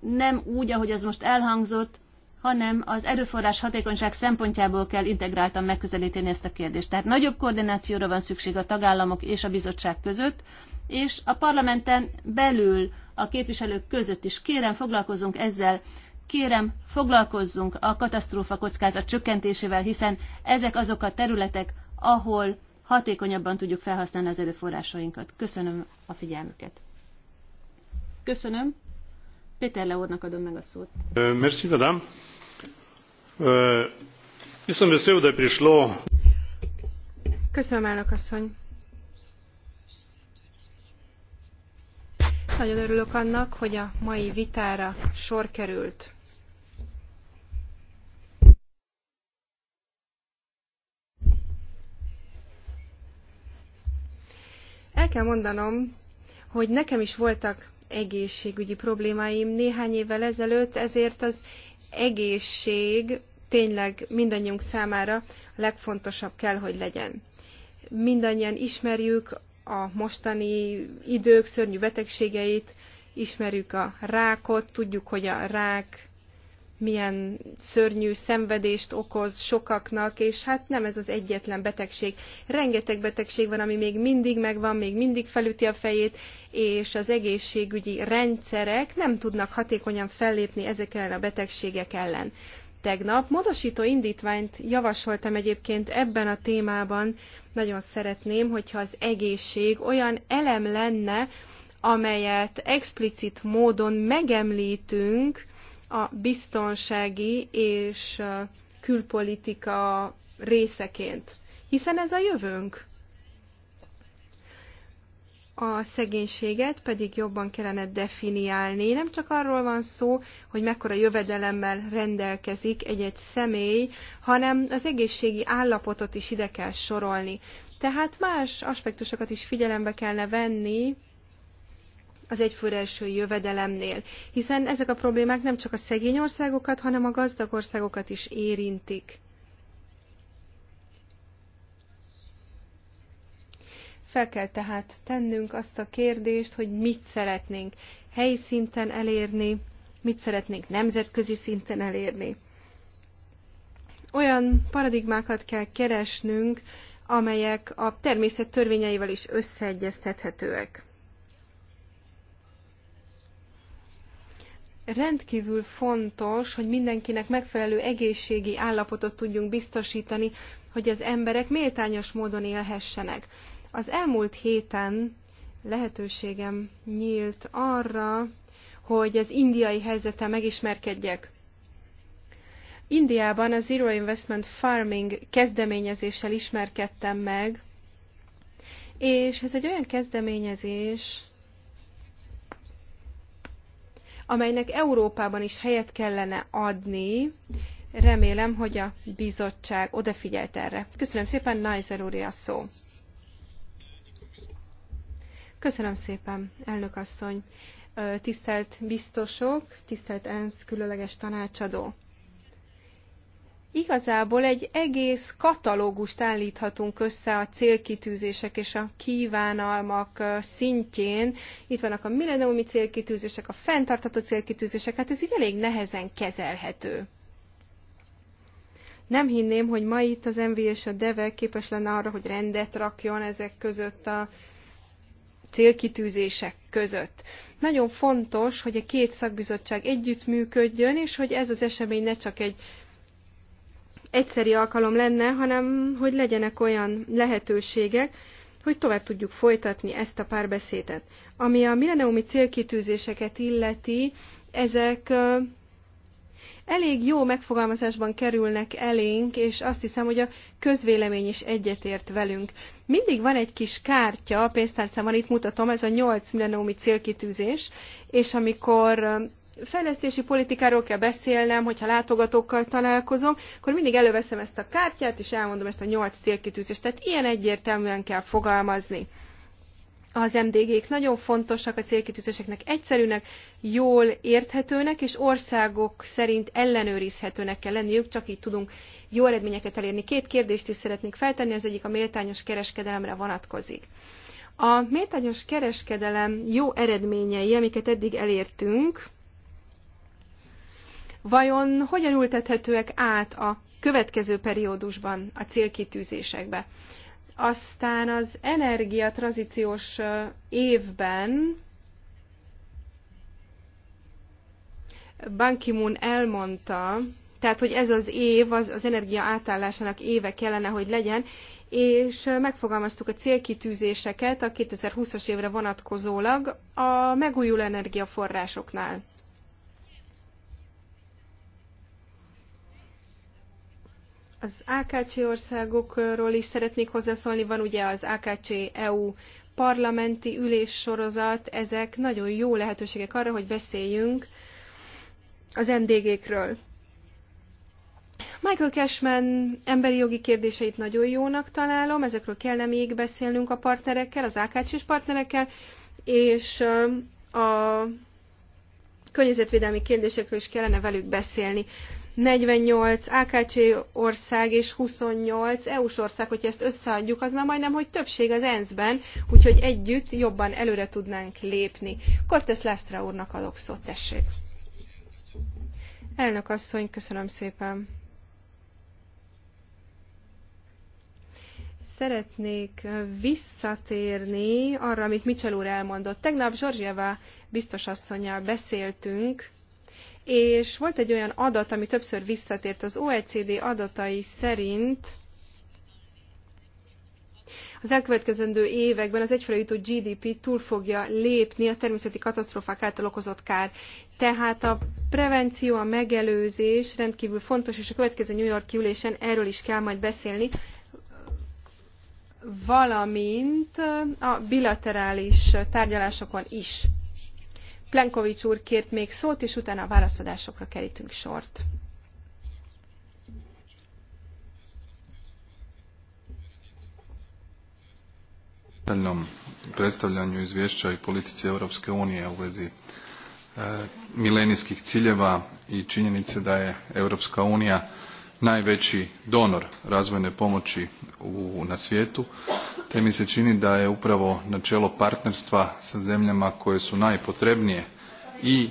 nem úgy, ahogy az most elhangzott, hanem az erőforrás hatékonyság szempontjából kell integráltan megközelíteni ezt a kérdést. Tehát nagyobb koordinációra van szükség a tagállamok és a bizottság között, és a parlamenten belül a képviselők között is. Kérem, foglalkozunk ezzel, Kérem, foglalkozzunk a katasztrófa kockázat csökkentésével, hiszen ezek azok a területek, ahol hatékonyabban tudjuk felhasználni az erőforrásainkat. Köszönöm a figyelmüket. Köszönöm. Péter Leornak adom meg a szót. Merci, madame. Viszont vesel, da prisló. Köszönöm, elnök asszony. Nagyon örülök annak, hogy a mai vitára sor került. el kell mondanom, hogy nekem is voltak egészségügyi problémáim néhány évvel ezelőtt, ezért az egészség tényleg mindannyiunk számára a legfontosabb kell, hogy legyen. Mindannyian ismerjük a mostani idők szörnyű betegségeit, ismerjük a rákot, tudjuk, hogy a rák milyen szörnyű szenvedést okoz sokaknak, és hát nem ez az egyetlen betegség. Rengeteg betegség van, ami még mindig megvan, még mindig felüti a fejét, és az egészségügyi rendszerek nem tudnak hatékonyan fellépni ezek ellen a betegségek ellen. Tegnap módosító indítványt javasoltam egyébként ebben a témában. Nagyon szeretném, hogyha az egészség olyan elem lenne, amelyet explicit módon megemlítünk, a biztonsági és külpolitika részeként, hiszen ez a jövőnk. A szegénységet pedig jobban kellene definiálni. Nem csak arról van szó, hogy mekkora jövedelemmel rendelkezik egy-egy személy, hanem az egészségi állapotot is ide kell sorolni. Tehát más aspektusokat is figyelembe kellene venni, az egyforrású jövedelemnél, hiszen ezek a problémák nem csak a szegény országokat, hanem a gazdag országokat is érintik. Fel kell tehát tennünk azt a kérdést, hogy mit szeretnénk helyi szinten elérni, mit szeretnénk nemzetközi szinten elérni. Olyan paradigmákat kell keresnünk, amelyek a természet törvényeivel is összeegyeztethetőek. rendkívül fontos, hogy mindenkinek megfelelő egészségi állapotot tudjunk biztosítani, hogy az emberek méltányos módon élhessenek. Az elmúlt héten lehetőségem nyílt arra, hogy az indiai helyzettel megismerkedjek. Indiában a Zero Investment Farming kezdeményezéssel ismerkedtem meg, és ez egy olyan kezdeményezés, amelynek Európában is helyet kellene adni. Remélem, hogy a bizottság odafigyelt erre. Köszönöm szépen, Neiser úr, a szó. Köszönöm szépen, elnök asszony. Tisztelt biztosok, tisztelt ENSZ különleges tanácsadó igazából egy egész katalógust állíthatunk össze a célkitűzések és a kívánalmak szintjén. Itt vannak a milleniumi célkitűzések, a fenntartható célkitűzések, hát ez így elég nehezen kezelhető. Nem hinném, hogy ma itt az MV és a DEVE képes lenne arra, hogy rendet rakjon ezek között a célkitűzések között. Nagyon fontos, hogy a két szakbizottság együttműködjön, és hogy ez az esemény ne csak egy egyszeri alkalom lenne, hanem hogy legyenek olyan lehetőségek, hogy tovább tudjuk folytatni ezt a párbeszédet. Ami a milleniumi célkitűzéseket illeti, ezek elég jó megfogalmazásban kerülnek elénk, és azt hiszem, hogy a közvélemény is egyetért velünk. Mindig van egy kis kártya, a van, itt mutatom, ez a 8 millenómi célkitűzés, és amikor fejlesztési politikáról kell beszélnem, hogyha látogatókkal találkozom, akkor mindig előveszem ezt a kártyát, és elmondom ezt a 8 célkitűzést. Tehát ilyen egyértelműen kell fogalmazni az MDG-k nagyon fontosak, a célkitűzéseknek egyszerűnek, jól érthetőnek és országok szerint ellenőrizhetőnek kell lenniük, csak így tudunk jó eredményeket elérni. Két kérdést is szeretnék feltenni, az egyik a méltányos kereskedelemre vonatkozik. A méltányos kereskedelem jó eredményei, amiket eddig elértünk, vajon hogyan ültethetőek át a következő periódusban a célkitűzésekbe? Aztán az energiatranzíciós évben Ban Ki-moon elmondta, tehát, hogy ez az év, az, az energia átállásának éve kellene, hogy legyen, és megfogalmaztuk a célkitűzéseket a 2020-as évre vonatkozólag a megújuló energiaforrásoknál. Az AKC országokról is szeretnék hozzászólni, van ugye az AKC EU parlamenti üléssorozat, ezek nagyon jó lehetőségek arra, hogy beszéljünk az MDG-kről. Michael Cashman emberi jogi kérdéseit nagyon jónak találom, ezekről kellene még beszélnünk a partnerekkel, az akc partnerekkel, és a környezetvédelmi kérdésekről is kellene velük beszélni. 48 AKC ország és 28 EU-s ország, hogyha ezt összeadjuk, az már majdnem, hogy többség az ENSZ-ben, úgyhogy együtt jobban előre tudnánk lépni. Kortesz Lásztra úrnak adok szót, tessék. Elnök asszony, köszönöm szépen. szeretnék visszatérni arra, amit Michel úr elmondott. Tegnap Zsorzsjeva biztosasszonyjal beszéltünk és volt egy olyan adat, ami többször visszatért az OECD adatai szerint, az elkövetkezendő években az egyfelé jutó GDP túl fogja lépni a természeti katasztrófák által okozott kár. Tehát a prevenció, a megelőzés rendkívül fontos, és a következő New York ülésen erről is kell majd beszélni, valamint a bilaterális tárgyalásokon is. Plenkovics úr kért még szót, és utána a válaszadásokra kerítünk sort. Köszönöm, predstavljanju izvješća i politici Europske unije u vezi e, milenijskih ciljeva i činjenice da je Europska unija najveći donor razvojne pomoći u, na svijetu te mi se čini da je upravo načelo partnerstva sa zemljama koje su najpotrebnije i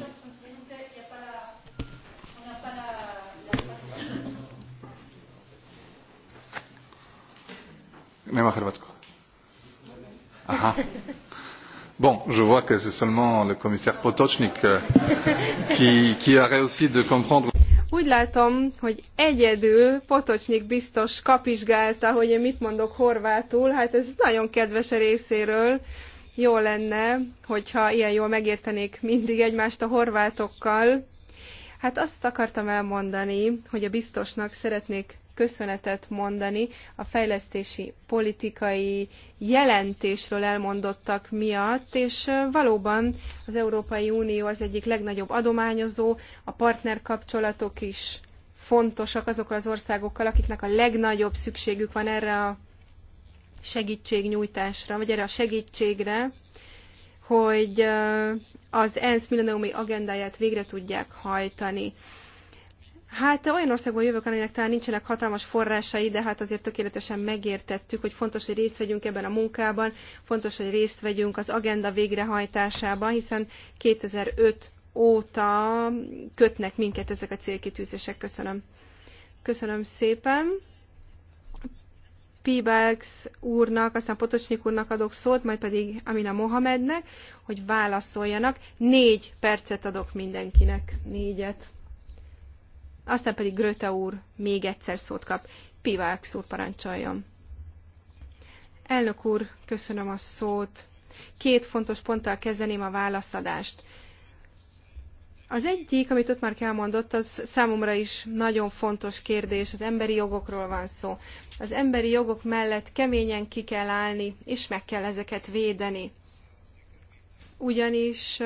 Nema hrvatskog. Aha. Bon, je vois que c'est seulement le commissaire Potočnik euh, qui, qui a réussi de comprendre. Úgy látom, hogy egyedül Potocsnik biztos kapizsgálta, hogy én mit mondok horvátul. Hát ez nagyon kedves a részéről. Jó lenne, hogyha ilyen jól megértenék mindig egymást a horvátokkal. Hát azt akartam elmondani, hogy a biztosnak szeretnék köszönetet mondani a fejlesztési politikai jelentésről elmondottak miatt, és valóban az Európai Unió az egyik legnagyobb adományozó, a partnerkapcsolatok is fontosak azokkal az országokkal, akiknek a legnagyobb szükségük van erre a segítségnyújtásra, vagy erre a segítségre, hogy az ENSZ millenniumi agendáját végre tudják hajtani. Hát olyan országból jövök, aminek talán nincsenek hatalmas forrásai, de hát azért tökéletesen megértettük, hogy fontos, hogy részt vegyünk ebben a munkában, fontos, hogy részt vegyünk az agenda végrehajtásában, hiszen 2005 óta kötnek minket ezek a célkitűzések. Köszönöm. Köszönöm szépen. Pibex úrnak, aztán Potocsnyik úrnak adok szót, majd pedig Amina Mohamednek, hogy válaszoljanak. Négy percet adok mindenkinek. Négyet. Aztán pedig Gröte úr még egyszer szót kap. Pivák szót parancsoljon. Elnök úr, köszönöm a szót. Két fontos ponttal kezdeném a válaszadást. Az egyik, amit ott már mondott, az számomra is nagyon fontos kérdés, az emberi jogokról van szó. Az emberi jogok mellett keményen ki kell állni, és meg kell ezeket védeni. Ugyanis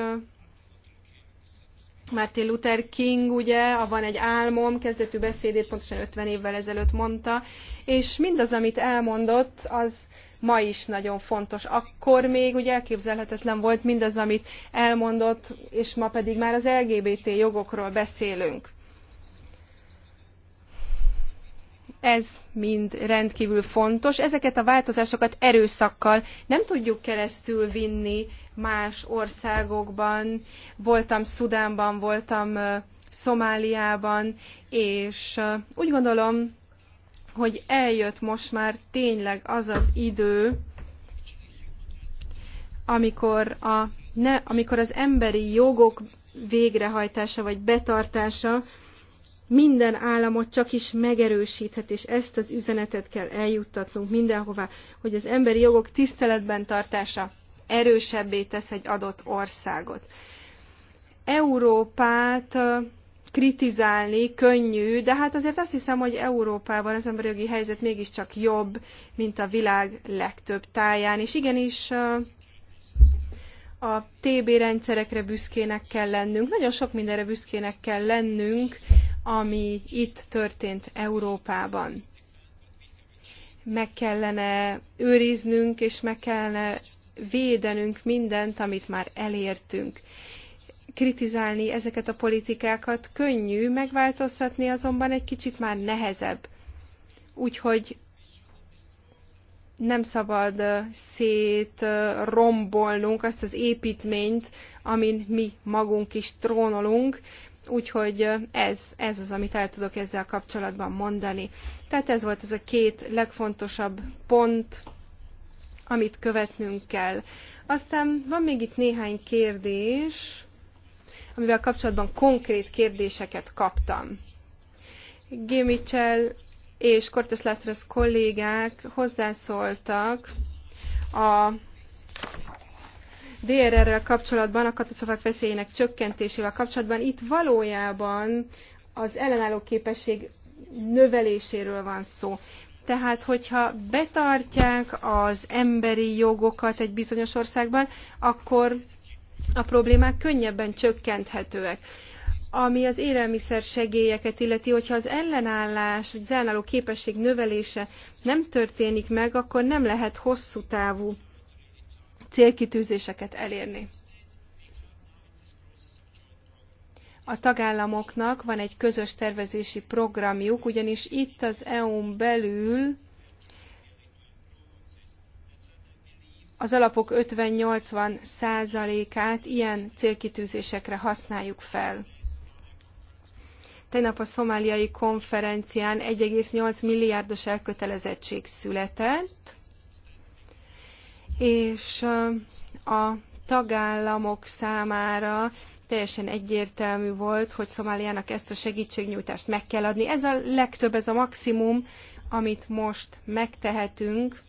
Martin Luther King, ugye, A van egy álmom, kezdetű beszédét pontosan 50 évvel ezelőtt mondta, és mindaz, amit elmondott, az ma is nagyon fontos. Akkor még ugye elképzelhetetlen volt mindaz, amit elmondott, és ma pedig már az LGBT jogokról beszélünk. Ez mind rendkívül fontos. Ezeket a változásokat erőszakkal nem tudjuk keresztül vinni más országokban. Voltam Szudánban, voltam Szomáliában, és úgy gondolom, hogy eljött most már tényleg az az idő, amikor, a, ne, amikor az emberi jogok végrehajtása vagy betartása minden államot csak is megerősíthet, és ezt az üzenetet kell eljuttatnunk mindenhová, hogy az emberi jogok tiszteletben tartása erősebbé tesz egy adott országot. Európát kritizálni könnyű, de hát azért azt hiszem, hogy Európában az emberi jogi helyzet mégiscsak jobb, mint a világ legtöbb táján, és igenis a TB rendszerekre büszkének kell lennünk, nagyon sok mindenre büszkének kell lennünk, ami itt történt Európában. Meg kellene őriznünk, és meg kellene védenünk mindent, amit már elértünk. Kritizálni ezeket a politikákat könnyű, megváltoztatni azonban egy kicsit már nehezebb. Úgyhogy nem szabad szét rombolnunk azt az építményt, amin mi magunk is trónolunk, Úgyhogy ez, ez az, amit el tudok ezzel kapcsolatban mondani. Tehát ez volt az a két legfontosabb pont, amit követnünk kell. Aztán van még itt néhány kérdés, amivel kapcsolatban konkrét kérdéseket kaptam. Gémicsel és Cortes Lastres kollégák hozzászóltak a DRR-rel kapcsolatban, a katasztrofák veszélyének csökkentésével kapcsolatban itt valójában az ellenálló képesség növeléséről van szó. Tehát, hogyha betartják az emberi jogokat egy bizonyos országban, akkor a problémák könnyebben csökkenthetőek. Ami az élelmiszer segélyeket illeti, hogyha az ellenállás, vagy az ellenálló képesség növelése nem történik meg, akkor nem lehet hosszú távú célkitűzéseket elérni. A tagállamoknak van egy közös tervezési programjuk, ugyanis itt az EU-n belül az alapok 50-80 százalékát ilyen célkitűzésekre használjuk fel. Tegnap a szomáliai konferencián 1,8 milliárdos elkötelezettség született, és a tagállamok számára teljesen egyértelmű volt, hogy Szomáliának ezt a segítségnyújtást meg kell adni. Ez a legtöbb, ez a maximum, amit most megtehetünk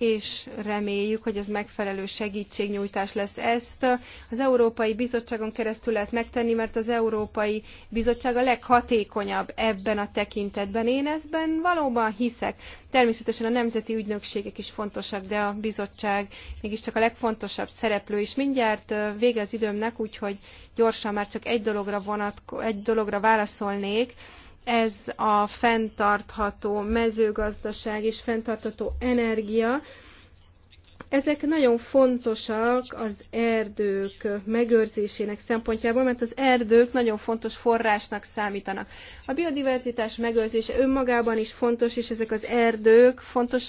és reméljük, hogy ez megfelelő segítségnyújtás lesz. Ezt az Európai Bizottságon keresztül lehet megtenni, mert az Európai Bizottság a leghatékonyabb ebben a tekintetben. Én ezben valóban hiszek. Természetesen a nemzeti ügynökségek is fontosak, de a bizottság mégiscsak a legfontosabb szereplő, és mindjárt vége az időmnek, úgyhogy gyorsan már csak egy dologra, vonatko- egy dologra válaszolnék ez a fenntartható mezőgazdaság és fenntartható energia, ezek nagyon fontosak az erdők megőrzésének szempontjából, mert az erdők nagyon fontos forrásnak számítanak. A biodiverzitás megőrzése önmagában is fontos, és ezek az erdők fontos,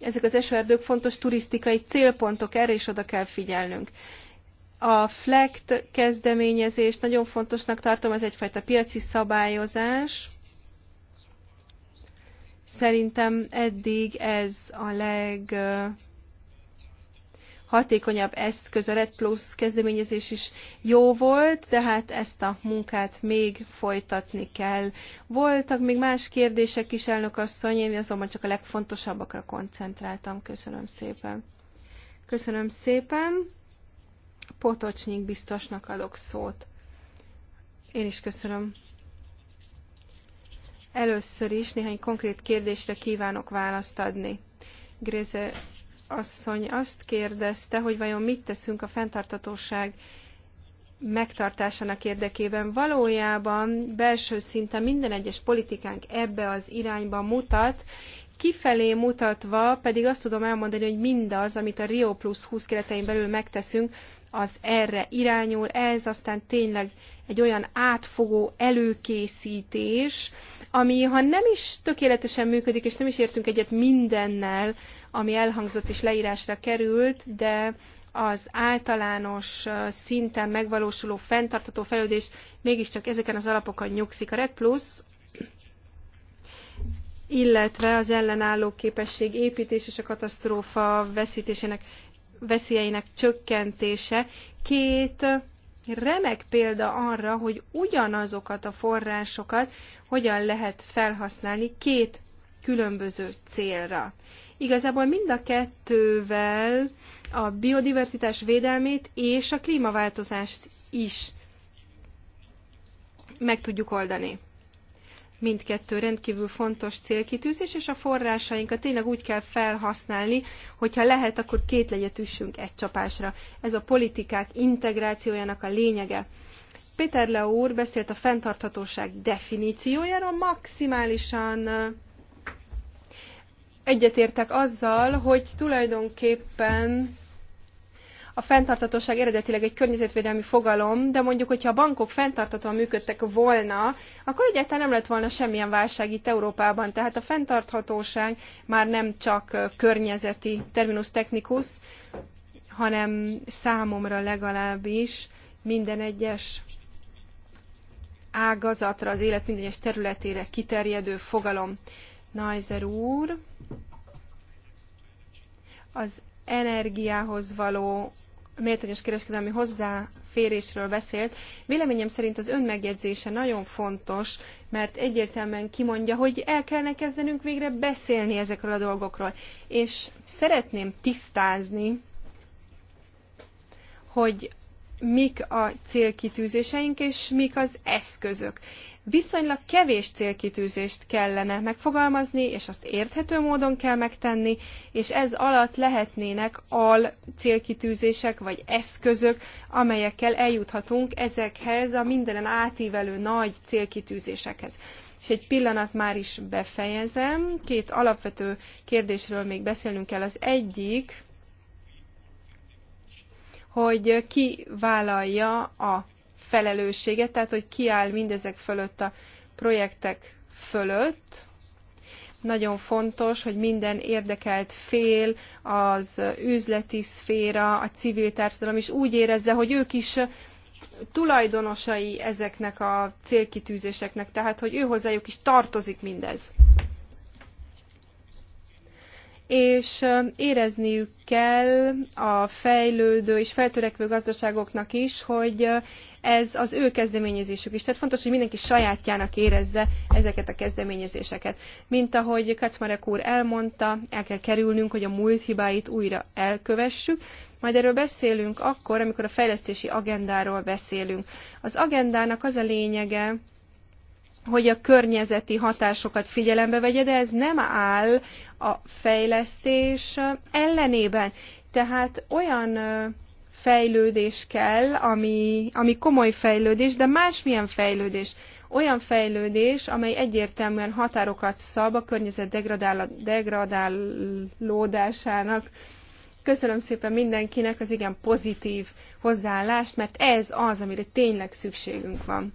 ezek az esőerdők fontos turisztikai célpontok, erre is oda kell figyelnünk. A FLECT kezdeményezést nagyon fontosnak tartom, ez egyfajta piaci szabályozás. Szerintem eddig ez a leg hatékonyabb eszköz, a Red Plus kezdeményezés is jó volt, de hát ezt a munkát még folytatni kell. Voltak még más kérdések is, elnök asszony, én azonban csak a legfontosabbakra koncentráltam. Köszönöm szépen. Köszönöm szépen. Potocsnyik biztosnak adok szót. Én is köszönöm. Először is néhány konkrét kérdésre kívánok választ adni. Gréze asszony azt kérdezte, hogy vajon mit teszünk a fenntartatóság megtartásának érdekében. Valójában belső szinten minden egyes politikánk ebbe az irányba mutat, kifelé mutatva pedig azt tudom elmondani, hogy mindaz, amit a Rio Plus 20 keretein belül megteszünk, az erre irányul. Ez aztán tényleg egy olyan átfogó előkészítés, ami ha nem is tökéletesen működik, és nem is értünk egyet mindennel, ami elhangzott és leírásra került, de az általános szinten megvalósuló fenntartató fejlődés mégiscsak ezeken az alapokon nyugszik. A Red Plus illetve az ellenálló képesség építés és a katasztrófa veszítésének veszélyeinek csökkentése két remek példa arra, hogy ugyanazokat a forrásokat hogyan lehet felhasználni két különböző célra. Igazából mind a kettővel a biodiverzitás védelmét és a klímaváltozást is meg tudjuk oldani. Mindkettő rendkívül fontos célkitűzés, és a forrásainkat tényleg úgy kell felhasználni, hogyha lehet, akkor két legyet üssünk egy csapásra. Ez a politikák integrációjának a lényege. Péter Leó úr beszélt a fenntarthatóság definíciójáról, maximálisan egyetértek azzal, hogy tulajdonképpen a fenntartatóság eredetileg egy környezetvédelmi fogalom, de mondjuk, hogyha a bankok fenntartatóan működtek volna, akkor egyáltalán nem lett volna semmilyen válság itt Európában. Tehát a fenntarthatóság már nem csak környezeti terminus technicus, hanem számomra legalábbis minden egyes ágazatra, az élet minden egyes területére kiterjedő fogalom. Neiser úr, az energiához való méltányos kereskedelmi hozzáférésről beszélt. Véleményem szerint az ön megjegyzése nagyon fontos, mert egyértelműen kimondja, hogy el kellene kezdenünk végre beszélni ezekről a dolgokról. És szeretném tisztázni, hogy mik a célkitűzéseink és mik az eszközök viszonylag kevés célkitűzést kellene megfogalmazni, és azt érthető módon kell megtenni, és ez alatt lehetnének al célkitűzések vagy eszközök, amelyekkel eljuthatunk ezekhez a mindenen átívelő nagy célkitűzésekhez. És egy pillanat már is befejezem. Két alapvető kérdésről még beszélnünk kell. Az egyik, hogy ki vállalja a felelősséget, tehát hogy kiáll mindezek fölött a projektek fölött. Nagyon fontos, hogy minden érdekelt fél, az üzleti szféra, a civil társadalom is úgy érezze, hogy ők is tulajdonosai ezeknek a célkitűzéseknek, tehát hogy ő hozzájuk is tartozik mindez. És érezniük kell a fejlődő és feltörekvő gazdaságoknak is, hogy ez az ő kezdeményezésük is. Tehát fontos, hogy mindenki sajátjának érezze ezeket a kezdeményezéseket. Mint ahogy Kacmarek úr elmondta, el kell kerülnünk, hogy a múlt hibáit újra elkövessük, majd erről beszélünk akkor, amikor a fejlesztési agendáról beszélünk. Az agendának az a lényege, hogy a környezeti hatásokat figyelembe vegye, de ez nem áll a fejlesztés ellenében. Tehát olyan fejlődés kell, ami, ami komoly fejlődés, de másmilyen fejlődés. Olyan fejlődés, amely egyértelműen határokat szab a környezet degradál, degradálódásának. Köszönöm szépen mindenkinek az igen pozitív hozzáállást, mert ez az, amire tényleg szükségünk van.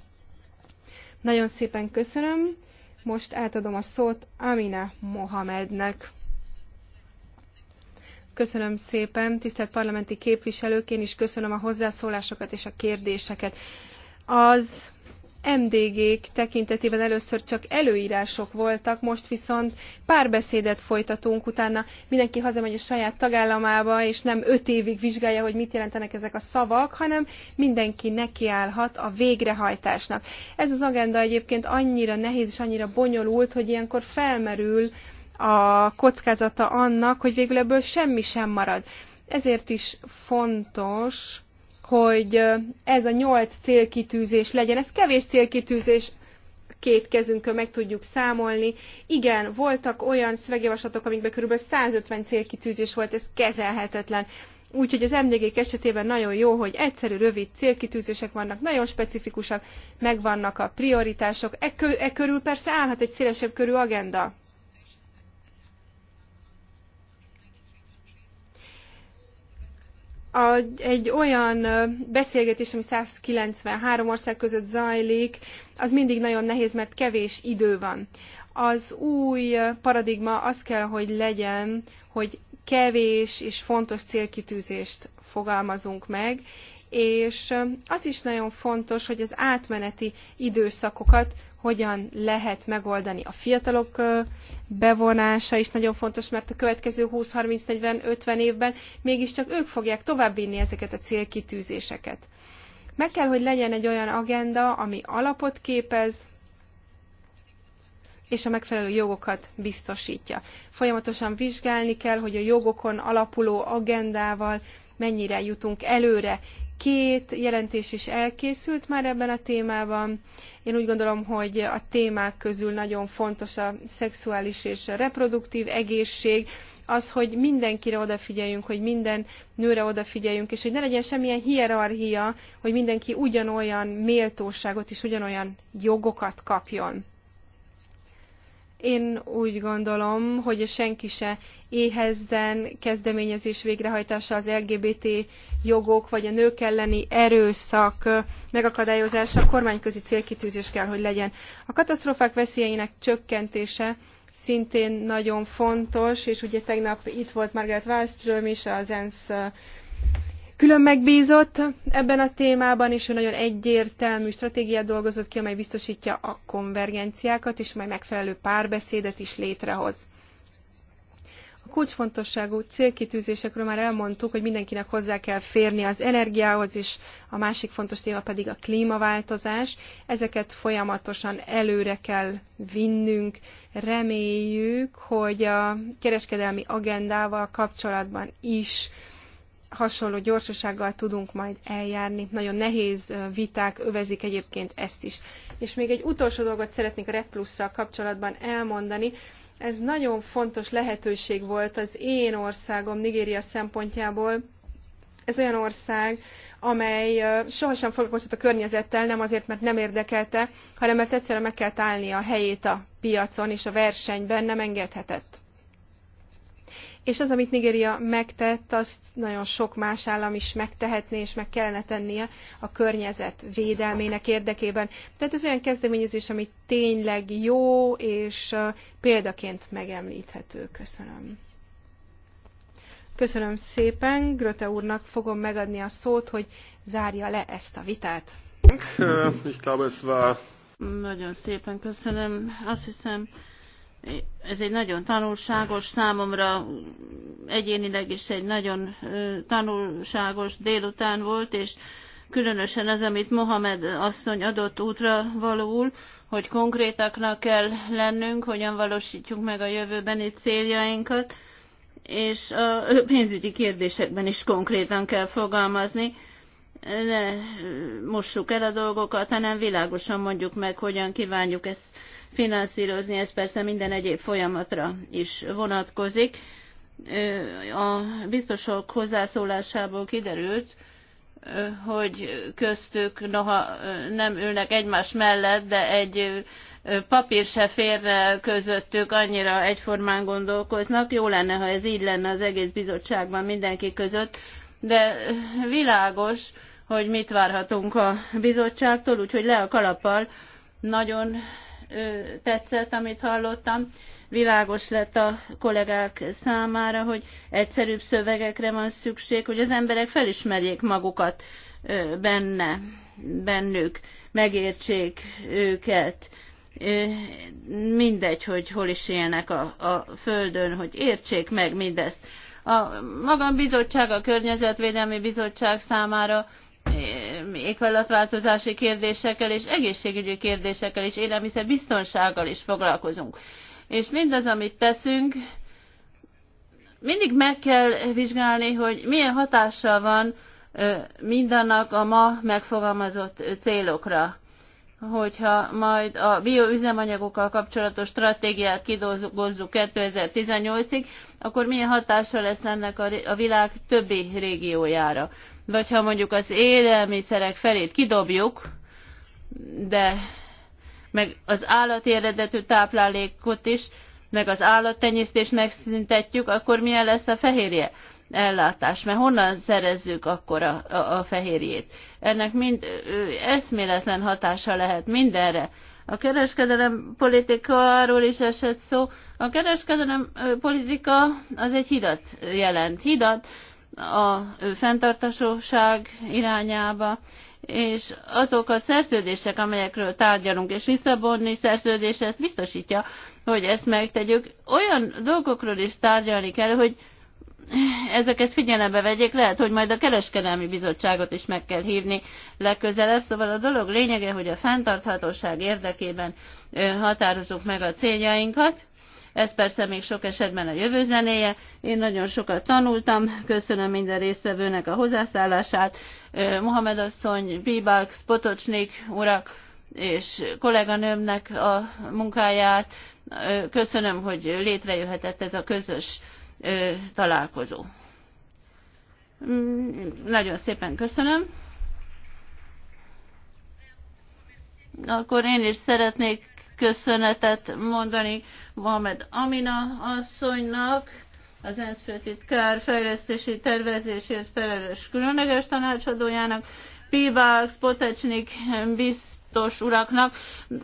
Nagyon szépen köszönöm. Most átadom a szót Amina Mohamednek. Köszönöm szépen, tisztelt parlamenti képviselők, én is köszönöm a hozzászólásokat és a kérdéseket. Az MDG-k tekintetében először csak előírások voltak, most viszont párbeszédet folytatunk, utána mindenki hazamegy a saját tagállamába, és nem öt évig vizsgálja, hogy mit jelentenek ezek a szavak, hanem mindenki nekiállhat a végrehajtásnak. Ez az agenda egyébként annyira nehéz és annyira bonyolult, hogy ilyenkor felmerül a kockázata annak, hogy végül ebből semmi sem marad. Ezért is fontos, hogy ez a nyolc célkitűzés legyen. Ez kevés célkitűzés, két kezünkön meg tudjuk számolni. Igen, voltak olyan szövegjavaslatok, amikben kb. 150 célkitűzés volt, ez kezelhetetlen. Úgyhogy az mdg esetében nagyon jó, hogy egyszerű, rövid célkitűzések vannak, nagyon specifikusak, megvannak a prioritások. E, kö, e körül persze állhat egy szélesebb körű agenda. a, egy olyan beszélgetés, ami 193 ország között zajlik, az mindig nagyon nehéz, mert kevés idő van. Az új paradigma az kell, hogy legyen, hogy kevés és fontos célkitűzést fogalmazunk meg, és az is nagyon fontos, hogy az átmeneti időszakokat hogyan lehet megoldani. A fiatalok bevonása is nagyon fontos, mert a következő 20-30-40-50 évben mégiscsak ők fogják továbbvinni ezeket a célkitűzéseket. Meg kell, hogy legyen egy olyan agenda, ami alapot képez, és a megfelelő jogokat biztosítja. Folyamatosan vizsgálni kell, hogy a jogokon alapuló agendával mennyire jutunk előre, Két jelentés is elkészült már ebben a témában. Én úgy gondolom, hogy a témák közül nagyon fontos a szexuális és a reproduktív egészség, az, hogy mindenkire odafigyeljünk, hogy minden nőre odafigyeljünk, és hogy ne legyen semmilyen hierarchia, hogy mindenki ugyanolyan méltóságot és ugyanolyan jogokat kapjon. Én úgy gondolom, hogy senki se éhezzen kezdeményezés végrehajtása az LGBT jogok vagy a nők elleni erőszak megakadályozása kormányközi célkitűzés kell, hogy legyen. A katasztrófák veszélyeinek csökkentése szintén nagyon fontos, és ugye tegnap itt volt Margaret Wallström is, az ENSZ külön megbízott ebben a témában, és ő nagyon egyértelmű stratégiát dolgozott ki, amely biztosítja a konvergenciákat, és majd megfelelő párbeszédet is létrehoz. A kulcsfontosságú célkitűzésekről már elmondtuk, hogy mindenkinek hozzá kell férni az energiához, és a másik fontos téma pedig a klímaváltozás. Ezeket folyamatosan előre kell vinnünk. Reméljük, hogy a kereskedelmi agendával kapcsolatban is hasonló gyorsasággal tudunk majd eljárni. Nagyon nehéz viták övezik egyébként ezt is. És még egy utolsó dolgot szeretnék a Red Plus-szal kapcsolatban elmondani. Ez nagyon fontos lehetőség volt az én országom Nigéria szempontjából. Ez olyan ország, amely sohasem foglalkozott a környezettel, nem azért, mert nem érdekelte, hanem mert egyszerűen meg kell állni a helyét a piacon és a versenyben nem engedhetett és az, amit Nigéria megtett, azt nagyon sok más állam is megtehetné, és meg kellene tennie a környezet védelmének érdekében. Tehát ez olyan kezdeményezés, ami tényleg jó, és példaként megemlíthető. Köszönöm. Köszönöm szépen. Gröte úrnak fogom megadni a szót, hogy zárja le ezt a vitát. Nagyon szépen köszönöm. Azt hiszem, ez egy nagyon tanulságos számomra, egyénileg is egy nagyon tanulságos délután volt, és különösen az, amit Mohamed asszony adott útra valóul, hogy konkrétaknak kell lennünk, hogyan valósítjuk meg a jövőbeni céljainkat, és a pénzügyi kérdésekben is konkrétan kell fogalmazni. Ne mossuk el a dolgokat, hanem világosan mondjuk meg, hogyan kívánjuk ezt finanszírozni, ez persze minden egyéb folyamatra is vonatkozik. A biztosok hozzászólásából kiderült, hogy köztük, noha nem ülnek egymás mellett, de egy papír se férne közöttük, annyira egyformán gondolkoznak. Jó lenne, ha ez így lenne az egész bizottságban mindenki között, de világos, hogy mit várhatunk a bizottságtól, úgyhogy le a kalappal nagyon tetszett, amit hallottam. Világos lett a kollégák számára, hogy egyszerűbb szövegekre van szükség, hogy az emberek felismerjék magukat benne, bennük, megértsék őket mindegy, hogy hol is élnek a, a Földön, hogy értsék meg mindezt. A maga bizottság, a Környezetvédelmi Bizottság számára éghajlatváltozási kérdésekkel és egészségügyi kérdésekkel és élelmiszer biztonsággal is foglalkozunk. És mindaz, amit teszünk, mindig meg kell vizsgálni, hogy milyen hatással van mindannak a ma megfogalmazott célokra. Hogyha majd a bioüzemanyagokkal kapcsolatos stratégiát kidolgozzuk 2018-ig, akkor milyen hatása lesz ennek a világ többi régiójára vagy ha mondjuk az élelmiszerek felét kidobjuk, de meg az állati eredetű táplálékot is, meg az állattenyésztést megszüntetjük, akkor milyen lesz a fehérje ellátás? Mert honnan szerezzük akkor a, a, a fehérjét? Ennek mind eszméletlen hatása lehet mindenre. A kereskedelem arról is esett szó. A kereskedelem politika az egy hidat jelent. Hidat a fenntartasóság irányába, és azok a szerződések, amelyekről tárgyalunk, és Lisszaboni szerződés ezt biztosítja, hogy ezt megtegyük. Olyan dolgokról is tárgyalni kell, hogy ezeket figyelembe vegyék, lehet, hogy majd a kereskedelmi bizottságot is meg kell hívni legközelebb. Szóval a dolog lényege, hogy a fenntarthatóság érdekében határozunk meg a céljainkat, ez persze még sok esetben a jövő zenéje. Én nagyon sokat tanultam, köszönöm minden résztvevőnek a hozzászállását. Mohamed asszony, Bibax, Spotocsnik urak és kolléganőmnek a munkáját. Köszönöm, hogy létrejöhetett ez a közös találkozó. Mm, nagyon szépen köszönöm. Akkor én is szeretnék köszönetet mondani Mohamed Amina asszonynak, az ENSZ főtitkár fejlesztési tervezésért felelős különleges tanácsadójának, Pivax, Potecsnik biztos uraknak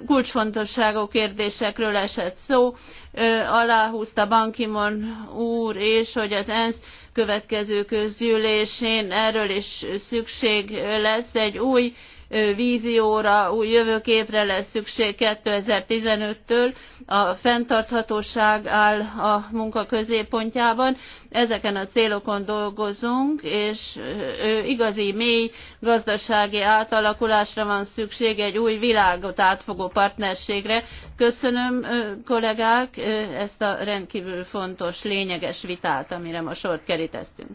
kulcsfontosságú kérdésekről esett szó. Aláhúzta Bankimon úr és hogy az ENSZ következő közgyűlésén erről is szükség lesz egy új vízióra, új jövőképre lesz szükség 2015-től. A fenntarthatóság áll a munka középpontjában. Ezeken a célokon dolgozunk, és igazi, mély gazdasági átalakulásra van szükség egy új világot átfogó partnerségre. Köszönöm, kollégák, ezt a rendkívül fontos, lényeges vitát, amire ma sort kerítettünk.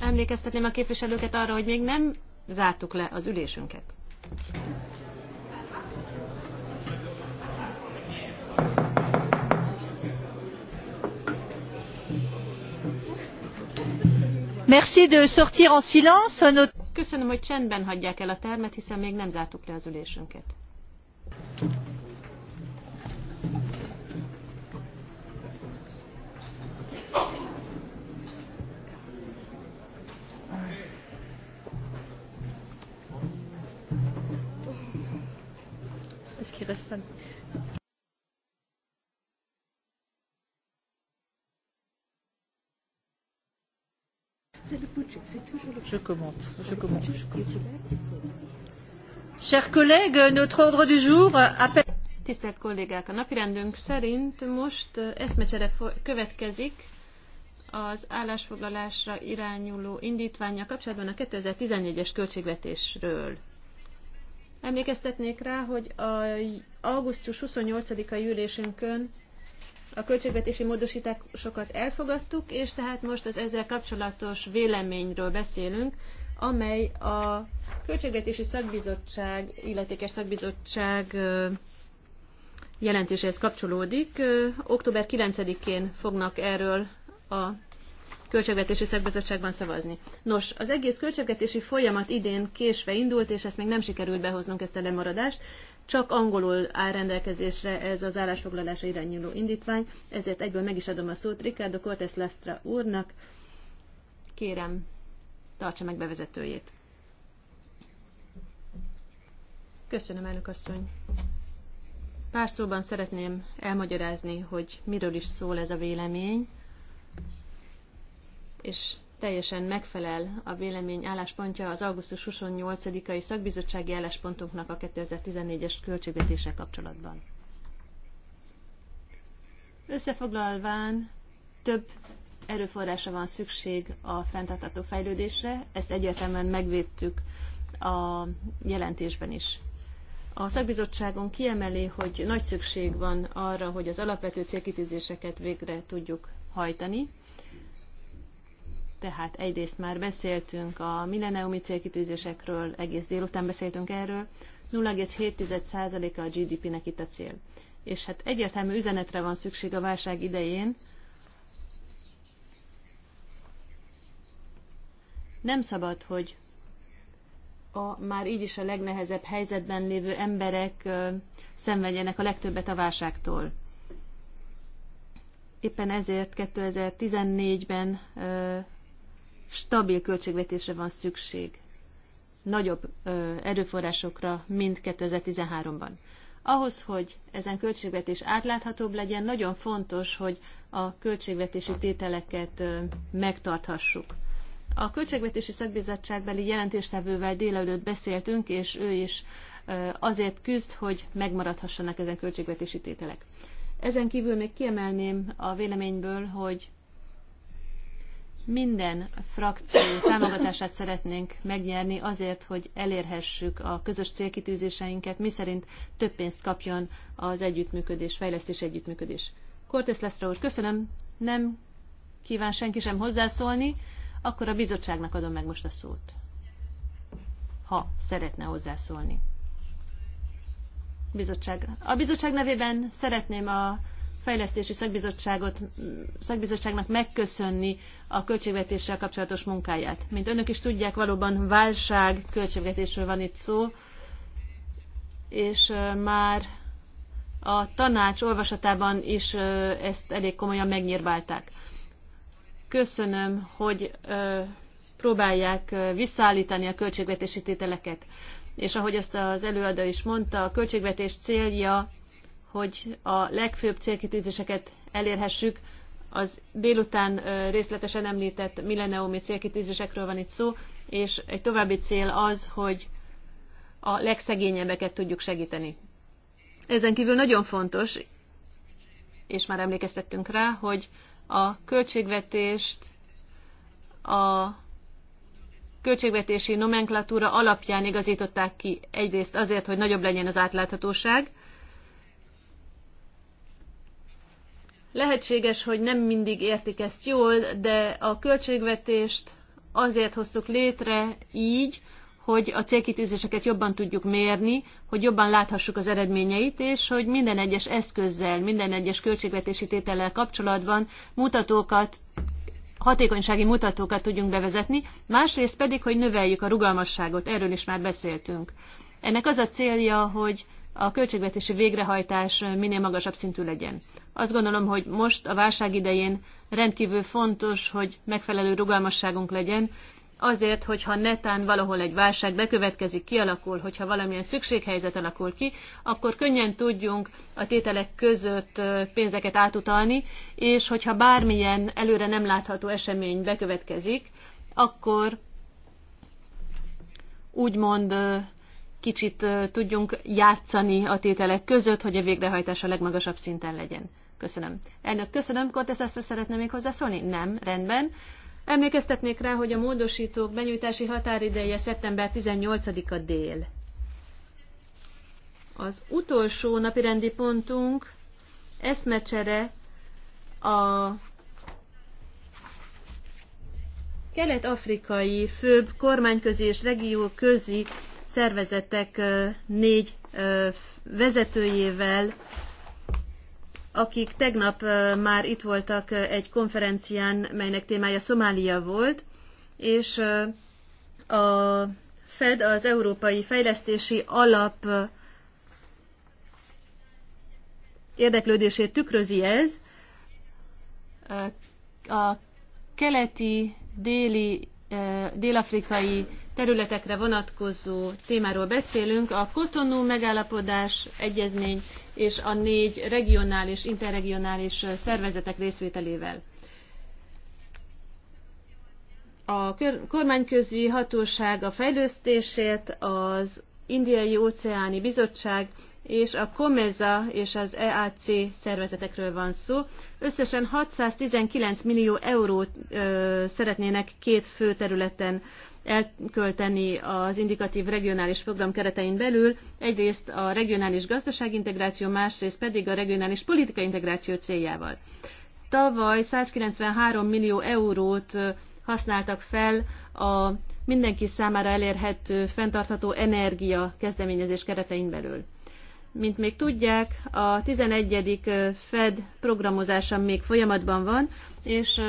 Emlékeztetném a képviselőket arra, hogy még nem zártuk le az ülésünket. Köszönöm, hogy csendben hagyják el a termet, hiszen még nem zártuk le az ülésünket. qui Je commente, je commente, je commente. Chers collègues, notre ordre du jour appelle... Tisztelt kollégák, a napirendünk szerint most eszmecsere következik az állásfoglalásra irányuló indítványa kapcsolatban a 2014-es költségvetésről. Emlékeztetnék rá, hogy a augusztus 28-a ülésünkön a költségvetési módosításokat elfogadtuk, és tehát most az ezzel kapcsolatos véleményről beszélünk, amely a Költségvetési Szakbizottság, illetékes szakbizottság jelentéséhez kapcsolódik. Október 9-én fognak erről a költségvetési szakbizottságban szavazni. Nos, az egész költségvetési folyamat idén késve indult, és ezt még nem sikerült behoznunk ezt a lemaradást, csak angolul áll rendelkezésre ez az állásfoglalása irányuló indítvány, ezért egyből meg is adom a szót Ricardo Cortes Lastra úrnak. Kérem, tartsa meg bevezetőjét. Köszönöm, elnök asszony. Pár szóban szeretném elmagyarázni, hogy miről is szól ez a vélemény és teljesen megfelel a vélemény álláspontja az augusztus 28-ai szakbizottsági álláspontunknak a 2014-es költségvetése kapcsolatban. Összefoglalván több erőforrásra van szükség a fenntartható fejlődésre, ezt egyértelműen megvédtük a jelentésben is. A szakbizottságon kiemeli, hogy nagy szükség van arra, hogy az alapvető célkitűzéseket végre tudjuk hajtani, tehát egyrészt már beszéltünk a milleniumi célkitűzésekről, egész délután beszéltünk erről, 0,7%-a a, a GDP-nek itt a cél. És hát egyértelmű üzenetre van szükség a válság idején. Nem szabad, hogy a már így is a legnehezebb helyzetben lévő emberek szenvedjenek a legtöbbet a válságtól. Éppen ezért 2014-ben stabil költségvetésre van szükség. Nagyobb ö, erőforrásokra, mint 2013-ban. Ahhoz, hogy ezen költségvetés átláthatóbb legyen, nagyon fontos, hogy a költségvetési tételeket ö, megtarthassuk. A Költségvetési Szakbizottságbeli jelentéstevővel délelőtt beszéltünk, és ő is azért küzd, hogy megmaradhassanak ezen költségvetési tételek. Ezen kívül még kiemelném a véleményből, hogy minden frakció támogatását szeretnénk megnyerni azért, hogy elérhessük a közös célkitűzéseinket, miszerint több pénzt kapjon az együttműködés, fejlesztés együttműködés. Kortesz lesz úr, köszönöm, nem kíván senki sem hozzászólni, akkor a bizottságnak adom meg most a szót. Ha szeretne hozzászólni. Bizottság. A bizottság nevében szeretném a fejlesztési szakbizottságot, szakbizottságnak megköszönni a költségvetéssel kapcsolatos munkáját. Mint önök is tudják, valóban válság költségvetésről van itt szó, és már a tanács olvasatában is ezt elég komolyan megnyírbálták. Köszönöm, hogy próbálják visszaállítani a költségvetési tételeket. És ahogy ezt az előadó is mondta, a költségvetés célja hogy a legfőbb célkitűzéseket elérhessük. Az délután részletesen említett milleniumi célkitűzésekről van itt szó, és egy további cél az, hogy a legszegényebbeket tudjuk segíteni. Ezen kívül nagyon fontos, és már emlékeztettünk rá, hogy a költségvetést a költségvetési nomenklatúra alapján igazították ki egyrészt azért, hogy nagyobb legyen az átláthatóság, Lehetséges, hogy nem mindig értik ezt jól, de a költségvetést azért hoztuk létre így, hogy a célkitűzéseket jobban tudjuk mérni, hogy jobban láthassuk az eredményeit, és hogy minden egyes eszközzel, minden egyes költségvetési tétellel kapcsolatban mutatókat, hatékonysági mutatókat tudjunk bevezetni, másrészt pedig, hogy növeljük a rugalmasságot, erről is már beszéltünk. Ennek az a célja, hogy a költségvetési végrehajtás minél magasabb szintű legyen. Azt gondolom, hogy most a válság idején rendkívül fontos, hogy megfelelő rugalmasságunk legyen, azért, hogyha netán valahol egy válság bekövetkezik, kialakul, hogyha valamilyen szükséghelyzet alakul ki, akkor könnyen tudjunk a tételek között pénzeket átutalni, és hogyha bármilyen előre nem látható esemény bekövetkezik, akkor úgymond kicsit tudjunk játszani a tételek között, hogy a végrehajtás a legmagasabb szinten legyen. Köszönöm. Elnök, köszönöm. Kortesz, ezt szeretne még hozzászólni? Nem, rendben. Emlékeztetnék rá, hogy a módosítók benyújtási határideje szeptember 18-a dél. Az utolsó napirendi pontunk eszmecsere a kelet-afrikai főbb kormányközi és regió közi szervezetek négy vezetőjével, akik tegnap már itt voltak egy konferencián, melynek témája Szomália volt, és a Fed, az Európai Fejlesztési Alap érdeklődését tükrözi ez. A keleti, déli, dél-afrikai területekre vonatkozó témáról beszélünk, a Kotonú megállapodás, egyezmény és a négy regionális, interregionális szervezetek részvételével. A kormányközi hatóság a fejlesztését az Indiai Óceáni Bizottság és a COMEZA és az EAC szervezetekről van szó. Összesen 619 millió eurót ö, szeretnének két fő területen elkölteni az indikatív regionális program keretein belül, egyrészt a regionális gazdaságintegráció, másrészt pedig a regionális politikai integráció céljával. Tavaly 193 millió eurót használtak fel a mindenki számára elérhető fenntartható energia kezdeményezés keretein belül. Mint még tudják, a 11. Fed programozása még folyamatban van, és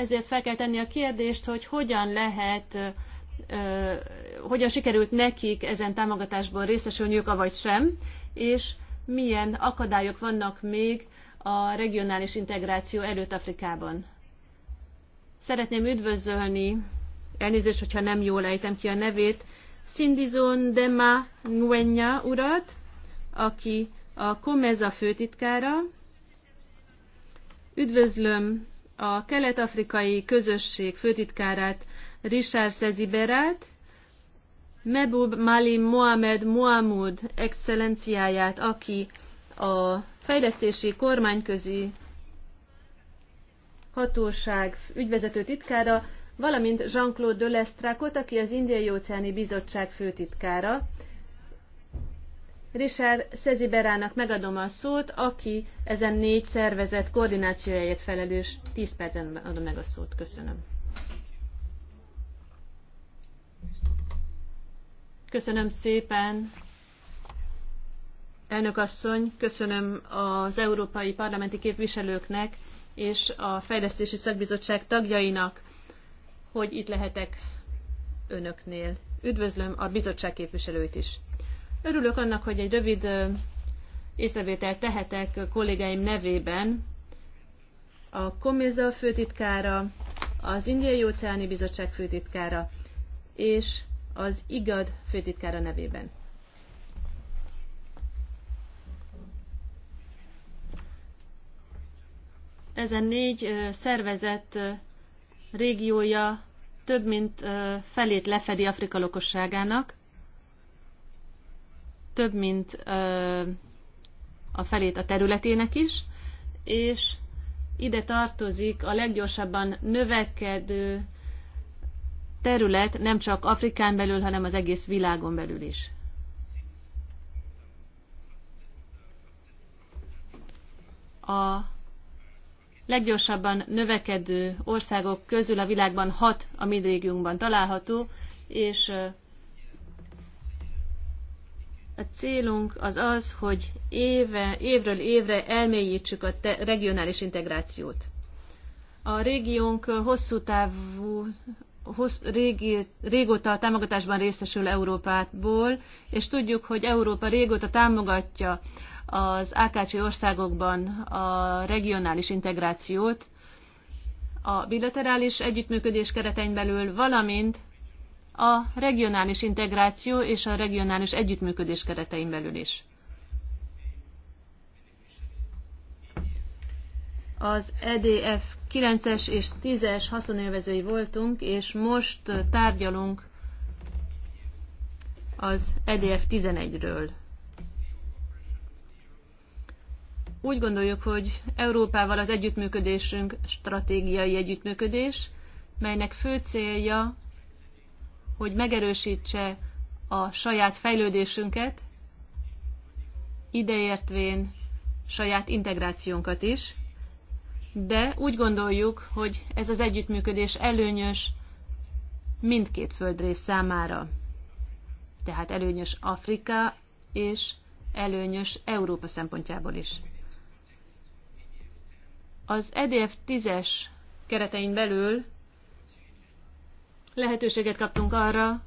ezért fel kell tenni a kérdést, hogy hogyan lehet, hogyan sikerült nekik ezen támogatásból részesülniük, avagy sem, és milyen akadályok vannak még a regionális integráció előtt Afrikában. Szeretném üdvözölni, elnézést, hogyha nem jól ejtem ki a nevét, Szindizon Dema Nguenya urat, aki a Komeza főtitkára. Üdvözlöm a kelet-afrikai közösség főtitkárát Richard Seziberát, Mebub Malim Mohamed Mohamud excellenciáját, aki a fejlesztési kormányközi hatóság ügyvezető titkára, valamint Jean-Claude de aki az Indiai Óceáni Bizottság főtitkára, Richard Szeziberának megadom a szót, aki ezen négy szervezet koordinációjáért felelős. 10 percen adom meg a szót. Köszönöm. Köszönöm szépen. Elnök asszony, köszönöm az európai parlamenti képviselőknek és a Fejlesztési Szakbizottság tagjainak, hogy itt lehetek önöknél. Üdvözlöm a bizottság képviselőit is. Örülök annak, hogy egy rövid észrevételt tehetek kollégáim nevében. A Koméza főtitkára, az Indiai Óceáni Bizottság főtitkára és az IGAD főtitkára nevében. Ezen négy szervezet régiója több mint felét lefedi Afrika lakosságának, több mint a felét a területének is, és ide tartozik a leggyorsabban növekedő terület nem csak Afrikán belül, hanem az egész világon belül is. A leggyorsabban növekedő országok közül a világban hat a mi található, és a célunk az az, hogy éve, évről évre elmélyítsük a te, regionális integrációt. A régiónk hosszú távú, hossz, régi, régóta a támogatásban részesül Európából, és tudjuk, hogy Európa régóta támogatja az AKC országokban a regionális integrációt, a bilaterális együttműködés keretein belül, valamint a regionális integráció és a regionális együttműködés keretein belül is. az EDF 9-es és 10-es haszonélvezői voltunk, és most tárgyalunk az EDF 11-ről. Úgy gondoljuk, hogy Európával az együttműködésünk stratégiai együttműködés, melynek fő célja hogy megerősítse a saját fejlődésünket, ideértvén saját integrációnkat is, de úgy gondoljuk, hogy ez az együttműködés előnyös mindkét földrész számára. Tehát előnyös Afrika és előnyös Európa szempontjából is. Az EDF 10-es keretein belül lehetőséget kaptunk arra,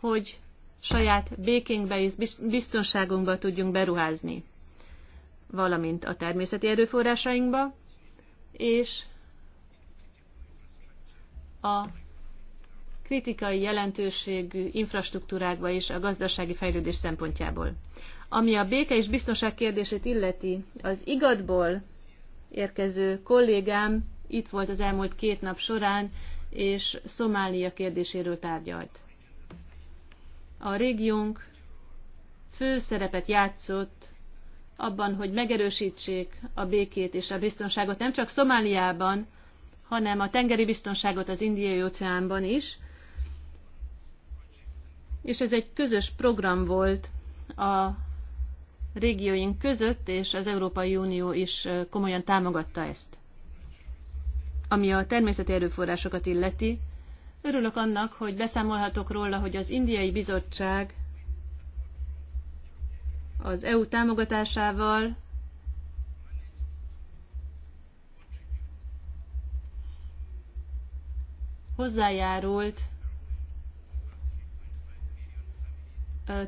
hogy saját békénkbe és biztonságunkba tudjunk beruházni, valamint a természeti erőforrásainkba, és a kritikai jelentőségű infrastruktúrákba is a gazdasági fejlődés szempontjából. Ami a béke és biztonság kérdését illeti, az igatból érkező kollégám itt volt az elmúlt két nap során, és Szomália kérdéséről tárgyalt. A régiónk fő szerepet játszott abban, hogy megerősítsék a békét és a biztonságot nem csak Szomáliában, hanem a tengeri biztonságot az Indiai óceánban is. És ez egy közös program volt a régióink között, és az Európai Unió is komolyan támogatta ezt. Ami a természeti erőforrásokat illeti, örülök annak, hogy beszámolhatok róla, hogy az Indiai Bizottság az EU támogatásával hozzájárult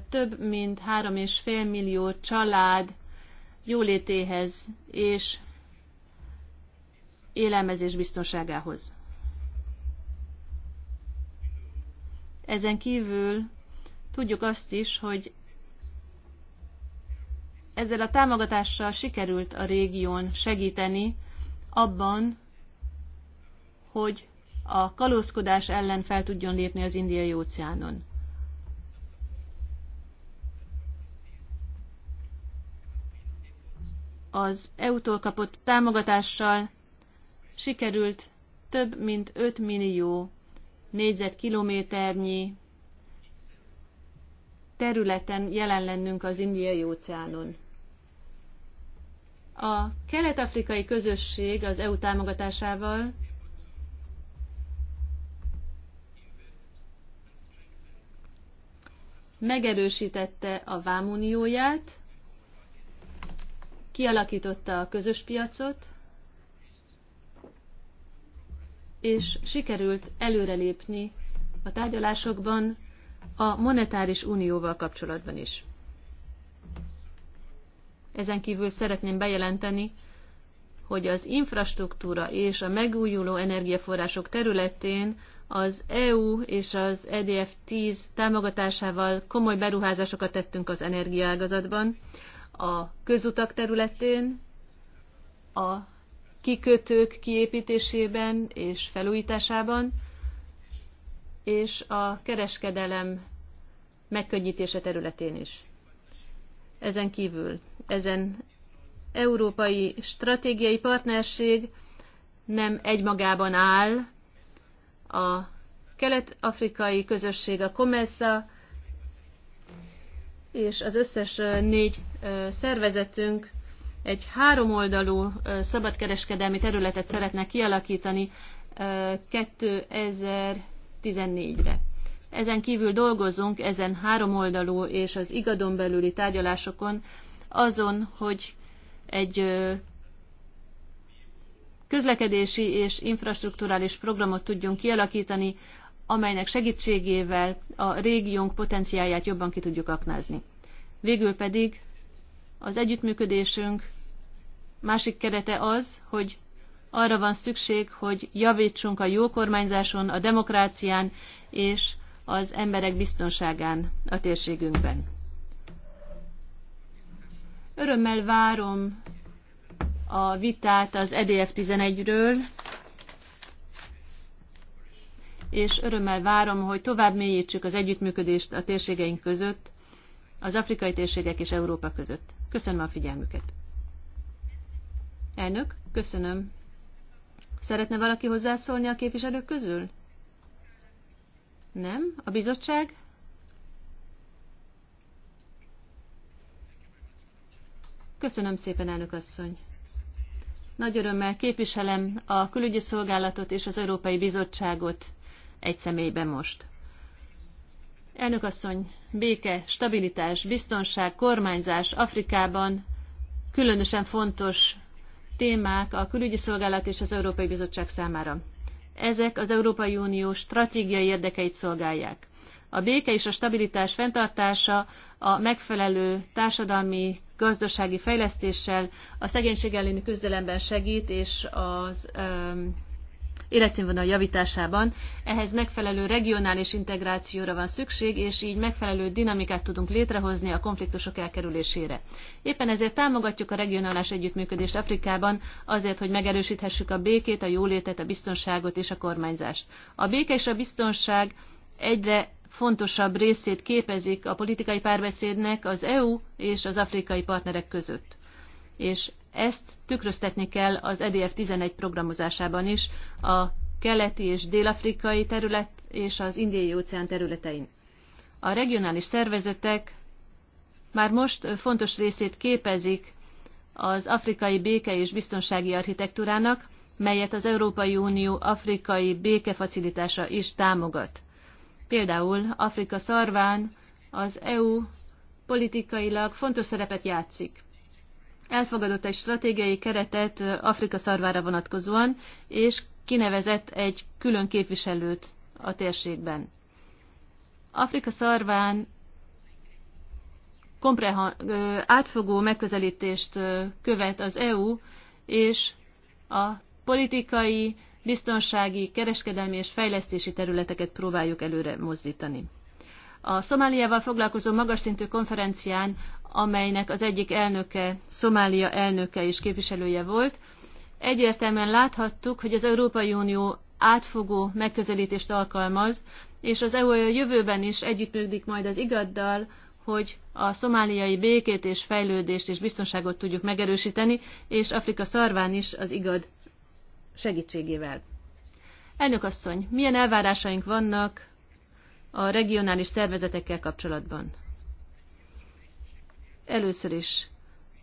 több mint 3,5 millió család jólétéhez és élelmezés biztonságához. Ezen kívül tudjuk azt is, hogy ezzel a támogatással sikerült a régión segíteni abban, hogy a kalózkodás ellen fel tudjon lépni az indiai óceánon. az EU-tól kapott támogatással sikerült több mint 5 millió négyzetkilométernyi területen jelen lennünk az indiai óceánon. A kelet-afrikai közösség az EU támogatásával megerősítette a vámunióját, kialakította a közös piacot, és sikerült előrelépni a tárgyalásokban a monetáris unióval kapcsolatban is. Ezen kívül szeretném bejelenteni, hogy az infrastruktúra és a megújuló energiaforrások területén az EU és az EDF 10 támogatásával komoly beruházásokat tettünk az energiaágazatban, a közutak területén, a kikötők kiépítésében és felújításában, és a kereskedelem megkönnyítése területén is. Ezen kívül, ezen európai stratégiai partnerség nem egymagában áll. A kelet-afrikai közösség, a COMESA és az összes négy szervezetünk egy háromoldalú szabadkereskedelmi területet szeretne kialakítani 2014-re. Ezen kívül dolgozunk ezen háromoldalú és az igadon belüli tárgyalásokon azon, hogy egy közlekedési és infrastruktúrális programot tudjunk kialakítani, amelynek segítségével a régiónk potenciáját jobban ki tudjuk aknázni. Végül pedig az együttműködésünk másik kerete az, hogy arra van szükség, hogy javítsunk a jó kormányzáson, a demokrácián és az emberek biztonságán a térségünkben. Örömmel várom a vitát az EDF 11-ről, és örömmel várom, hogy tovább mélyítsük az együttműködést a térségeink között, az afrikai térségek és Európa között. Köszönöm a figyelmüket. Elnök, köszönöm. Szeretne valaki hozzászólni a képviselők közül? Nem? A bizottság? Köszönöm szépen, elnök asszony. Nagy örömmel képviselem a külügyi szolgálatot és az Európai Bizottságot egy személyben most. Elnök asszony, béke, stabilitás, biztonság, kormányzás Afrikában különösen fontos témák a külügyi szolgálat és az Európai Bizottság számára. Ezek az Európai Unió stratégiai érdekeit szolgálják. A béke és a stabilitás fenntartása a megfelelő társadalmi, gazdasági fejlesztéssel a szegénység elleni küzdelemben segít, és az um, életszínvonal javításában. Ehhez megfelelő regionális integrációra van szükség, és így megfelelő dinamikát tudunk létrehozni a konfliktusok elkerülésére. Éppen ezért támogatjuk a regionális együttműködést Afrikában, azért, hogy megerősíthessük a békét, a jólétet, a biztonságot és a kormányzást. A béke és a biztonság egyre fontosabb részét képezik a politikai párbeszédnek az EU és az afrikai partnerek között. És ezt tükröztetni kell az EDF 11 programozásában is, a keleti és dél-afrikai terület és az indiai óceán területein. A regionális szervezetek már most fontos részét képezik az afrikai béke és biztonsági architektúrának, melyet az Európai Unió afrikai békefacilitása is támogat. Például Afrika szarván az EU politikailag fontos szerepet játszik elfogadott egy stratégiai keretet Afrika szarvára vonatkozóan, és kinevezett egy külön képviselőt a térségben. Afrika szarván átfogó megközelítést követ az EU, és a politikai, biztonsági, kereskedelmi és fejlesztési területeket próbáljuk előre mozdítani. A Szomáliával foglalkozó magas szintű konferencián, amelynek az egyik elnöke, Szomália elnöke és képviselője volt, egyértelműen láthattuk, hogy az Európai Unió átfogó megközelítést alkalmaz, és az EU jövőben is együttműködik majd az igaddal, hogy a szomáliai békét és fejlődést és biztonságot tudjuk megerősíteni, és Afrika szarván is az igad segítségével. Elnök asszony, milyen elvárásaink vannak a regionális szervezetekkel kapcsolatban. Először is.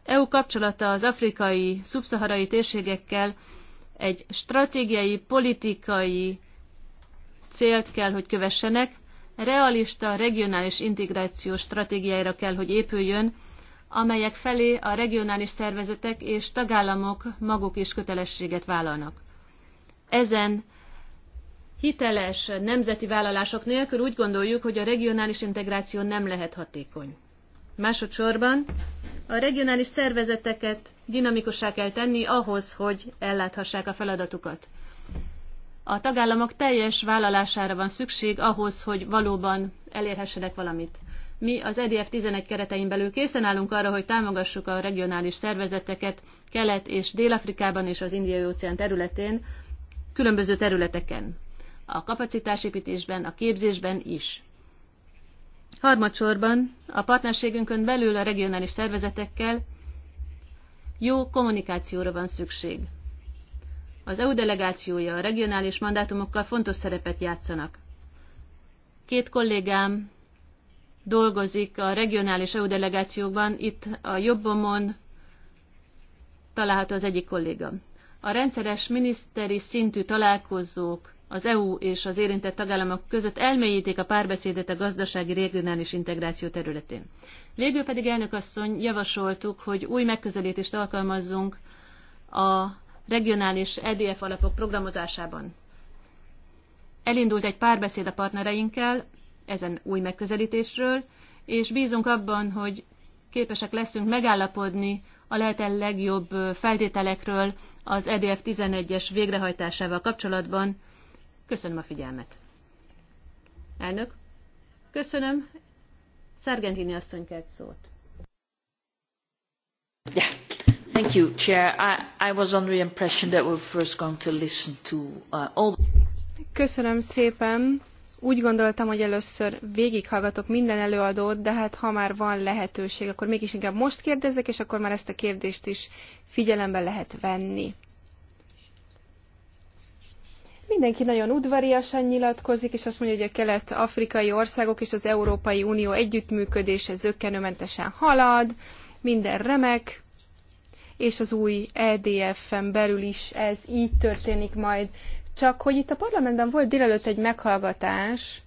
EU kapcsolata az afrikai, szubszaharai térségekkel egy stratégiai, politikai célt kell, hogy kövessenek, realista regionális integrációs stratégiáira kell, hogy épüljön, amelyek felé a regionális szervezetek és tagállamok maguk is kötelességet vállalnak. Ezen hiteles nemzeti vállalások nélkül úgy gondoljuk, hogy a regionális integráció nem lehet hatékony. Másodszorban a regionális szervezeteket dinamikussá kell tenni ahhoz, hogy elláthassák a feladatukat. A tagállamok teljes vállalására van szükség ahhoz, hogy valóban elérhessenek valamit. Mi az EDF 11 keretein belül készen állunk arra, hogy támogassuk a regionális szervezeteket Kelet- és Dél-Afrikában és az Indiai-óceán területén, különböző területeken a kapacitásépítésben, a képzésben is. Harmadsorban a partnerségünkön belül a regionális szervezetekkel jó kommunikációra van szükség. Az EU delegációja a regionális mandátumokkal fontos szerepet játszanak. Két kollégám dolgozik a regionális EU delegációkban, itt a jobbomon található az egyik kolléga. A rendszeres miniszteri szintű találkozók az EU és az érintett tagállamok között elmélyítik a párbeszédet a gazdasági regionális integráció területén. Végül pedig elnök asszony javasoltuk, hogy új megközelítést alkalmazzunk a regionális EDF alapok programozásában. Elindult egy párbeszéd a partnereinkkel ezen új megközelítésről, és bízunk abban, hogy képesek leszünk megállapodni a lehető legjobb feltételekről az EDF 11-es végrehajtásával kapcsolatban, Köszönöm a figyelmet. Elnök, köszönöm. Szergentini asszony kert szót. Yeah. Thank you, Chair. I, I was under the impression that we're first going to listen to uh, all. Köszönöm szépen. Úgy gondoltam, hogy először végighallgatok minden előadót, de hát ha már van lehetőség, akkor mégis inkább most kérdezzek, és akkor már ezt a kérdést is figyelembe lehet venni. Mindenki nagyon udvariasan nyilatkozik, és azt mondja, hogy a kelet-afrikai országok és az Európai Unió együttműködése zöggenőmentesen halad, minden remek, és az új EDF-en belül is ez így történik majd. Csak hogy itt a parlamentben volt délelőtt egy meghallgatás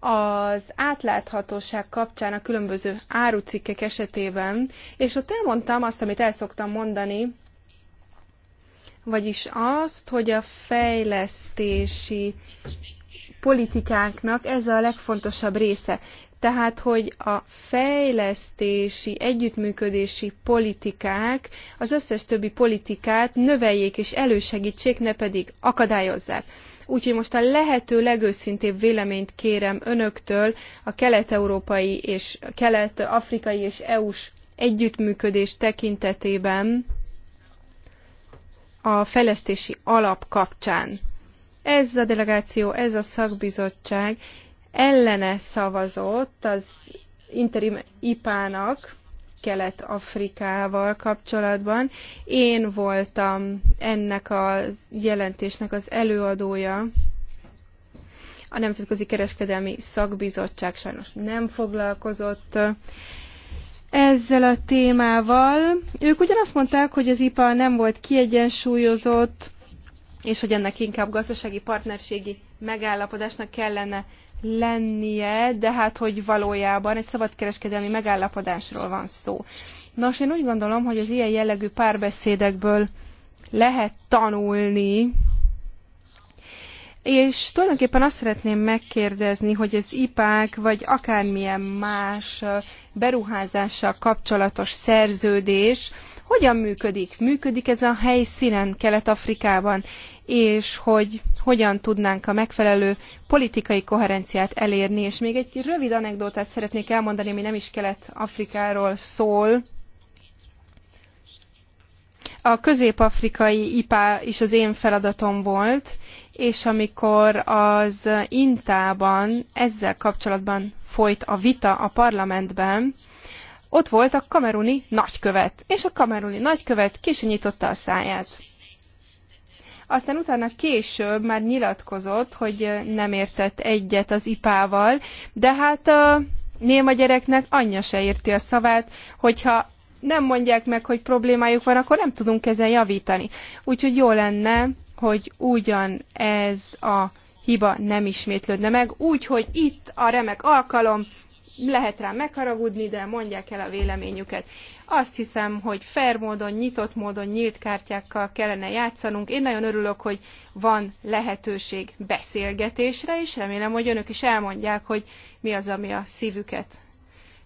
az átláthatóság kapcsán a különböző árucikkek esetében, és ott elmondtam azt, amit el szoktam mondani, vagyis azt, hogy a fejlesztési politikáknak ez a legfontosabb része. Tehát, hogy a fejlesztési, együttműködési politikák az összes többi politikát növeljék és elősegítsék, ne pedig akadályozzák. Úgyhogy most a lehető legőszintébb véleményt kérem önöktől a kelet-európai és kelet-afrikai és EU-s együttműködés tekintetében a fejlesztési alap kapcsán. Ez a delegáció, ez a szakbizottság ellene szavazott az interim ipának, Kelet-Afrikával kapcsolatban. Én voltam ennek a jelentésnek az előadója. A Nemzetközi Kereskedelmi Szakbizottság sajnos nem foglalkozott ezzel a témával. Ők ugyanazt mondták, hogy az IPA nem volt kiegyensúlyozott, és hogy ennek inkább gazdasági partnerségi megállapodásnak kellene lennie, de hát hogy valójában egy szabadkereskedelmi megállapodásról van szó. Nos, én úgy gondolom, hogy az ilyen jellegű párbeszédekből lehet tanulni, és tulajdonképpen azt szeretném megkérdezni, hogy az IPÁK vagy akármilyen más beruházással kapcsolatos szerződés hogyan működik? Működik ez a helyszínen Kelet-Afrikában, és hogy hogyan tudnánk a megfelelő politikai koherenciát elérni. És még egy rövid anekdótát szeretnék elmondani, ami nem is Kelet-Afrikáról szól, a közép-afrikai IPA is az én feladatom volt, és amikor az Intában ezzel kapcsolatban folyt a vita a parlamentben, ott volt a kameruni nagykövet, és a kameruni nagykövet kisinyitotta a száját. Aztán utána később már nyilatkozott, hogy nem értett egyet az ipával, de hát a néma gyereknek anyja se érti a szavát, hogyha nem mondják meg, hogy problémájuk van, akkor nem tudunk ezen javítani. Úgyhogy jó lenne, hogy ugyan ez a hiba nem ismétlődne meg, úgy, hogy itt a remek alkalom, lehet rá megharagudni, de mondják el a véleményüket. Azt hiszem, hogy fair módon, nyitott módon, nyílt kártyákkal kellene játszanunk. Én nagyon örülök, hogy van lehetőség beszélgetésre, és remélem, hogy önök is elmondják, hogy mi az, ami a szívüket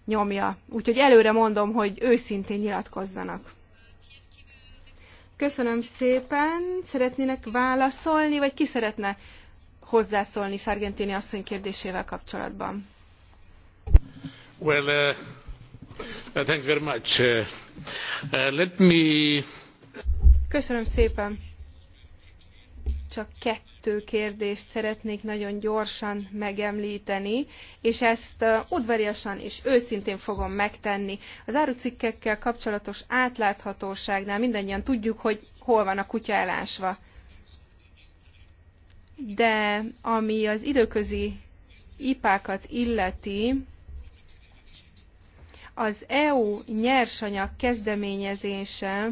nyomja. Úgyhogy előre mondom, hogy őszintén nyilatkozzanak. Köszönöm szépen. Szeretnének válaszolni, vagy ki szeretne hozzászólni Sargentini asszony kérdésével kapcsolatban? Well, uh, thank you very much. Uh, uh let me... Köszönöm szépen csak kettő kérdést szeretnék nagyon gyorsan megemlíteni, és ezt udvariasan és őszintén fogom megtenni. Az árucikkekkel kapcsolatos átláthatóságnál mindannyian tudjuk, hogy hol van a kutya elásva. De ami az időközi ipákat illeti, az EU nyersanyag kezdeményezése,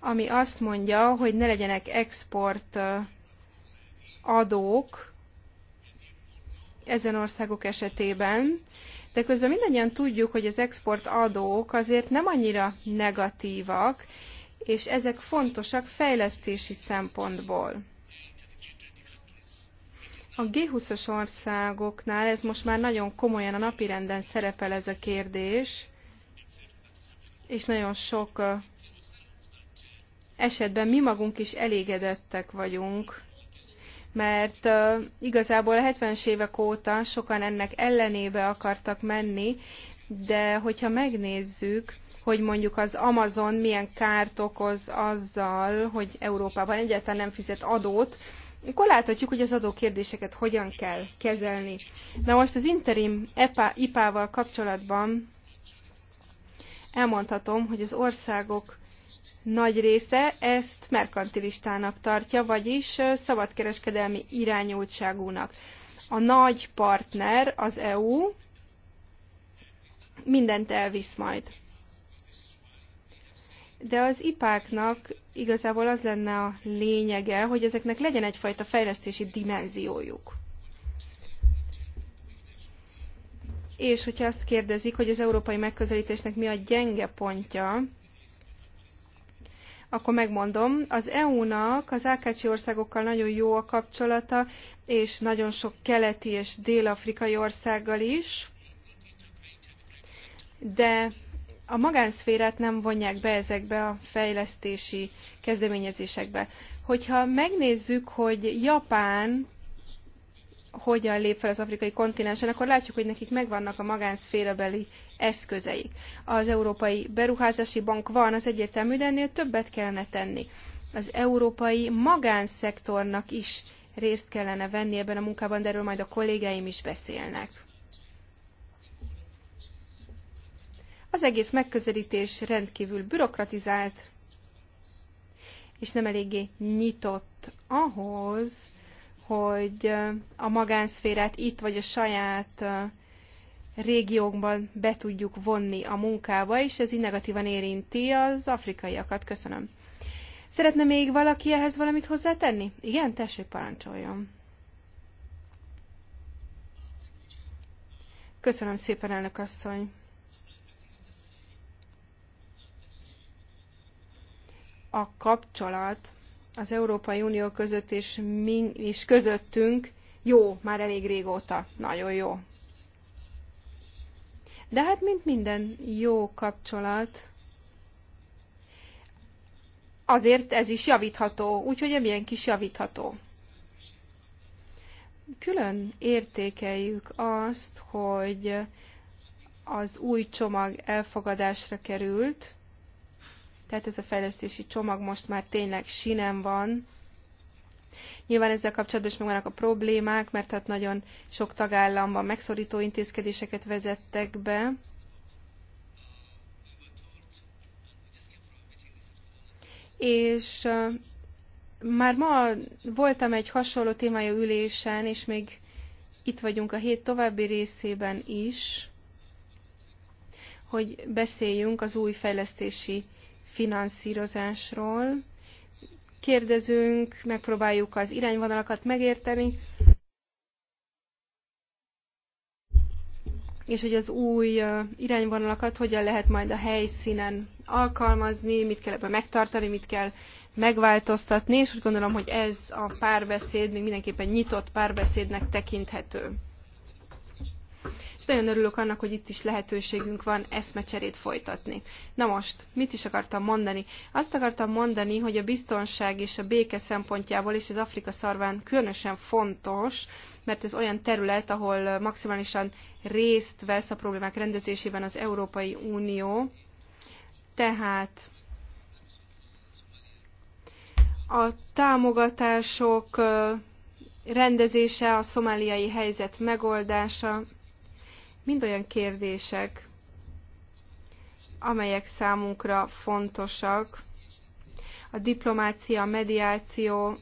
ami azt mondja, hogy ne legyenek export adók ezen országok esetében, de közben mindannyian tudjuk, hogy az export adók azért nem annyira negatívak, és ezek fontosak fejlesztési szempontból. A G20-as országoknál ez most már nagyon komolyan a napirenden szerepel ez a kérdés, és nagyon sok esetben mi magunk is elégedettek vagyunk mert igazából a 70-es évek óta sokan ennek ellenébe akartak menni, de hogyha megnézzük, hogy mondjuk az Amazon milyen kárt okoz azzal, hogy Európában egyáltalán nem fizet adót, akkor láthatjuk, hogy az adókérdéseket hogyan kell kezelni. Na most az interim e IPA-val kapcsolatban elmondhatom, hogy az országok nagy része ezt merkantilistának tartja, vagyis szabadkereskedelmi irányultságúnak. A nagy partner, az EU, mindent elvisz majd. De az ipáknak igazából az lenne a lényege, hogy ezeknek legyen egyfajta fejlesztési dimenziójuk. És hogyha azt kérdezik, hogy az európai megközelítésnek mi a gyenge pontja, akkor megmondom, az EU-nak az Ákácsi országokkal nagyon jó a kapcsolata, és nagyon sok keleti és dél-afrikai országgal is, de a magánszférát nem vonják be ezekbe a fejlesztési kezdeményezésekbe. Hogyha megnézzük, hogy Japán hogyan lép fel az afrikai kontinensen, akkor látjuk, hogy nekik megvannak a magánszférabeli eszközeik. Az Európai Beruházási Bank van, az egyértelmű, de ennél többet kellene tenni. Az európai magánszektornak is részt kellene venni ebben a munkában, de erről majd a kollégáim is beszélnek. Az egész megközelítés rendkívül bürokratizált, és nem eléggé nyitott ahhoz, hogy a magánszférát itt vagy a saját régiókban be tudjuk vonni a munkába, és ez így negatívan érinti az afrikaiakat. Köszönöm. Szeretne még valaki ehhez valamit hozzátenni? Igen, tessék, parancsoljon. Köszönöm szépen, elnök asszony. A kapcsolat az Európai Unió között és, mi, és közöttünk jó, már elég régóta, nagyon jó. De hát, mint minden jó kapcsolat, azért ez is javítható, úgyhogy milyen kis javítható. Külön értékeljük azt, hogy az új csomag elfogadásra került, tehát ez a fejlesztési csomag most már tényleg sinem van. Nyilván ezzel kapcsolatban is megvannak a problémák, mert hát nagyon sok tagállamban megszorító intézkedéseket vezettek be. És már ma voltam egy hasonló témájú ülésen, és még itt vagyunk a hét további részében is, hogy beszéljünk az új fejlesztési finanszírozásról. Kérdezünk, megpróbáljuk az irányvonalakat megérteni, és hogy az új irányvonalakat hogyan lehet majd a helyszínen alkalmazni, mit kell ebben megtartani, mit kell megváltoztatni, és úgy gondolom, hogy ez a párbeszéd még mindenképpen nyitott párbeszédnek tekinthető és nagyon örülök annak, hogy itt is lehetőségünk van eszmecserét folytatni. Na most, mit is akartam mondani? Azt akartam mondani, hogy a biztonság és a béke szempontjából, és az Afrika szarván különösen fontos, mert ez olyan terület, ahol maximálisan részt vesz a problémák rendezésében az Európai Unió, tehát a támogatások rendezése, a szomáliai helyzet megoldása, mind olyan kérdések, amelyek számunkra fontosak. A diplomácia, a mediáció,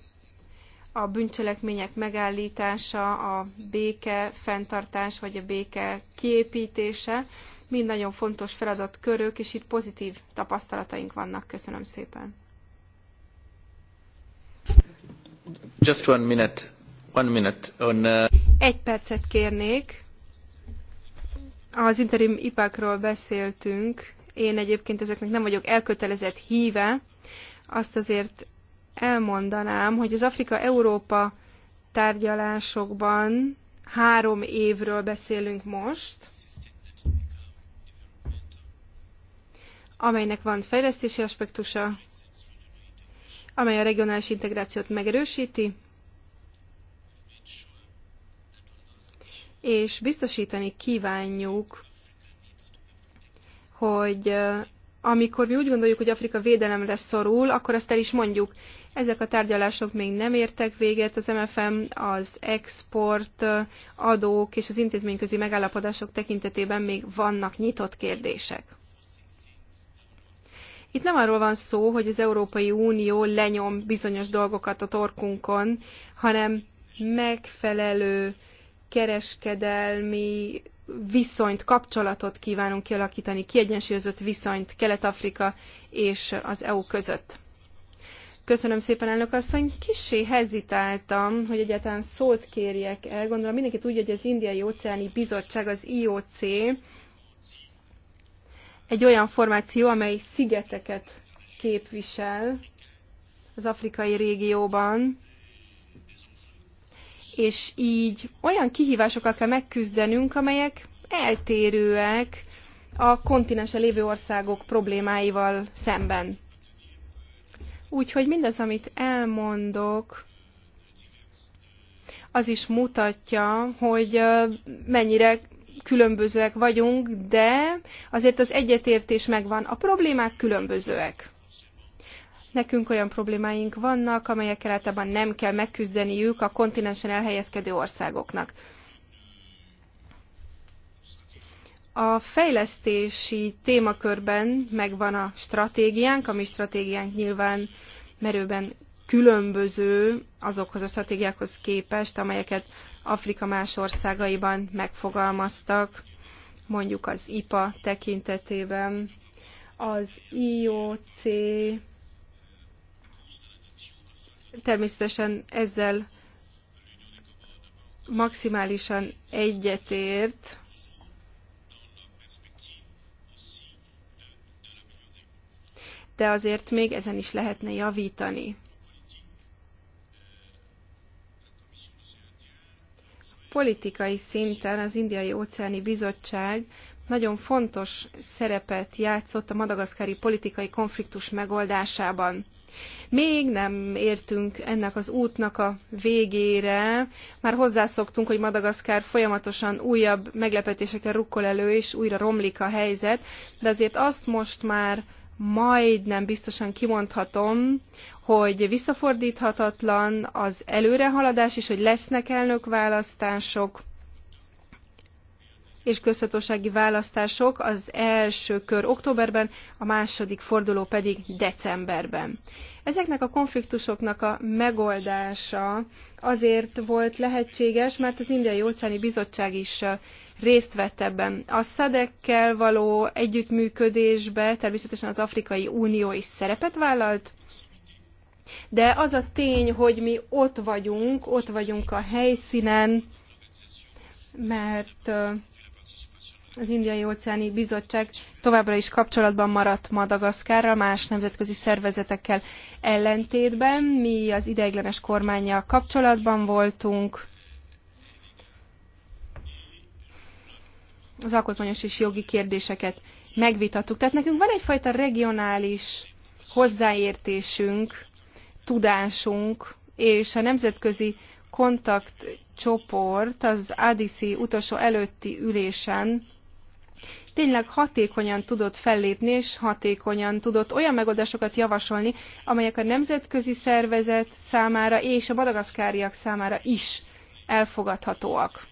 a bűncselekmények megállítása, a béke fenntartás vagy a béke kiépítése, mind nagyon fontos feladatkörök, és itt pozitív tapasztalataink vannak. Köszönöm szépen. Just one minute. One minute on, uh... Egy percet kérnék. Az interim ipákról beszéltünk, én egyébként ezeknek nem vagyok elkötelezett híve, azt azért elmondanám, hogy az Afrika-Európa tárgyalásokban három évről beszélünk most, amelynek van fejlesztési aspektusa, amely a regionális integrációt megerősíti, és biztosítani kívánjuk, hogy amikor mi úgy gondoljuk, hogy Afrika védelemre szorul, akkor azt el is mondjuk, ezek a tárgyalások még nem értek véget, az MFM az export adók és az intézményközi megállapodások tekintetében még vannak nyitott kérdések. Itt nem arról van szó, hogy az Európai Unió lenyom bizonyos dolgokat a torkunkon, hanem megfelelő kereskedelmi viszonyt, kapcsolatot kívánunk kialakítani, kiegyensúlyozott viszonyt Kelet-Afrika és az EU között. Köszönöm szépen, elnök asszony. Kissé hezitáltam, hogy egyáltalán szót kérjek el. Gondolom mindenki tudja, hogy az Indiai Óceáni Bizottság, az IOC, egy olyan formáció, amely szigeteket képvisel az afrikai régióban és így olyan kihívásokkal kell megküzdenünk, amelyek eltérőek a kontinense lévő országok problémáival szemben. Úgyhogy mindaz, amit elmondok, az is mutatja, hogy mennyire különbözőek vagyunk, de azért az egyetértés megvan. A problémák különbözőek. Nekünk olyan problémáink vannak, amelyekkel általában nem kell megküzdeniük a kontinensen elhelyezkedő országoknak. A fejlesztési témakörben megvan a stratégiánk, ami stratégiánk nyilván merőben különböző azokhoz a stratégiákhoz képest, amelyeket Afrika más országaiban megfogalmaztak, mondjuk az IPA tekintetében, az IOC természetesen ezzel maximálisan egyetért, de azért még ezen is lehetne javítani. Politikai szinten az Indiai Óceáni Bizottság nagyon fontos szerepet játszott a madagaszkári politikai konfliktus megoldásában. Még nem értünk ennek az útnak a végére, már hozzászoktunk, hogy Madagaszkár folyamatosan újabb meglepetéseken rukkol elő, és újra romlik a helyzet, de azért azt most már majdnem biztosan kimondhatom, hogy visszafordíthatatlan az előrehaladás, és hogy lesznek elnökválasztások, és közhatósági választások az első kör októberben, a második forduló pedig decemberben. Ezeknek a konfliktusoknak a megoldása azért volt lehetséges, mert az Indiai Óceáni Bizottság is részt vett ebben. A szadekkel való együttműködésbe természetesen az Afrikai Unió is szerepet vállalt, de az a tény, hogy mi ott vagyunk, ott vagyunk a helyszínen, mert az Indiai Óceáni Bizottság továbbra is kapcsolatban maradt Madagaszkárral, más nemzetközi szervezetekkel ellentétben. Mi az ideiglenes kormányjal kapcsolatban voltunk, az alkotmányos és jogi kérdéseket megvitattuk. Tehát nekünk van egyfajta regionális hozzáértésünk, tudásunk, és a nemzetközi kontaktcsoport az ADC utolsó előtti ülésen tényleg hatékonyan tudott fellépni, és hatékonyan tudott olyan megoldásokat javasolni, amelyek a nemzetközi szervezet számára és a madagaszkáriak számára is elfogadhatóak.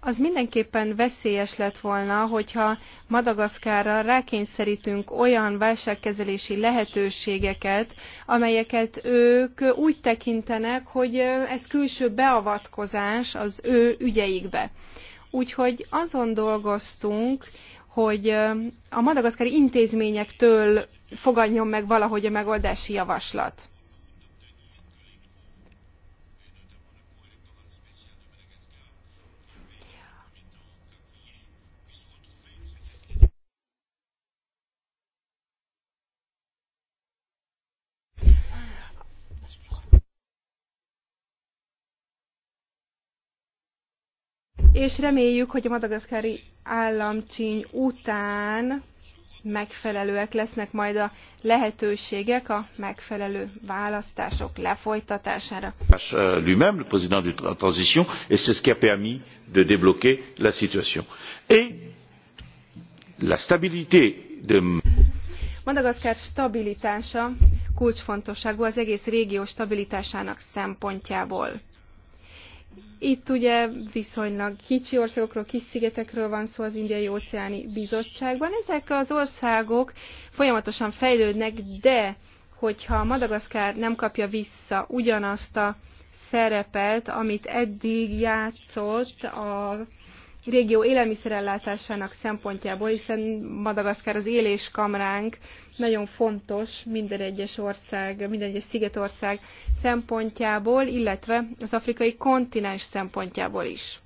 Az mindenképpen veszélyes lett volna, hogyha Madagaszkárra rákényszerítünk olyan válságkezelési lehetőségeket, amelyeket ők úgy tekintenek, hogy ez külső beavatkozás az ő ügyeikbe. Úgyhogy azon dolgoztunk, hogy a madagaszkári intézményektől fogadjon meg valahogy a megoldási javaslat. és reméljük, hogy a madagaszkári államcsíny után megfelelőek lesznek majd a lehetőségek a megfelelő választások lefolytatására. Euh, lui-même, le président de la transition, et c'est ce qui a permis de débloquer la situation. Et la stabilité de Madagaszkár stabilitása kulcsfontosságú az egész régió stabilitásának szempontjából itt ugye viszonylag kicsi országokról, kis szigetekről van szó az Indiai Óceáni Bizottságban. Ezek az országok folyamatosan fejlődnek, de hogyha Madagaszkár nem kapja vissza ugyanazt a szerepet, amit eddig játszott a régió élelmiszerellátásának szempontjából, hiszen Madagaszkár az éléskamránk nagyon fontos minden egyes ország, minden egyes szigetország szempontjából, illetve az afrikai kontinens szempontjából is.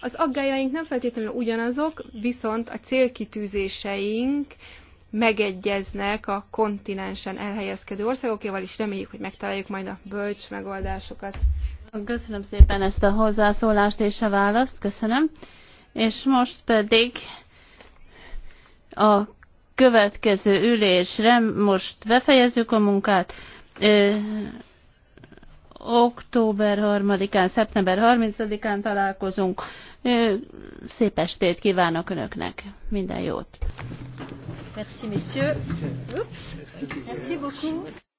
Az aggájaink nem feltétlenül ugyanazok, viszont a célkitűzéseink megegyeznek a kontinensen elhelyezkedő országokéval, és reméljük, hogy megtaláljuk majd a bölcs megoldásokat. Köszönöm szépen ezt a hozzászólást és a választ, köszönöm. És most pedig a következő ülésre most befejezzük a munkát. Ö, október 3-án, szeptember 30-án találkozunk. Ö, szép estét kívánok Önöknek. Minden jót. Merci, messieurs. Merci beaucoup.